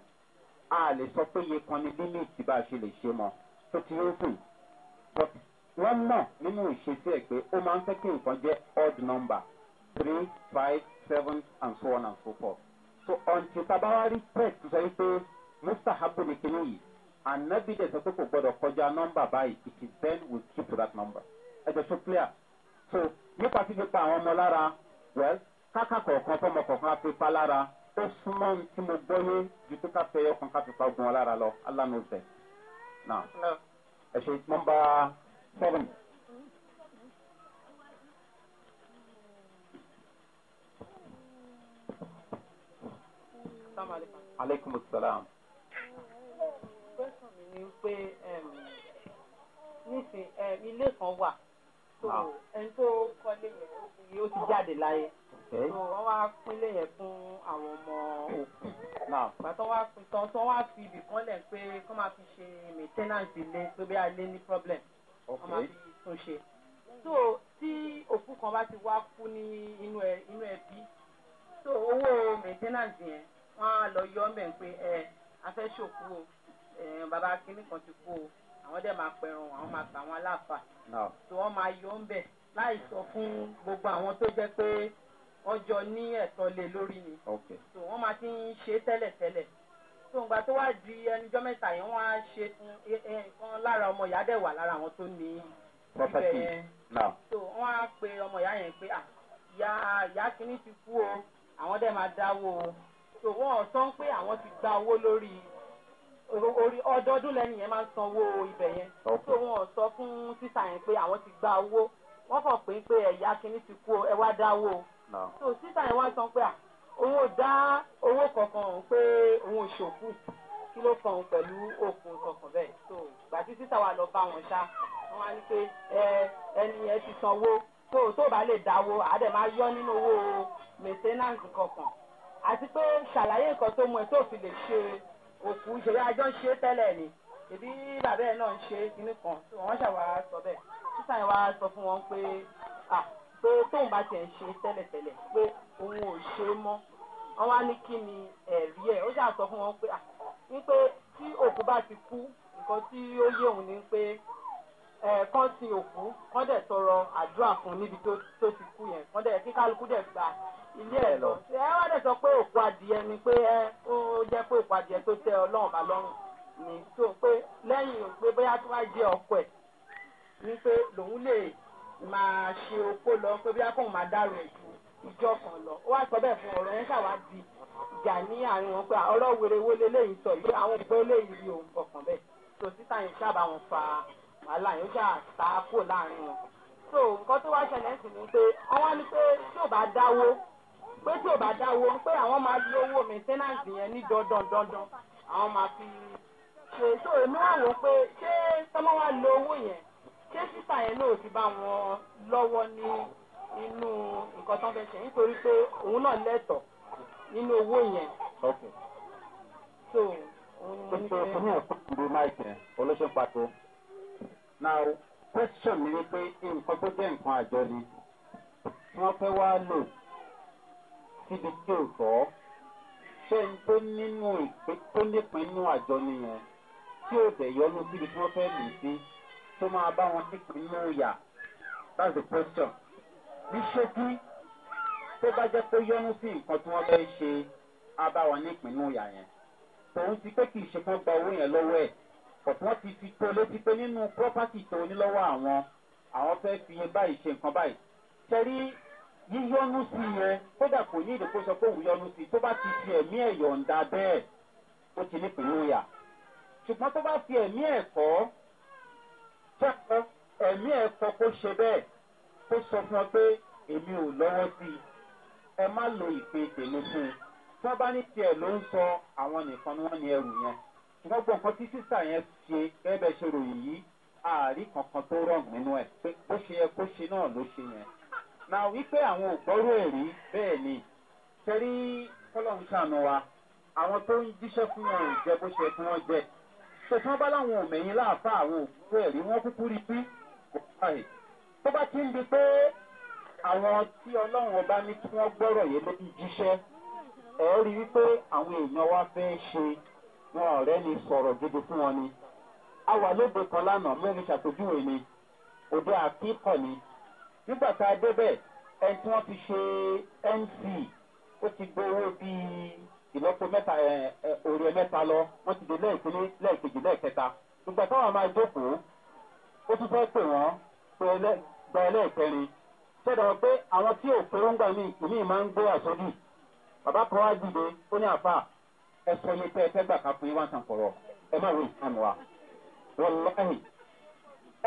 a lè sọ pé iye kan ní límìtì bá a ṣe lè ṣe mọ́ tó ti ń sìn wọ́n mọ̀ nínú ìṣesí ẹ̀ pé ó máa ń fẹ́ kí nǹkan jẹ́ odd number three five seven and so on and so forth so ọ̀ǹtì tabawari text sọ wípé mustahabu ni kinní yìí anabi dẹ̀ sọ pé kò gbọ́dọ̀ kọjá nọ́mbà báyìí it is then we keep to that number ẹ jẹ́ so clear so hmm. nípa fífipá àwọn ọmọ lára well káká kọ̀ọ̀kan fọmọ kọ̀ọ̀kan afipá lára ó súnmọ́ ohun tí mo gbọ́ yé ju pé ká fẹ́ ọkàn ká fipá gun ọ lára lọ alánú bẹ̀ náà ẹ ṣe nọmba seven. aleykum salaam. question mi ilé kan wà so ah. ẹni tó kọ́lé yẹn ó ti jáde láyé so wọ́n wá pínlẹ̀ yẹn fún àwọn ọmọ òkú pàtó wá pín tán tán wá fi ibì kan lẹ̀ pé kó máa fi ṣe maintenance ilé pé bí a lé ní problem wọ́n máa fi tún ṣe so tí òkú kan bá ti wá kú ní inú ẹbí so owó maintenance yẹn wọ́n á lọ yọ ọ́ mẹ́ pé ẹ afẹ́ ṣòkú o bàbá kínní kan ti kú o àwọn dẹ̀ máa pẹ̀rùn àwọn máa pa àwọn aláfà tí wọ́n máa yọ ń bẹ̀ láì sọ fún gbogbo àwọn tó jẹ́ pé ọjọ́ ní ẹ̀tọ́ lé lórí ni so wọ́n máa ti ń ṣe tẹ́lẹ̀tẹ́lẹ̀ so ìgbà tó wá di ẹnijọ́ mẹ́ta yẹn wọ́n á ṣe nǹkan lára ọmọ ìyá dẹ̀ wà lára àwọn tó ní ibẹ̀ yẹn so wọ́n á pe ọmọ ìyá yẹn pé ìyá ìyá kìíní ti kú o àwọn dẹ̀ máa dáwó o so wọ́n sọ pé àwọn ti gba owó lórí orí ọdọọdún lẹ́yìn yẹn máa ń sanwó ibẹ̀ yẹn tó wọn sọ fún títà yẹn pé àwọn ti gba owó wọ́n kàn pé pé ẹ̀yà kínní ti kú ẹ wá dáwó so títà yẹn wá san pé à òun ò dá owó kankan pé òun ò ṣòkù kí ló kàn pẹ̀lú òkun kankan bẹ́ẹ̀ so gbàtí títà wa lọ bá wọn ṣá wọn wá ní pé ẹni yẹn ti sanwó tó tó bá lè dáwó àdẹ̀ máa yọ nínú owó maintenance àti pé ṣàlàyé nǹkan tó mú ẹ tó fi lè ṣe òkú ṣe àjọ ń ṣe tẹ́lẹ̀ ni ṣèbí bàbá ẹ̀ náà ń ṣe kinní kan tí wọ́n ṣàwà sọ bẹ́ẹ̀ sísà yẹn wá sọ fún wọn pé à pé tóun bá tiẹ̀ ń ṣe tẹ́lẹ̀tẹ́lẹ̀ pé òun ò ṣe mọ́ wọ́n wá ní kí ni ẹ̀rí ẹ̀ ó ṣàṣọ fún wọn pé à ní pé tí òkú bá ti kú nǹkan tí ó yé òun ni pé kán ti òkú kán dẹ̀ tọrọ àdúrà fún níbi tó ti kú yẹn kán dẹ̀ kí dẹ̀ gba ilé ẹ̀ lọ. ẹ wá dẹ̀ sọ pé òkú adìẹ ni pé ẹ ó jẹ́ pé òkú adìẹ tó tẹ ọlọ́run bá lọ́rùn ni tó pé lẹ́yìn pé bóyá tó wá jẹ́ ọkọ ẹ̀ ni pé lòun lè máa ṣe opó lọ pé bóyá kóun máa dárò ẹ̀ ju ìjọ kan lọ. ó wá sọ bẹ́ẹ̀ fún ọ̀rọ̀ yẹn ṣàwá di ìjà ní àárín wọn pé ọ̀rọ̀ wèrèwé lélẹ́yìn sọ yìí àwọn òpó lẹ́yìn rí òun kọ̀ọ̀kan bẹ́ẹ̀ tó títà yẹn ṣáàbà wọn fa wàhálà yóò ṣáà ta kó láàrin wọn. so nǹkan tó wá ṣẹlẹ̀ sí ni pé wọ́n wá pé tí ò bá dáwó pé tí ò bá dáwó pé àwọn máa lo owó maintenance yẹn ní dandan dandan àwọn máa fi ṣe so èmi wà wò pé ṣé sọmọ wa lo owó yẹn ṣé sísà yẹn náà ti bá wọn lọ́wọ́ ní inú nǹkan tó ń nítorí pé òun náà lẹ́tọ̀ọ́ nínú owó yẹn. so òun ni pé. ṣé o fún ìdè máìkì yẹn olóṣèlú pàtó now question mi ni pé nǹkan tó jẹ́ nǹkan àjọ ni wọ́n fẹ́ wá lò síbi tí ò tọ́ ṣé n tó nínú ìpè tó nípìn inú àjọ nìyẹn tí ò dẹ̀ yọnu síbi tí wọ́n fẹ́ lù sí tó máa bá wọn nípìn inú ìyà that's the question. ní ṣókí tó bá jẹ́ pé yọnu sí nǹkan tí wọ́n fẹ́ ṣe á bá wọn nípìn inú ìyà yẹn tòun ti pé kì í ṣe kán gba owó yẹn lọ́wọ́ ẹ̀ ọ̀tún wọn ti fi tó létí pé nínú pírọ́pátì tó ní àwọn àwọn fẹ́ fi iye báyìí ṣe nǹkan báyìí. ṣe rí yíyọnu sí yẹn kódà kò ní ìdókòó sọ pé òun yọnu sí tó bá ti fi ẹ̀mí ẹ̀ yọ̀ǹda bẹ́ẹ̀ ó ti ní pèlóyà ṣùgbọ́n tó bá fi ẹ̀mí ẹ̀ kọ́ tẹ́kọ̀ọ́ ẹ̀mí ẹ̀ kọ́ kó ṣe bẹ́ẹ̀ kó sọ fún ọ pé èmi ò lọ́wọ́ sí i ẹ má lo ìpè tèmi fún un tí wọ́n bá ní tiẹ̀ ló ń sọ àwọn nìkan ni wọ́n ní ẹrù yẹn ṣùgbọ́n gbọ́n kan tí sísà yẹn ṣe gẹ́gẹ́ bẹ́ẹ̀ ṣe ròyìn yìí ààrí kankan tó rọ̀gùn nínú ẹ̀ pé bó ṣe yẹ kó ṣe náà ló ṣe yẹn máa wípé àwọn ògbọ́rú ẹ̀rí bẹ́ẹ̀ ni tẹ́rí kọ́lọ́n ṣàánú wa àwọn tó ń jíṣẹ́ fún wọn ò jẹ bó ṣe fún wọn jẹ tẹ̀sán bá láwọn òmẹ̀yìn láàfà àwọn ògbọ́rú ẹ̀rí wọ́n kúkú rí pín kò báyìí tó bá ti ń di pé àwọn tí ọlọ́run ọba ní kí wọ́n gbọ́rọ̀ yẹn ló ti jíṣẹ́ ẹ̀ rí wípé àwọn èèyàn wa fẹ́ ṣe wọn ọ̀rẹ́ ni sọ̀rọ̀ gidi fún wọn ni a wà lóde kan lánàá mẹ́rin ṣàpèjúwe ni òde àkíkọ̀ ni nígbà tá a débẹ̀ ẹni tí wọ́n ti ṣe mc ó ti gbowó bíi ìlọ́po mẹ́ta òòrè mẹ́ta lọ wọ́n ti dé lẹ́ẹ̀kínní lẹ́ẹ̀kejì lẹ́ẹ̀kẹta ìgbà táwọn máa jókòó ó tún fẹ́ pè wọ́n pé gba ẹlẹ́ẹ̀kẹrin ṣẹ́dọ̀ pé àwọn tí ò pé wọ́n gbà mí ìmí máa ń gbé àsọdù bàbá kan wá dìde ó ní àfà ẹ sọ ní pé ẹ fẹ́ gbà ká fún yín wá sàn fọ̀rọ̀ ẹ má wo ìsàn wa wọ́n lọ́hìn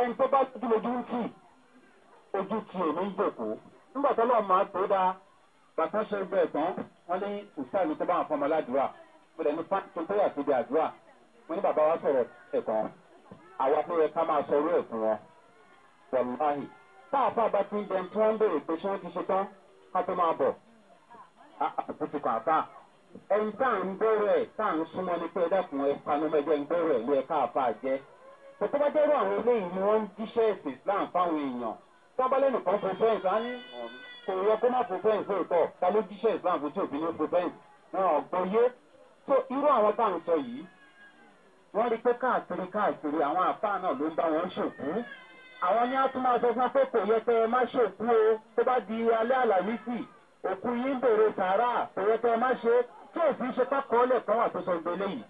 ẹni tó bá dúdú lójú ń tì ojú ti èmi ń jòkó nígbà tó lọ́ọ́ máa tó dáa bàtà ṣe bẹ́ẹ̀ tán wọ́n ní ìṣáà mi tó bá wọn fọmọ ládùúrà mo dẹ̀ ní pátó tó yà tó di àdúrà mo ní bàbá wa sọ̀rọ̀ ẹ̀kan àwa tó yẹ ká máa sọ orú ẹ̀kún wọn wàláhì táàfà bá ti ń jẹun tí wọ́n ń béèrè pé ṣé wọ́n ti ṣe tán ká tó máa bọ̀ àkókò kan àfà ẹni tá à ń gbọ́rọ̀ ẹ̀ tá à ń súnmọ́ ní pé ẹ̀dàkùn ẹ̀ panumẹ́jẹ́ ń gbọ́rọ̀ ẹ̀ ló yẹ ká àfà jẹ́ tòtọ́bájẹ́rú àwọn eléyìí ni wọ́n ń jíṣẹ́ ẹ̀sìn islam èèyàn tábàlẹ́nù kan prefẹ́ǹsì á ní kò yẹ kó má prefẹ́ǹsì òótọ́ ta ló jíṣẹ́ islam fún tí òfin ní prefẹ́ǹsì wọn ò gbọ́yé tó irú àwọn tá à ń sọ yìí wọ́n rí pé káàkiri káàkiri àwọn àfáà náà ló ń bá wọn ṣòkú àwọn ní àtúmọ̀ sọ fún pé kò yẹ kẹ́ ẹ má ṣòkú o tó bá di alẹ́ àlàmísì òkú yín bèrè sàárà kò yẹ kẹ́ ẹ má ṣe tí òfin ṣe pákọ́ọ́lẹ̀ kan wà tó sọ gbélé yìí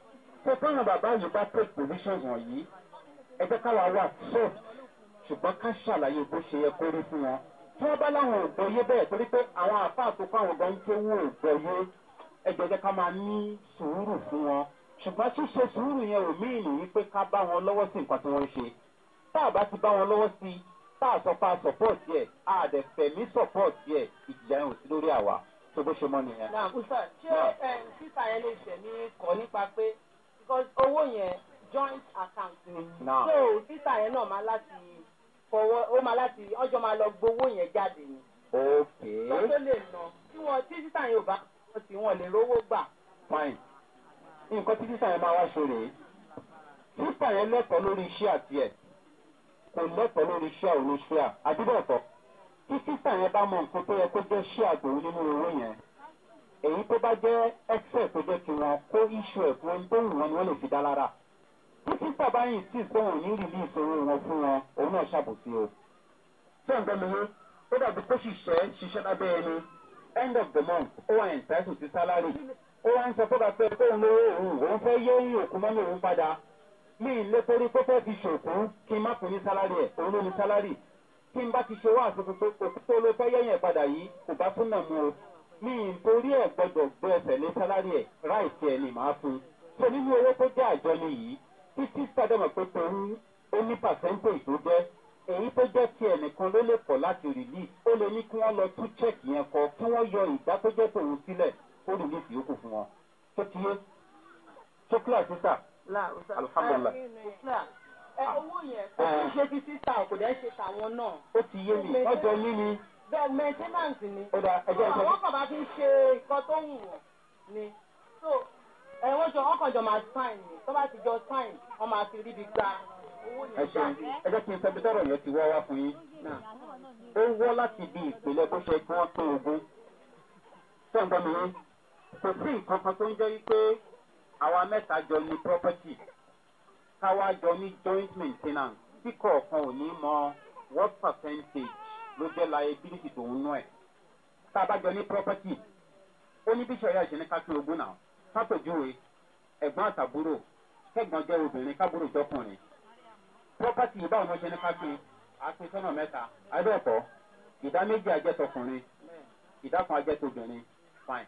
tó táwọn bàbá yìí bá take positions wọ̀nyí ẹ jẹ́ káwa wà sọ́ọ̀tù ṣùgbọ́n ká ṣàlàyé bó ṣe yẹ kó rí fún wọn tí wọ́n bá láwọn ò gbọ́yé bẹ́ẹ̀ torí pé àwọn àáfàá tó fáwọn gan tó wọn ò gbọ́yé ẹgbẹ̀jẹ̀ ká máa ní sùúrù fún wọn ṣùgbọ́n ṣíṣe sùúrù yẹn ò míì nìyí pé ká bá wọn lọ́wọ́ sí nǹkan tí wọ́n ń ṣe tá a bá ti bá wọn lọ́wọ́ sí tá a sọ pa support yẹ a dẹ̀ fẹ̀mí support yẹ ìjìyà yẹn ò sí lórí àwa tó bó ṣe mọ́ nìyẹn. na musa ṣé sísá eh, yẹn lè ṣẹ̀ ní kọ́ joint account ni so sísá yẹn náà máa láti fọwọ́ ó máa láti ọjọ́ máa lọ gbowó yẹn jáde ni. ok lọ́jọ́ lè nà tí wọ́n tí títà yẹn ò bá wọ́n sì wọ́n lè rówó gbà. fine nǹkan tí títà yẹn máa wá ṣe rèé títà yẹn lẹ́tọ̀ọ́ lórí iṣẹ́ àti ẹ̀ kò lẹ́tọ̀ọ́ lórí iṣẹ́ òun iṣẹ́ à àdúgbòtọ̀ tí títà yẹn bá mọ nǹkan tó yẹ kó jẹ́ iṣẹ́ àgbòun nínú owó yẹn èyí tó bá jẹ́ excess tó jẹ́ kí kó iṣu ẹ̀ fún tó wù wọ́n ni wọ́n lè fi dá lára títí bàbá yìí sì sóhun ní rìlí ìṣòro wọn fún wọn òun náà ṣàbòsí o. ṣé ǹkan mi ní ó dàbí pé ṣiṣẹ́ ṣiṣẹ́ lábẹ́ ẹni end of the month ó wà entitled sí salary ó wá ń sọ fọ́gà pé kóun lówó òun òun fẹ́ yé òun òkú mọ́mí òun padà mí lé torí pé fẹ́ fi ṣòkú kí n má fún ní salary ẹ̀ òun ló ní salary kí n bá ti ṣe wá àtúntò pé òkú tó ló fẹ́ yẹ̀yẹ̀ padà yìí kò bá o mi ì torí ẹ̀ gbọ́dọ̀ gbé ẹsẹ̀ lé salary ẹ̀ títí sádẹ́mọ̀ pé torí ó ní pàṣẹ́ńtéèjì tó jẹ́ èyí tó jẹ́ ti ẹnìkan ló lè pọ̀ láti rìlíìsì ó lè ní kí wọ́n lọ tún chẹ́ẹ̀kì yẹn kọ kí wọ́n yọ ìdá tó jẹ́ tòun sílẹ̀ ó rìlíìsì yòókù fún wọn tó ti yé tó kíláà sísà alihamudulila. owó yẹn kò ṣe ti sísà kò dẹ́ ṣe tàwọn náà. ó ti yé mi ọjọ́ yín ni. bẹ́ẹ̀ maintenance ni. ó dà ẹjọ́ ìjọba. àwọn kan bá fi ṣe nǹkan tó wù wọ́n ni ẹ wọ́n jọ ọkàn jọ máa sign ni tó bá ti jọ sign wọ́n máa fi ríbi gba owó yẹn. ẹ ṣeun ẹ jẹ́ kí n sẹ́bi tọ́rọ̀ yẹn ti wọ́ wá fún yín. ó wọ́ láti di ìpìlẹ̀ bó ṣe kí wọ́n pín ogún. tó ń gbọ́ mi yín kò sí nǹkan kan tó ń jẹ́ wípé àwa mẹ́ta jọ ní property káwa jọ ní joint maintenance tí kọ̀ọ̀kan ò ní mọ what percentage ló jẹ́ liability tòun náà ẹ̀. tá a bá jọ ní property ó ní bí ṣọ̀yà ìṣẹ̀ní ká pín ogún náà. sápèjúwe ẹ̀gbọ́n àtàbúrò kẹ́gbọ́n jẹ́ obìnrin kábúrò jọkùnrin pọ́pátì yìí báwo ni wọ́n ṣe ní kápín àti sọ́nà mẹ́ta adẹ́ẹ̀kọ́ ìdá méjì ajẹ́tọkùnrin ìdá kan ajẹ́tobìnrin fine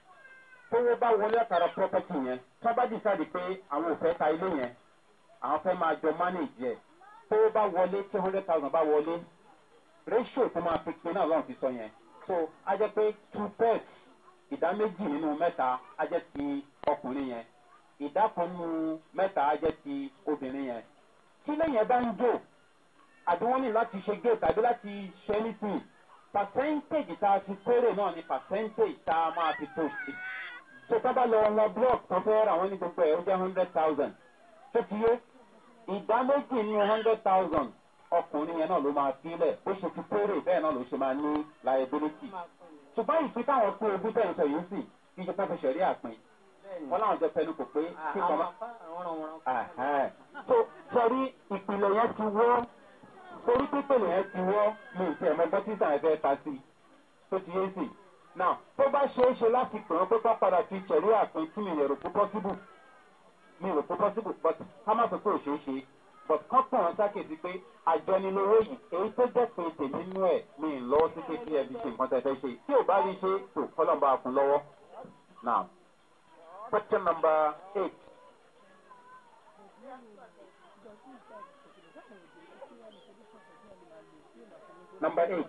tówó bá wọlé àtàrà property yẹn tọ́ba dìsáàdì pé àwọn ò fẹ́ ta ilé yẹn àwọn fẹ́ máa jọ mánéèjì ẹ̀ tówó bá wọlé hundred thousand wọlé ratio tó máa fi pin náà lọ́run ti yẹn so a jẹ́ pé two thirds ìdá méjì nínú mẹ́ta á jẹ́ ti ọkùnrin yẹn ìdá kan nínú mẹ́ta á jẹ́ ti obìnrin yẹn tí lẹ́yìn bá ń jò àbí wọ́n ní láti ṣe gate àbí láti ṣe anything percentage tá a fi kéré náà ni percentage tá a máa fi post tó tá bá lọ ọ̀nà block tó fẹ́ ra wọn ní gbogbo ẹ̀ ó jẹ́ hundred thousand tó ti yé ìdá méjì nínú hundred thousand ọkùnrin yẹn náà ló máa fi lẹ̀ bó ṣe fi kéré bẹ́ẹ̀ náà ló ṣe máa ní liability ṣùgbọ́n ìpín táwọn pín ogún tẹ̀ ń sọ yìí sì kí ìjọba fi ṣẹ̀rí àpín wọn làwọn jọ fẹnu kò pé kí kọ́mọ. so sọrí ìpìlẹ̀ yẹn ti wọ́ torí pípìlẹ̀ yẹn ti wọ́ mi ì tẹ̀ mẹ́gbẹ́ tí sàn fẹ́ ta sí i tó ti yé sí i. now tó bá ṣeé ṣe láti pè wọ́n pé kọ́ padà fi ṣẹ̀rí àpín tí mi ì rò pé mi ì rò pé possible ká má sọ pé ò ṣeé ṣe but kọ́kàn án sákèsí pé àjọnilówó yìí èyí tó jẹ́ pé tèmi nú ẹ̀ mi ń lọ́wọ́ sí pé kí ẹbí ṣe nǹkan tẹ̀ fẹ́ ṣe tí ò bá rí ṣe tó kọ́lọ́mbà kún lọ́wọ́. now question number eight. number eight.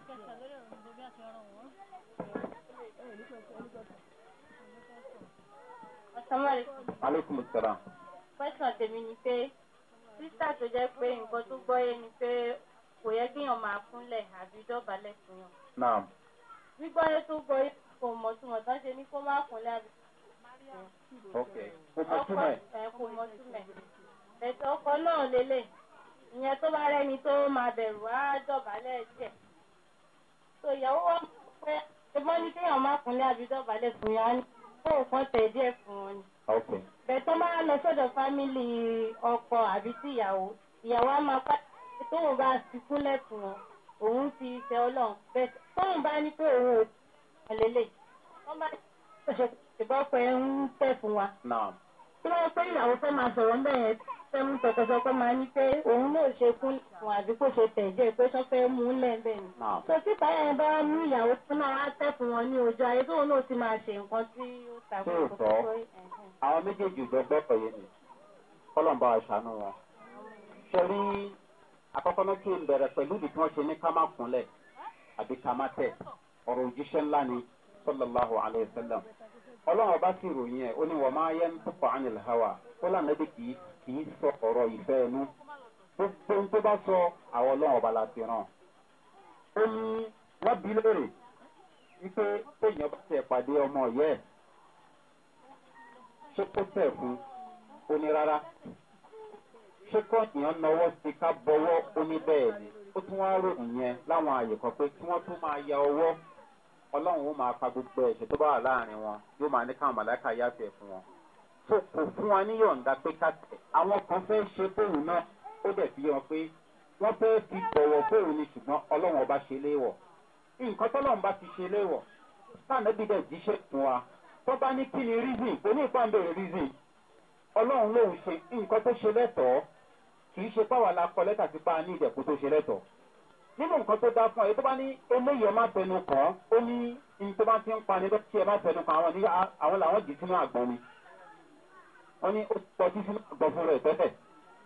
asalaamualeykum. aleykum salaam. question tèmi ni pé sísà tó jẹ́ pé nǹkan tó gbọ́ yé ni pé kò yẹ kéèyàn máa kúnlẹ̀ àbí dọ̀bálẹ̀ fún yàn. naam. gbígbọ́ yé tó gbọ́ yé kò mọ̀ túmọ̀ tán ṣe ní kó má kúnlẹ̀ àbí. ok kò mọ̀ túmẹ̀. kò mọ̀ túmẹ̀. ẹ̀sọ́ ọkọ náà lélẹ̀ ìyẹn tó bá rẹ́ni tó máa bẹ̀rù á dọ̀bálẹ̀ díẹ̀. tó ìyàwó wọn pé ṣùgbọ́n ní kéèyàn má kúnlẹ̀ àbí dọ̀bálẹ̀ fún yàn á ní kó òkan tẹ̀ díẹ̀ ok bẹ̀tọ́ máa lọ sọ́dọ̀ fámìlì ọkọ àbí tìyàwó ìyàwó á máa pa tóun bá ti kúnlẹ̀ fún òun ti fẹ́ ọlọ́run bẹ̀tọ́ tóun bá ní pé òun ò àlélẹ̀ wọ́n bá ṣe ìbọ̀pẹ̀ ń tẹ̀ fún wa. tí wọ́n pé ìyàwó fẹ́ máa sọ̀rọ̀ ń bẹ̀yẹn fẹ́mi tọkọtọkọ máa ní pé òun náà ṣe fún ìfún àbí kò ṣe tẹ̀jẹ́ pé sọ́fẹ́ mú un lẹ́ẹ̀bẹ̀ ni. tó tí báyà yẹn bá ní ìyàwó tó náà á tẹ̀fún wọn ní ojú ayé tóun náà ti máa ṣe nǹkan tí ó takò tó tó àwọn méjèèjì ìjọba ẹ̀kọ́ yẹn ni kọ́lọ̀ ń bá wa ṣàánú wọn. ṣe rí akọ́kọ́ náà kí n bẹ̀rẹ̀ pẹ̀lú ìdí tí wọ́n ṣe ní ká má kúnlẹ̀ àbí ká má tẹ̀ ọ̀rọ̀ kì í sọ ọ̀rọ̀ ìfẹ́ ẹnu gbogbo tó bá sọ àwọn ọlọ́run ọba la ti ràn. ó ní wọ́n bí lóore wípé téèyàn bá tẹ̀ pàdé ọmọ ọ̀yẹ́ ẹ̀ ṣé kó tẹ̀ fún ó ní rárá ṣé kó èèyàn náwó sí ká bọ́wọ́ ó bẹ́ẹ̀ ni ó tún wá ròyìn yẹn láwọn àyè kan pé kí wọ́n tún máa ya ọwọ́ ọlọ́run ó máa pa gbogbo ẹ̀ṣẹ̀ tó bá wà láàrin wọn yóò máa ní káwọn màláìka yáfẹ́ fún wọn kò kò fún wa ní yọ̀ǹda pé ká tẹ̀ àwọn kan fẹ́ ṣe fóun náà ó dẹ̀ fi hàn pé wọ́n fẹ́ fi bọ̀wọ̀ fóun ni ṣùgbọ́n ọlọ́run ọba ṣe léwọ̀ nǹkan tọ́lọ́run bá ti ṣe léwọ̀ sànẹ́bí dẹ̀ jíṣẹ́ fún wa tó bá ní kí ni reason kò ní ìpàǹdèrè reason ọlọ́run lòun ṣe nǹkan tó ṣe lẹ́tọ̀ọ́ kì í ṣe pàwọ́ la kọ lẹ́tà sí pa ní ìdẹ̀kú tó ṣe lẹ́tọ̀ọ́ nínú nǹkan tó dá fún ẹ tó bá ní eléyìí ẹ má ó ní ní tó bá ti ń pa ni bẹ́ẹ̀ tí ẹ má tẹnu àwọn làwọn jì sínú àgbọn ni wọ́n ní ó ti tọ́jú sínú àgbọ̀ fún rẹ̀ tẹ́lẹ̀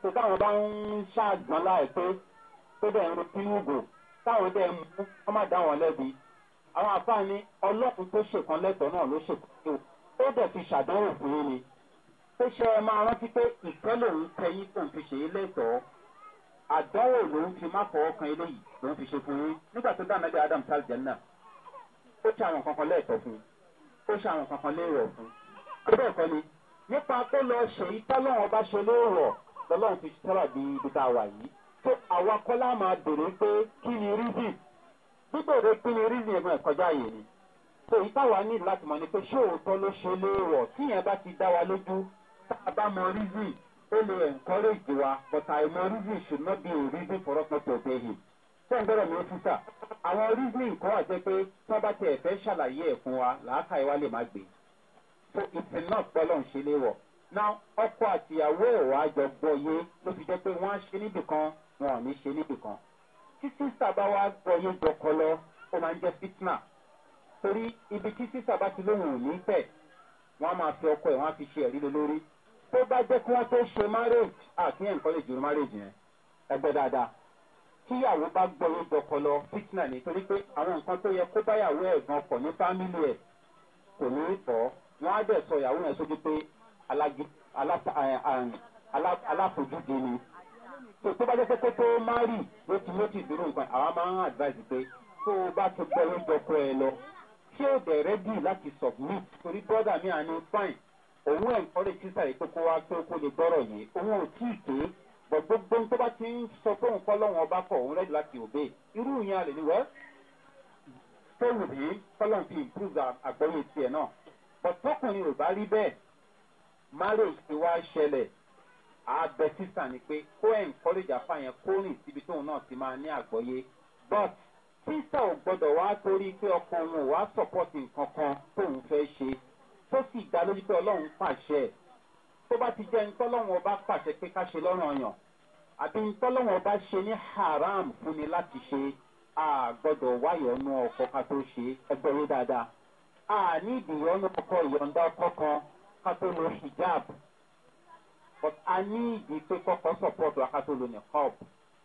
tó táwọn bá ń ṣàgbọ́n láìpẹ́ tó dẹ̀ ń retí wúgò táwọn dẹ̀ mú wọ́n má dá wọn lẹ́bi àwọn àfáà ní ọlọ́kùn tó ṣèkan lẹ́tọ̀ọ́ náà ló ṣèkan ó dẹ̀ fi ṣàdánwò fún yín ni ó ṣe ẹ máa rántí pé ìfẹ́ lòun tẹyín tó ń fi ṣe é lẹ́tọ̀ọ́ àdánwò lòun fi má fọwọ́ kan eléyìí lòun fi ṣe fún yín nígbà tó dá mẹ́bí adam sálìjẹ́ náà ó ṣe àwọn kankan lẹ́ẹ̀tọ́ fún un ó ṣe àwọn kankan léèrè ọ̀fun ó bẹ́ẹ̀ kọ́ ni nípa tó lọ ṣèyí tọ́lọ́run bá ṣe léèrọ̀ lọ́lọ́run fi sábà di ibi tá a wà yìí tó àwa kọ́lá máa bèrè pé kí ni rízì bíbèrè kí ni rízì ẹ̀gbọ́n ẹ̀kọ́já yìí ni tó yìí táwa ní láti mọ̀ ni pé ṣé òótọ́ ló ṣe léèrọ̀ tíyẹn bá ti dá wa lójú tá a bá mọ rízì ó lè encourage wa but àìmọ rízì should not be a reason for us not to obey him fún ọgbẹ́rẹ́ mi fúta àwọn rízì nǹkan wà jẹ́ pé tọ́ bá tiẹ̀ fẹ́ ṣàlàyé ẹ̀ fún wa làákàyè wa lè má gbé e so it's enough bọ́lọ̀ ń ṣe léwọ̀ now ọkọ àtìyàwó ẹ̀rọ àjọgbọ́ yé ló fi jẹ́ pé wọ́n á ṣe níbì kan wọn ò ní ṣe níbì kan tí sísà bá wá gbọ́ yé jọkọ lọ ó máa ń jẹ́ fitna torí ibi tí sísà bá ti lóhùn ò ní tẹ̀ wọ́n á máa fi ọkọ ẹ̀ wọ́n á fi ṣe ẹ̀rí lórí tó bá jẹ́ kí wọ́n tó ṣe marriage àti nǹkan lè jùlọ marriage yẹn ẹgbẹ́ dáadáa tíyàwó bá gbọ́yé dọkọ lọ fitna ni torí pé àwọn nǹkan tó yẹ kó báyàwó ẹ̀ gan pọ̀ ní fámìlì ẹ̀ kò ní í fọ́ wọn á dẹ̀ sọ ìyàwó yẹn sójú pé aláfojúde ni tó tó bá jẹ́ pé kó tó máa rì ló ti ló ti dúró nǹkan àwa máa ń advise pé tó o bá ti gbọ́ ló jọkọ ẹ lọ ṣé o dẹ̀ rẹ́dì láti submit torí brọ́dà mi àní fine òun ẹ̀ ń kọ́lé sísà yìí pé kó wá pé kó lè gbọ́rọ̀ yìí òun ò tí ì dé bọ̀ gbogbo tó bá ti ń sọ pé òun kọ́ lọ́wọ́n ọba kọ̀ òun rẹ́dì láti òbí irú yẹn a lè ní wẹ́ fóònù yìí fọlọ́n fi improve àgbẹ̀yìn tiẹ̀ náà pọ̀tọ́kùnrin ò bá rí bẹ́ẹ̀ marriage ti wá ṣẹlẹ̀ abẹ sísà ni pé kó encourage àfàyàn kó rìn síbi tóun náà ti máa ní àgbọ́yé but sísà ò gbọ́dọ̀ wá torí pé ọkọ òun ò wá support nǹkan kan tóun fẹ́ ṣe tó sì dá lójú pé ọlọ́run pàṣẹ tó bá ti jẹ́ ntọ́lọ́run ọba pàṣẹ pé ká ṣe lọ́rùn ọyàn àbí ntọ́lọ́run ọba ṣe ní haram fún ni láti ṣe àgbọ́dọ̀ wáyọ̀ ọ̀nù ọkọ̀ ká tó ṣe ẹgbẹ́ yé dáadáa a ní ìdìyọ́nú ọkọ ìyọ̀ǹda ọkọ kan ká tó lo hijab but a ní ìdí pé kọ́kọ́ support wa ká tó lo niqab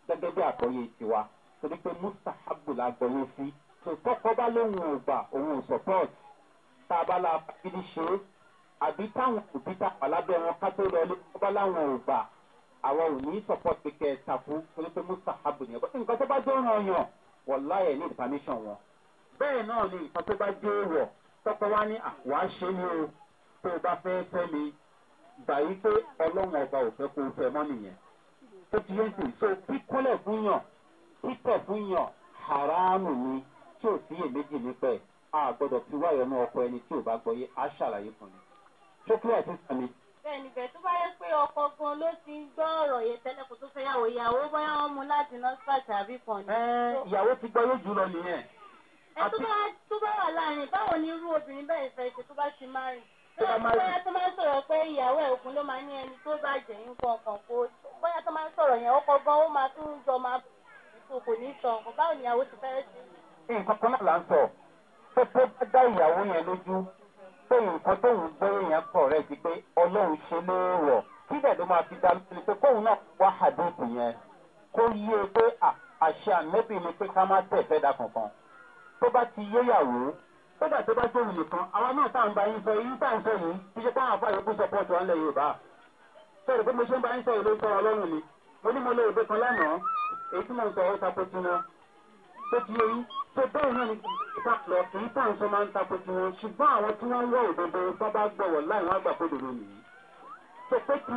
gẹ́gẹ́ bí àgbọ̀yé tiwa torí pé mustahabu la gbọ̀yé sí tó kọ́kọ́ bá lóun ò gbà òun ò support tá a bá la fagídí ṣe àbí táwọn òbí tàpá lábẹ́ wọn ká tó lọ lé kọ́kọ́ láwọn ò àwọn ò ní support pé tàkú torí pé mustahabu ni ẹ̀kọ́ nǹkan tó bá jẹ́ ọ̀ràn yàn wọ́n ní information wọn bẹ́ẹ̀ náà ni nǹkan tó ọ̀rọ̀ tọ́kọ wá ní àwa ṣe ni o tó o bá fẹ́ fẹ́ mi gbà yí pé ọlọ́run ọba ò fẹ́ kó o fẹ́ mọ́ nìyẹn tó ti yé sí so kíkọ́lẹ̀ fún yàn títẹ̀ fún yàn haramu ni tí ò sí èméjì nípa ẹ̀ a gbọ́dọ̀ fi wáyọ̀ náà ọkọ ẹni tí ò bá gbọ́ yé a ṣàlàyé fún mi tó kílẹ̀ sí sami. bẹ́ẹ̀ni bẹ́ẹ̀ tó bá yẹ pé ọkọ gan ló ti ń gbọ́ ọ̀rọ̀ yẹn tẹ́lẹ̀ kó tó fẹ́yàwó ìyàwó bóyá wọ́n mu láti nọ́ọ̀sì àbí kan ni. ìyàwó ti gbọ́ yóò jù nìyẹn ẹ tó bá tó bá wà láàrin báwo ni irú obìnrin bẹ́ẹ̀ fẹ́ ṣe tó bá ṣe má rìn bóyá tó máa ń sọ̀rọ̀ pé ìyàwó ẹ̀kún ló máa ní ẹni tó bá jẹ̀ ń kọ ọkàn kó bóyá tó máa ń sọ̀rọ̀ yẹn ọkọ̀ gan ó máa tún jọ máa tó kò ní sọ nǹkan báwo ni ìyàwó ti fẹ́ ṣe. nǹkan kan náà là ń sọ pé tó bá dá ìyàwó yẹn lójú pé nǹkan tóun gbé yẹn pọ̀ rẹ̀ ti pé ọlọ́run ṣe ló rọ̀ kí dẹ̀ ló máa fi dá lójú pé kóun náà wá àdéhùn yẹn kó yé e pé àṣà mẹ́bìnrin pé ká má tẹ̀ fẹ́ da kankan tó bá ti yéyàwó kódà tó bá jẹ́ òye kan àwa náà tá à ń bá yín fẹ́ yín tá à ń fẹ́ yín kí ṣe pé àwọn afáàyè kú sọpọ́ọ̀tù wọn lẹ yorùbá sọ̀rọ̀ pé mo ṣe ń bá yín sọ ìlú tọrọ ọlọ́run ni mo ní mo lè ìbí kan lánàá èyí tí mo ń sọ ó tako ti wọn tó ti yé yín tó bẹ́ẹ̀ náà ni ìtàkùrọ̀ kì í tà ń sọ máa ń tako ti wọn ṣùgbọ́n àwọn tí wọ́n ń wọ òdodo bá bá gbọ̀wọ̀ láì wọ́n àgbà kodò lónìí tó pé ti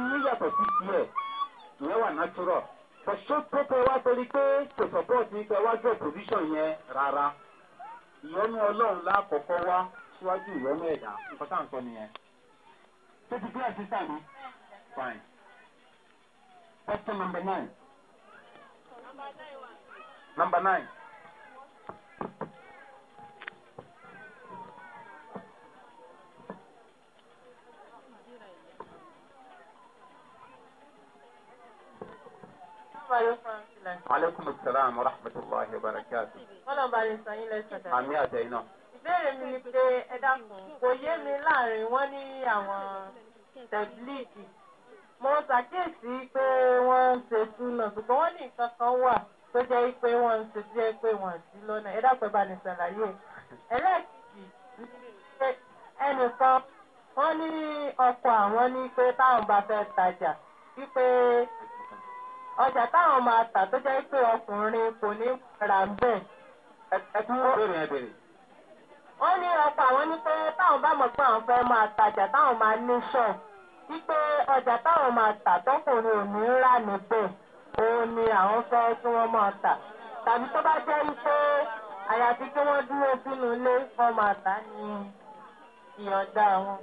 ìyọnu ọlọ́run lákọ̀ọ́kọ́ wá síwájú ìyọnu ẹ̀dá nǹkan tá à ń sọ nìyẹn. tó ti clear sísá mi fine. question number nine. number nine. Thank you aleykum السلام ورحمة الله وبركاته. barakatu. kọ́lọ̀ bá lè sàn yín lẹ́sàn dáadáa. àmì àtẹ̀yìn náà. ìbéèrè mi ni pé ẹ dákun kò yé mi láàrin wọn ní àwọn tẹ̀blíìkì mo ṣàkíyèsí pé wọ́n ń ṣe túnà ṣùgbọ́n wọ́n ní nǹkan kan wà tó jẹ́ pé wọ́n ń ṣe tó jẹ́ pé wọ́n sí lọ́nà ẹ dákun bá lè ṣàlàyé. ẹlẹ́ẹ̀kìkì ẹnìkan wọ́n ní ọkọ̀ àwọn ní pé táwọn bá fẹ́ tajà wípé ọjà táwọn máa tà tó jẹ́ pé ọkùnrin kò ní ra bẹ́ẹ̀. ẹ̀dúró bèrè ẹ bèrè. wọ́n ní ọkọ àwọn ní pé táwọn bá mọ̀ pé àwọn fẹ́ máa tajà táwọn máa ní ṣọ̀ wípé ọjà táwọn máa tà tọkùnrin ò ní rà níbẹ̀ òun ni àwọn fẹ́ kí wọ́n máa tà tàbí tó bá jẹ́ wípé àyàfi kí wọ́n dúró sínú ilé wọ́n máa tà ní ìyọ̀ǹda wọn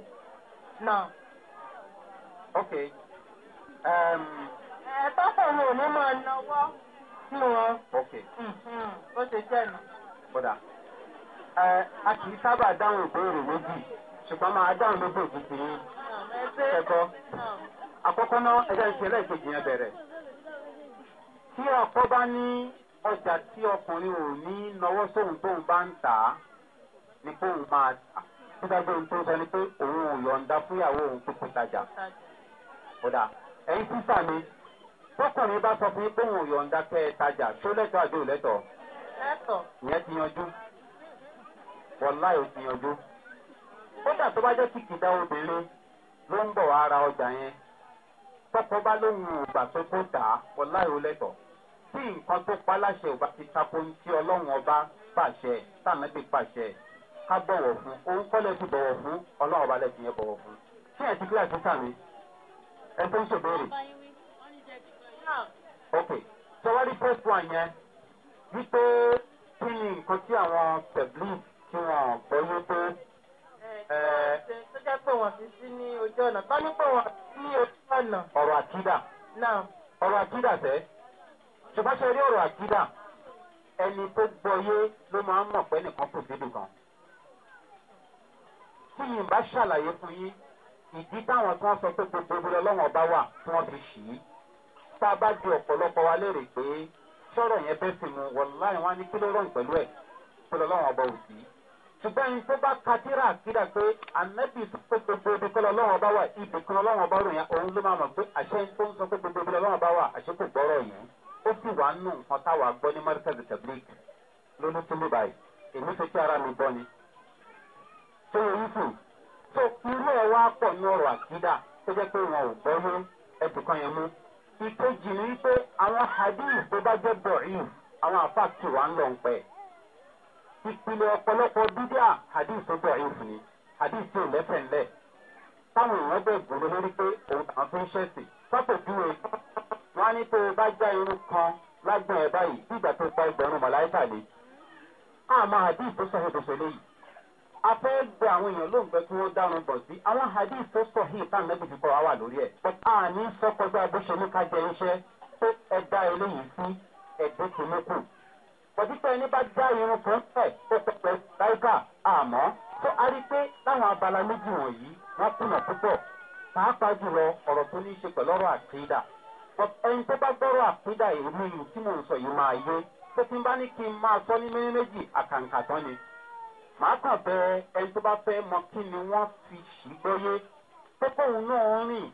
náà. ok. Um, ẹ eh, tọkùnrin ò ní máa ok mm-hmm. ó ṣe jẹ́ eh, a kì í sábà dáhùn ìbéèrè méjì ṣùgbọ́n máa dáhùn méjèèjì sí i. ẹ̀kọ́ àkọ́kọ́ náà ẹgbẹ́ ìṣẹ̀lẹ̀ ìkejì yẹn bẹ̀rẹ̀. tí ọkọ bá ní ọjà tí ọkùnrin ò ní nọwọ́ sóhun tóun bá ń tà á ni kóun máa tà tó dájú ohun tó sọ ni pé òun ò yọ̀ǹda fúnyàwó òun pípín tajà. kódà ẹ̀yin sísà mi tọkùnrin bá sọ fún yín pé òun yọ̀ǹda kẹ́ ẹ tajà ṣó lẹ́tọ̀ àbí ò lẹ́tọ̀ ìyẹn ti yanjú wọ́lá ò ti yanjú kódà tó bá jẹ́ kìkìdá obìnrin ló ń bọ̀ ara ọjà yẹn tọkọ bá lóhùn ògbà tó kó tà á wọ́lá ò lẹ́tọ̀ tí nǹkan tó pa láṣẹ ò bá ti tako ní tí ọlọ́run ọba pàṣẹ tànà ti pàṣẹ ká bọ̀wọ̀ fún òun kọ́lẹ̀ ti bọ̀wọ̀ fún ọlọ́run ọba lẹ́sìn yẹn bọ̀wọ̀ fún. ṣé ẹ ti kíláàsì ok sọwọ́dí first one yẹn wípé kí ni nǹkan tí àwọn pẹ̀lú tí wọ́n gbọ́ wípé. tó jẹ́ pé wọ́n fi sí ní ojú ọ̀nà bá ní pé wọ́n sí ní ojú ọ̀nà. ọ̀rọ̀ àkídà. ọ̀rọ̀ àkídà tẹ́ ṣùgbọ́n ṣe rí ọ̀rọ̀ àkídà ẹni tó gbọ́yé ló máa ń mọ̀ pé nìkan kò síbi kan. tí yìí bá ṣàlàyé fún yín ìdí táwọn tí wọ́n sọ pé gbogbo ìbúrẹ́ lọ́wọ́n bá wà tí wọ́n fi ṣì í tá a bá di ọ̀pọ̀lọpọ̀ wa léèrè pé sọ̀rọ̀ yẹn bẹ́ẹ̀ sì mu wọ̀láì wọn ní kí ló rọrùn pẹ̀lú ẹ̀ pẹ̀lú ọlọ́run ọba òsì. ṣùgbọ́n ẹni tó bá ka tíra àkídà pé anabi pé gbogbo ibi kọ́ lọ́wọ́ ọba wà ibi kan lọ́wọ́ ọba ròyìn òun ló máa mọ̀ pé àṣẹ tó ń sọ pé gbogbo ibi lọ́wọ́ ọba wà àṣẹ kò gbọ́rọ̀ yìí ó sì wà nù nǹkan táwa gbọ́ ní mọ́rísẹ́sì tẹ̀blík lónítúmí báyìí èmi ni. tó o yí ìkejì ni pé àwọn hadith tó bá jẹ́ dọ̀rin àwọn àfa kì wá ń lọ ń pẹ́ ìpìlẹ̀ ọ̀pọ̀lọpọ̀ bídíà hadith tó dọ̀rin fún ni hadith tó lẹ́sẹ̀ ńlẹ̀ táwọn èèyàn bẹ̀ gbòòrò lórí pé òun àwọn fi ń ṣẹ̀sìn sọ́pọ̀ dúró wọn ní pé bá já irun kan lágbọ̀n ẹ̀ báyìí bí ìgbà tó gba ẹgbẹ̀rún mọ̀láyítà ni àmọ́ hadith tó sọ̀rọ̀ tó ṣẹlẹ̀ yìí a fẹ́ bẹ àwọn èèyàn ló ń gbẹ kí wọ́n dárun bọ̀ sí àwọn hadith tó sọ yìí tá nẹ́bí fi kọ́ wa wà lórí ẹ̀. but a ní sọ kọjá bó ṣe ní ká jẹ iṣẹ́ pé ẹ dá eléyìí sí ẹ̀dẹ́ tó ní kù. bọ̀dípẹ́ ẹni bá dá irun kan pẹ̀ tó pẹpẹ láìka àmọ́ tó a rí i pé láwọn abala méjì wọ̀nyí wọ́n kùnà púpọ̀ pàápàá jùlọ ọ̀rọ̀ tó ní ṣe pẹ̀lú ọ̀rọ̀ àkídà ẹni tó màá kàn fẹ́ ẹni tó bá fẹ́ mọ kí ni wọ́n fi ṣìgbọ́yé tó kóun náà rìn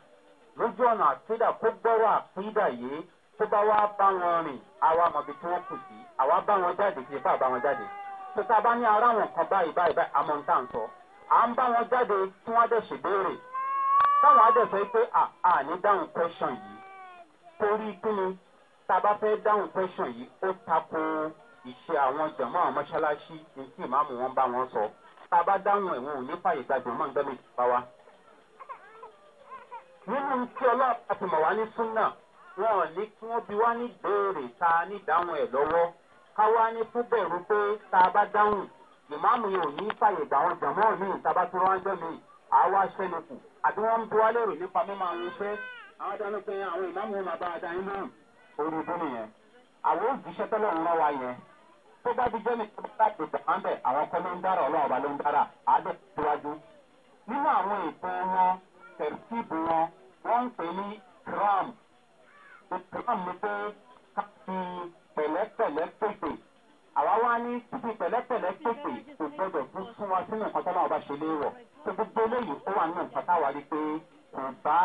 lójú ọ̀nà àtúndà kó gbọ́rọ̀ àpíndà yìí tó bá wá bá wọn rìn àwa mọ̀bí tí wọ́n kù sí àwa bá wọn jáde kì í fà bá wọn jáde tó a bá ní ara wọn kan báyìí báyìí báyìí àmọ́ ń tà ń sọ à ń bá wọn jáde tí wọ́n á dẹ̀ ṣèbéèrè táwọn á pé à ní dáhùn question yìí torí kí ni tá a bá fẹ́ dáhùn question yìí ó takò ìṣe àwọn jàmọ́ àwọn mọ́ṣáláṣí nítí ìmáàmù wọn bá wọn sọ tá a bá dáhùn ẹ̀wọ̀n ò ní fàyè gba jàmọ́ ń gbẹ́mí bá wa. nínú tí ọlọ́pàá ti mọ̀ wá ní súnà wọn ò ní kí wọ́n bi wá ní béèrè ta ní dáhùn ẹ̀ lọ́wọ́ ká wá ní fún bẹ̀rù pé tá a bá dáhùn ìmáàmù yẹn ò ní fàyè gba àwọn jàmọ́ tá a bá tó ránṣẹ́ mi àwa ṣẹlẹ̀kù àbí wọ́n ń bu wá lérò nípa mímọ àwọn iṣẹ́ àwọn dáná pé àwọn ìmáàmù wọn máa a dá imáàmù orí ibú nìyẹn tó bá ti jẹ́mi tó bá ti gbà ń bẹ̀ àwọn kan ló ń dára ọlọ́ọ̀ba ló ń dára àádọ́ síwájú. nínú àwọn ètò wọn tẹ̀síìbù wọn wọ́n ń pè ní tram tram ni pé ká fi pẹ̀lẹ́pẹ̀lẹ́ pèsè àwa wá ní títí pẹ̀lẹ́pẹ̀lẹ́ pèsè kò gbọdọ̀ fún fún wa sínú nǹkan tọ́lá ọba ṣe léèwọ̀ tó gbogbo eléyìí ó wà nínú nǹkan táwa rí pé kò bá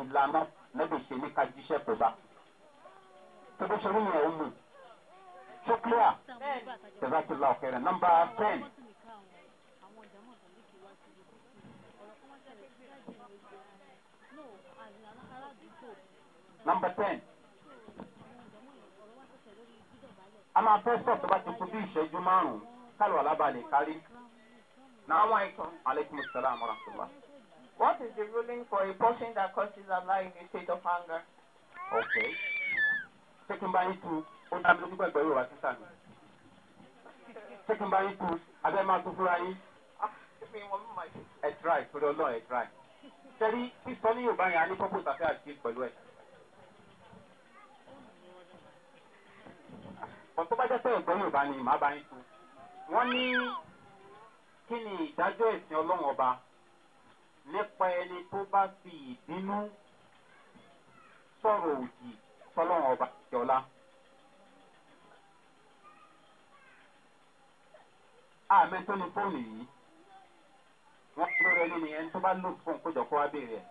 ìlànà lẹ́bẹ̀ẹ́ ní ká jíṣẹ́ kò bá tó bó ṣe rí so clear jazakila ọkẹrẹ nọmba ten. nọmba a máa fẹ́ sọ̀ bá ti kú bí ìṣẹ́jú márùn-ún kálù alábàálẹ̀ kárí. aleykum salaam wa rahmatulah. What is the ruling for a person that causes Allah in a state of anger? Okay. Second by two ó ń dábìlì púpọ̀ ìgbà ìwà sísà mi. ṣé kí n bá yín kú abẹ́ máa tún fúnra yín. ẹ tíráì torí ọlọ́ọ̀ ẹ tíráì. sẹ́rí sísọ ní yorùbá yẹn a ní pọ́pọ́ ìtàfẹ́ àti pẹ̀lú ẹ̀. ọ̀tọ́ bá jẹ́ pé ẹ̀gbọ́n yorùbá ni màá bá yín kú. wọ́n ní kí ni ìdájọ́ ẹ̀sìn ọlọ́run ọba nípa ẹni tó bá fi ìbínú sọ̀rọ̀ òdì sọlọ́run ọba ìjọlá. àmẹ́tọ́ ah, ni fóònù yìí wọ́n ti lọ́rọ̀ ẹni nìyẹn tó bá lò fún kójọ kó wá béèrè ẹ̀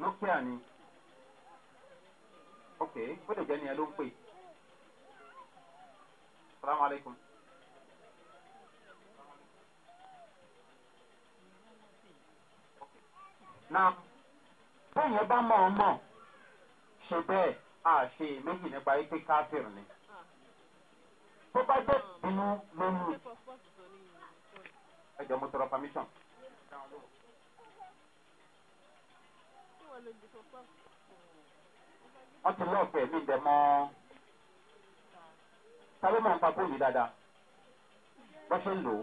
nokia ni ok ó lè jẹ́ ni ẹ ló ń pè salaamaleykum. na bẹ́ẹ̀ yẹn bá mọ̀ ọ́ mọ̀ ṣe bẹ́ẹ̀ àṣe méjì nípa ẹ káfíìn ni tó bá jẹ́ ìbínú lónìí. ẹ jọ mo tọrọ permission. wọ́n ti lọ́ọ̀ pẹ̀ mí dẹ̀ mọ́ sáré máa ń pa bóòlù dáadáa wọ́n ṣe ń lò ó.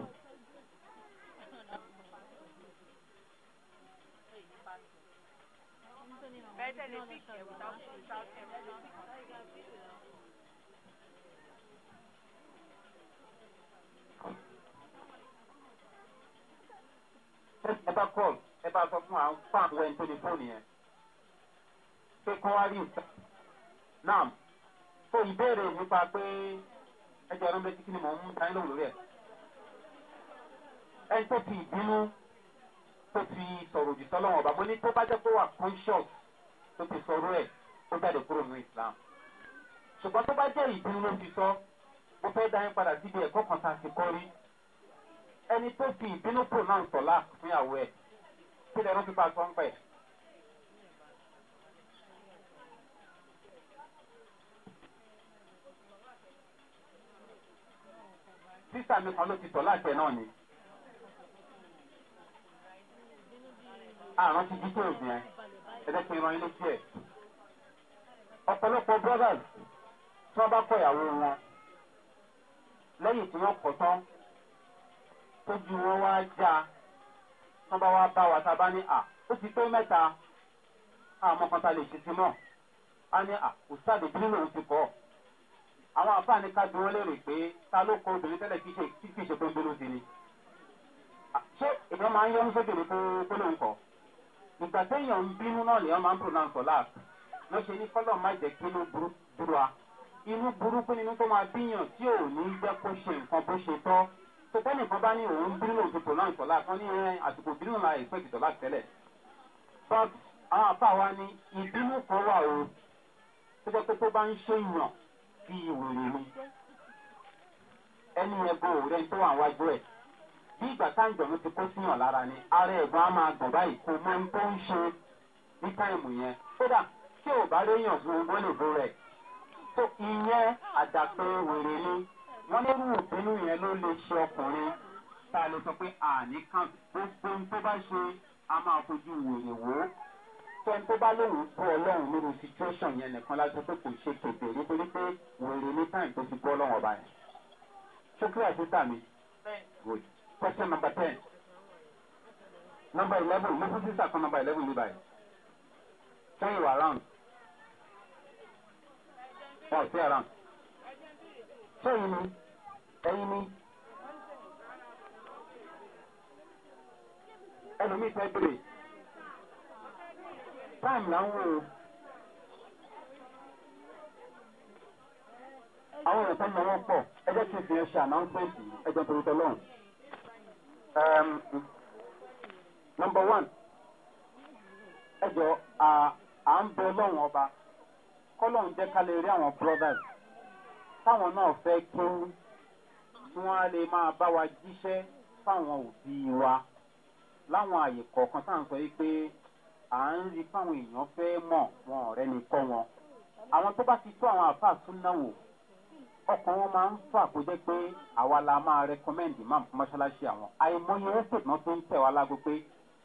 Better than a picture without, without, without. ẹ bá kọ́ ẹ bá sọ fún àwọn fáàmù wẹ́n tó ní fóònù yẹn pé kọ́ wá rí nǹkan náà fún ìbéèrè nípa pé ẹjọ́ ọdún méjì kí ni mò ń dání lóhùn lórí ẹ̀ ẹni tó ti ìbínú tó ti sọ̀rọ̀ òjì sọ́lọ́wọ́n ọ̀bà mo ní tó bá jẹ́ pé wà conscious tó ti sọ̀rọ̀ ẹ̀ tó jáde kúrò ní islam ṣùgbọ́n tó bá jẹ́ ìbínú ló ti sọ mo fẹ́ dá yín padà síbi ẹ̀kọ́ kan tá a ti kọ́ rí ẹni tó fi ìbínú kò náà sọ̀lá fún ìyàwó ẹ̀ kí lẹ́nu fi bá a sọ ń pẹ̀. sísà mi kan ló ti tọ̀ láti ẹ̀ náà ni. àrùn ti di tó ògùn ẹ ẹ̀dẹ́gbẹ́ ìran ilé tiẹ̀. ọ̀pọ̀lọpọ̀ brothers tí wọ́n bá kọ ìyàwó wọn lẹ́yìn tí wọ́n kọ̀ tán tójú wọn wá já wọn bá wá bá wa tá a bá ní à ó ti tó mẹ́ta àmọ́ kan tá a lè ṣe sí mọ́ a ní à òṣàdé bí lòun ti kọ́ àwọn àfáàní ká bí wọ́n lérè pé ta ló kọ obìnrin tẹ́lẹ̀ kí kì í ṣe pé gbóló sí ni ṣé èèyàn máa ń yọ oúnjẹ gbèrè tó gbólóhùn kọ ìgbà téèyàn ń bínú náà lèèyàn máa ń pronounce ọ̀la lọ́ ṣe ní kọ́lọ̀ má jẹ́ kí inú burú wa inú burúkú nínú tó máa bíyàn tí ò ní jẹ́ kó ṣe nǹkan bó ṣe tọ́ so tẹ́lẹ̀ kan bá ní òun bínú òun ti pronoun sọ̀lá kan ní àsìkò bínú la expect sọ̀lá tẹ́lẹ̀ but àwọn àpá wa ní ìbínú kan wà o tó jẹ́ tó bá ń ṣe yàn bí ìwòye mi ẹni ẹgbẹ́ òwúrẹ́ tó wà wájú ẹ̀ bí ìgbà táǹjọ̀nù ti kó síyàn lára ni ara ẹ̀gbọ́n á máa gbọ̀n báyìí kò mọ ohun tó ń ṣe ní táìmù yẹn kódà tí ò bá réyàn fún owó lè bó rẹ̀ tó ìyẹn àdàpé wèrè ni wọ́n lérú òṣèlú yẹn ló lè ṣe ọkùnrin tá a lè sọ pé àní kan gbogbo ohun tó bá ṣe a máa fojú wèrè wò ó tó ń tó bá lóun bọ́ ọlọ́run nínú situation yẹn nìkan láti pé kò ṣe kèbè nítorí pé wèrè ní táyì tó fi bọ́ ọlọ́run ọba yẹn. ṣókè àti tàmí. good question number ten number eleven mo fún sísà kan number eleven níbàyí turn you around. ọ̀ sí around sẹ́yìn ni ẹ̀yìn ni ẹlòmíì fẹ́ bèrè táìmù là ń wò ó. àwọn èèyàn tó ń lọ wọn pọ̀ ẹ jẹ́ kí n fi ẹ ṣe ànáńsẹ́ǹtì ẹjọ́ torí tọ́lọ́run. nọmba one ẹ jọ à ń bẹ ọlọ́run ọba kọ́lọ́run jẹ́ ká lè rí àwọn brothers táwọn náà fẹ́ kéwú wọ́n á lè máa bá wa jíṣẹ́ fáwọn òbí wa láwọn àyè kọ̀ọ̀kan tá à ń sọ yìí pé à ń rí fáwọn èèyàn fẹ́ mọ̀ wọn ọ̀rẹ́ ni kọ́ wọn. àwọn tó bá ti tó àwọn àfáà tún náà wò ọkàn wọn máa ń fà kó jẹ́ pé àwa la máa rẹ́kọ́mẹ́ǹdì máa fún mọ́ṣáláṣí àwọn. àìmọye ó náà tó ń tẹ̀ wá lágbo pé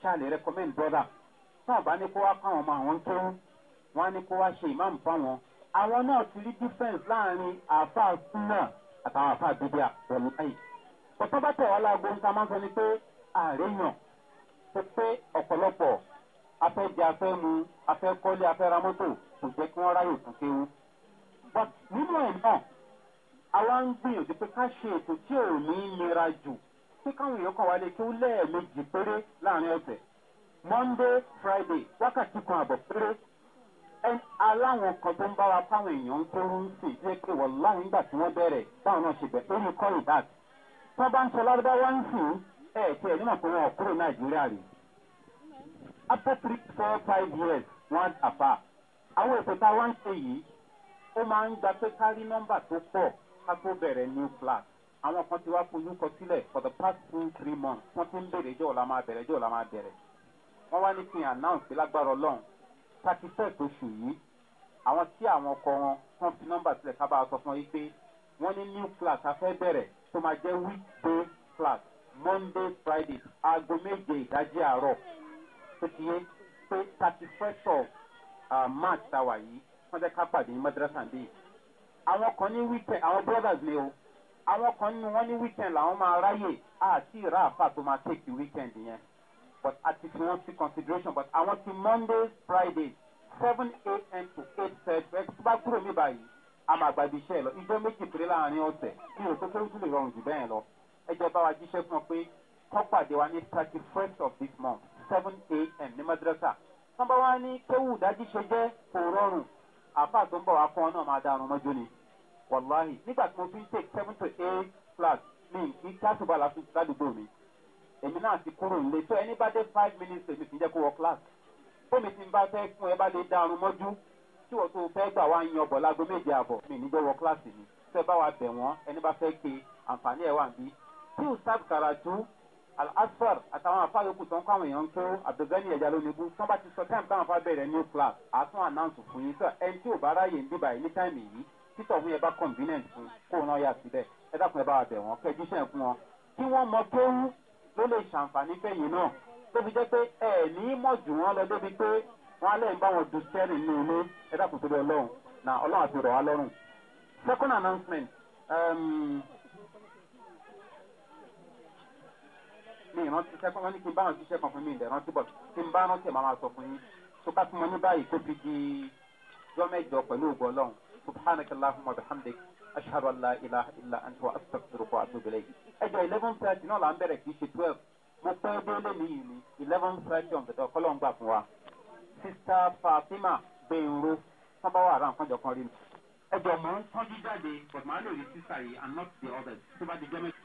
ṣáàlì rẹ́kọ́mẹ́ǹdì bọ́dà tá àbá ní kó wá fáwọn ọmọ àwọn tó wọ́n á ní kó wá ṣe ìmáàmù fáwọn àwọn náà ti rí difference láàrin àáfàá súnà àtàwọn àáfàá bíbíà pẹ̀lú báyìí. pọ̀tọ́ bá tẹ̀ wá láago ń ta máa ń sọ ni pé ààrẹ yàn tó pé ọ̀pọ̀lọpọ̀ afẹ́jẹ afẹ́mu afẹ́kọ́lé afẹ́ramọ́tò kò jẹ́ kí wọ́n ráyè tún kéwu. but nínú ẹ̀ náà àwa ń gbìyànjú pé ká ṣe ètò tí ò ní nira jù pé káwọn èèyàn kan wálé kí ó lẹ́ẹ̀mejì péré láàrin ọ̀sẹ̀ monday friday wákàtí kan àbọ̀ péré aláwọn kan tó ń bá wa táwọn èèyàn ń kó rúùsì jẹ́ pé wọ́n láwọn nígbà tí wọ́n bẹ̀rẹ̀ táwọn náà ṣe bẹ̀ lórí kọ́rì dat tó bá ń sọ lárúbáwá ń sìn ẹ̀ tí ẹ̀ nímọ̀ pé wọn ò kúrò nàìjíríà rè after three four five years wọ́n á dàfà àwọn ètò tá a wá ń ṣe yìí ó máa ń gba pé ká rí nọ́mbà tó pọ̀ ká tó bẹ̀rẹ̀ new class àwọn kan ti wá fojú kọ sílẹ̀ for the past two three months wọ́n ti ń bèrè jọ́ ọ̀la máa bẹ̀rẹ̀ jọ́ ọ̀la máa bẹ̀rẹ̀ wọ́n wá ní kí n announce lágbára ọlọ́run thirty first oṣù yìí àwọn tí àwọn ọkọ wọn wọn fi nọmba sílẹ̀ ká bá a sọ fún ọ yìí pé wọ́n ní new class afẹ́ bẹ̀rẹ̀ tó máa jẹ́ weekday class monday friday aago méje ìdájí àárọ̀ tó ti yé pé thirty first of march tàwa yìí wọ́n jẹ́ ká pàdé madrasa bíi àwọn kan ní weekend àwọn brothers ni o àwọn kan ní wọ́n ní weekend làwọn máa ráyè àti ìrá àfà tó máa take the weekend yẹn but at if you want sí consideration but àwọn ti mondays fridays seven a.m. to eight thirty ẹ tó bá kúrò ní báyìí a máa gbàgbé iṣẹ́ ẹ lọ ijó méjì péré láàrin ọ̀sẹ̀ kí o tó kéré tó lè rọrùn jù bẹ́ẹ̀ lọ ẹ jẹ́ bá wa jíṣẹ́ fún ọ pé kọ́pàdé wa ní thirty first of this month seven a.m. ní madrasa nọmba wa ní kéwù dájú ṣe jẹ́ kò rọrùn àfáà tó ń bọ̀ wá fún ọ náà máa dárun mọ́jú ni wàláhì nígbà tí mo fi ń take seven to eight class ní kí kásùbà ládùúgbò mi èmi náà ti kúrò nílé tó ẹni bá dé five minutes èmi kì í jẹ́ kó wọ class fómi tí n bá fẹ́ fún ẹ bá lè darun mọ́jú tí wọ́n tó fẹ́ gbà wá yan ọ̀bọ̀ lágbo méje àbọ̀ mi ní gbọ́wọ́ class mi fẹ́ bá wa bẹ̀ wọ́n ẹni bá fẹ́ ke àǹfààní ẹ̀ wà ń bí tí usaf karatu al-asfar àtàwọn afa yòókù tó ń kọ́ àwọn èèyàn tó abdulgani ẹ̀yà lónìbù tí wọ́n bá ti sọ time táwọn afa bẹ̀rẹ̀ new class àtún announce fún yín sọ ẹni tí ò bá ráyè ń bíbà yìí ní time yìí títọ̀ fún yẹn bá convenient fún kóun náà yà síbẹ̀ ẹ dákun ẹ bá wa bẹ̀ wọ́n kẹjú sẹ́yìn fún wọn kí wọ́n mọ kéwú tó lè ṣàǹfààní fẹ̀yìn náà tó fi jẹ́ pé ẹ ní mọ̀ jù wọ́n lọ débi pé wọ́n á lẹ́yìn bá wọn du sẹ́rìn ní ilé ẹ dákun tó ọlọ́run na ọlọ́run àti rọ̀ wá lọ́rùn. second announcement um, mi ìrántí sẹ́kọ̀ọ́ wọn ní kí n bá wọn ṣiṣẹ́ kan fún mi ìdẹ̀rántí bọ̀ kí n bá rántí ẹ̀ máa máa sọ fún yín tó ká fún wọn ní báyìí tó fi di jọ́mẹ́jọ pẹ̀lú ògbọ́ ọlọ́run subhanakallah muhammed hamdik ashhadu an la ilaha illa anta wa astaghfiruka wa atubu ilayk ẹjọ eleven thirty náà là ń bẹ̀rẹ̀ kì í ṣe twelve mo pẹ́ délé mi yìí ni eleven thirty ọ̀n tẹ̀tọ̀ kọ́lọ́ ń gbà fún wa sista fatima gbẹ̀nro sábà wà rà nǹkan jọ kan rí mi ẹjọ mò ń tọ́jú jáde but màá lè rí sísà yìí and not the others tó bá di jẹ́mẹ́tì.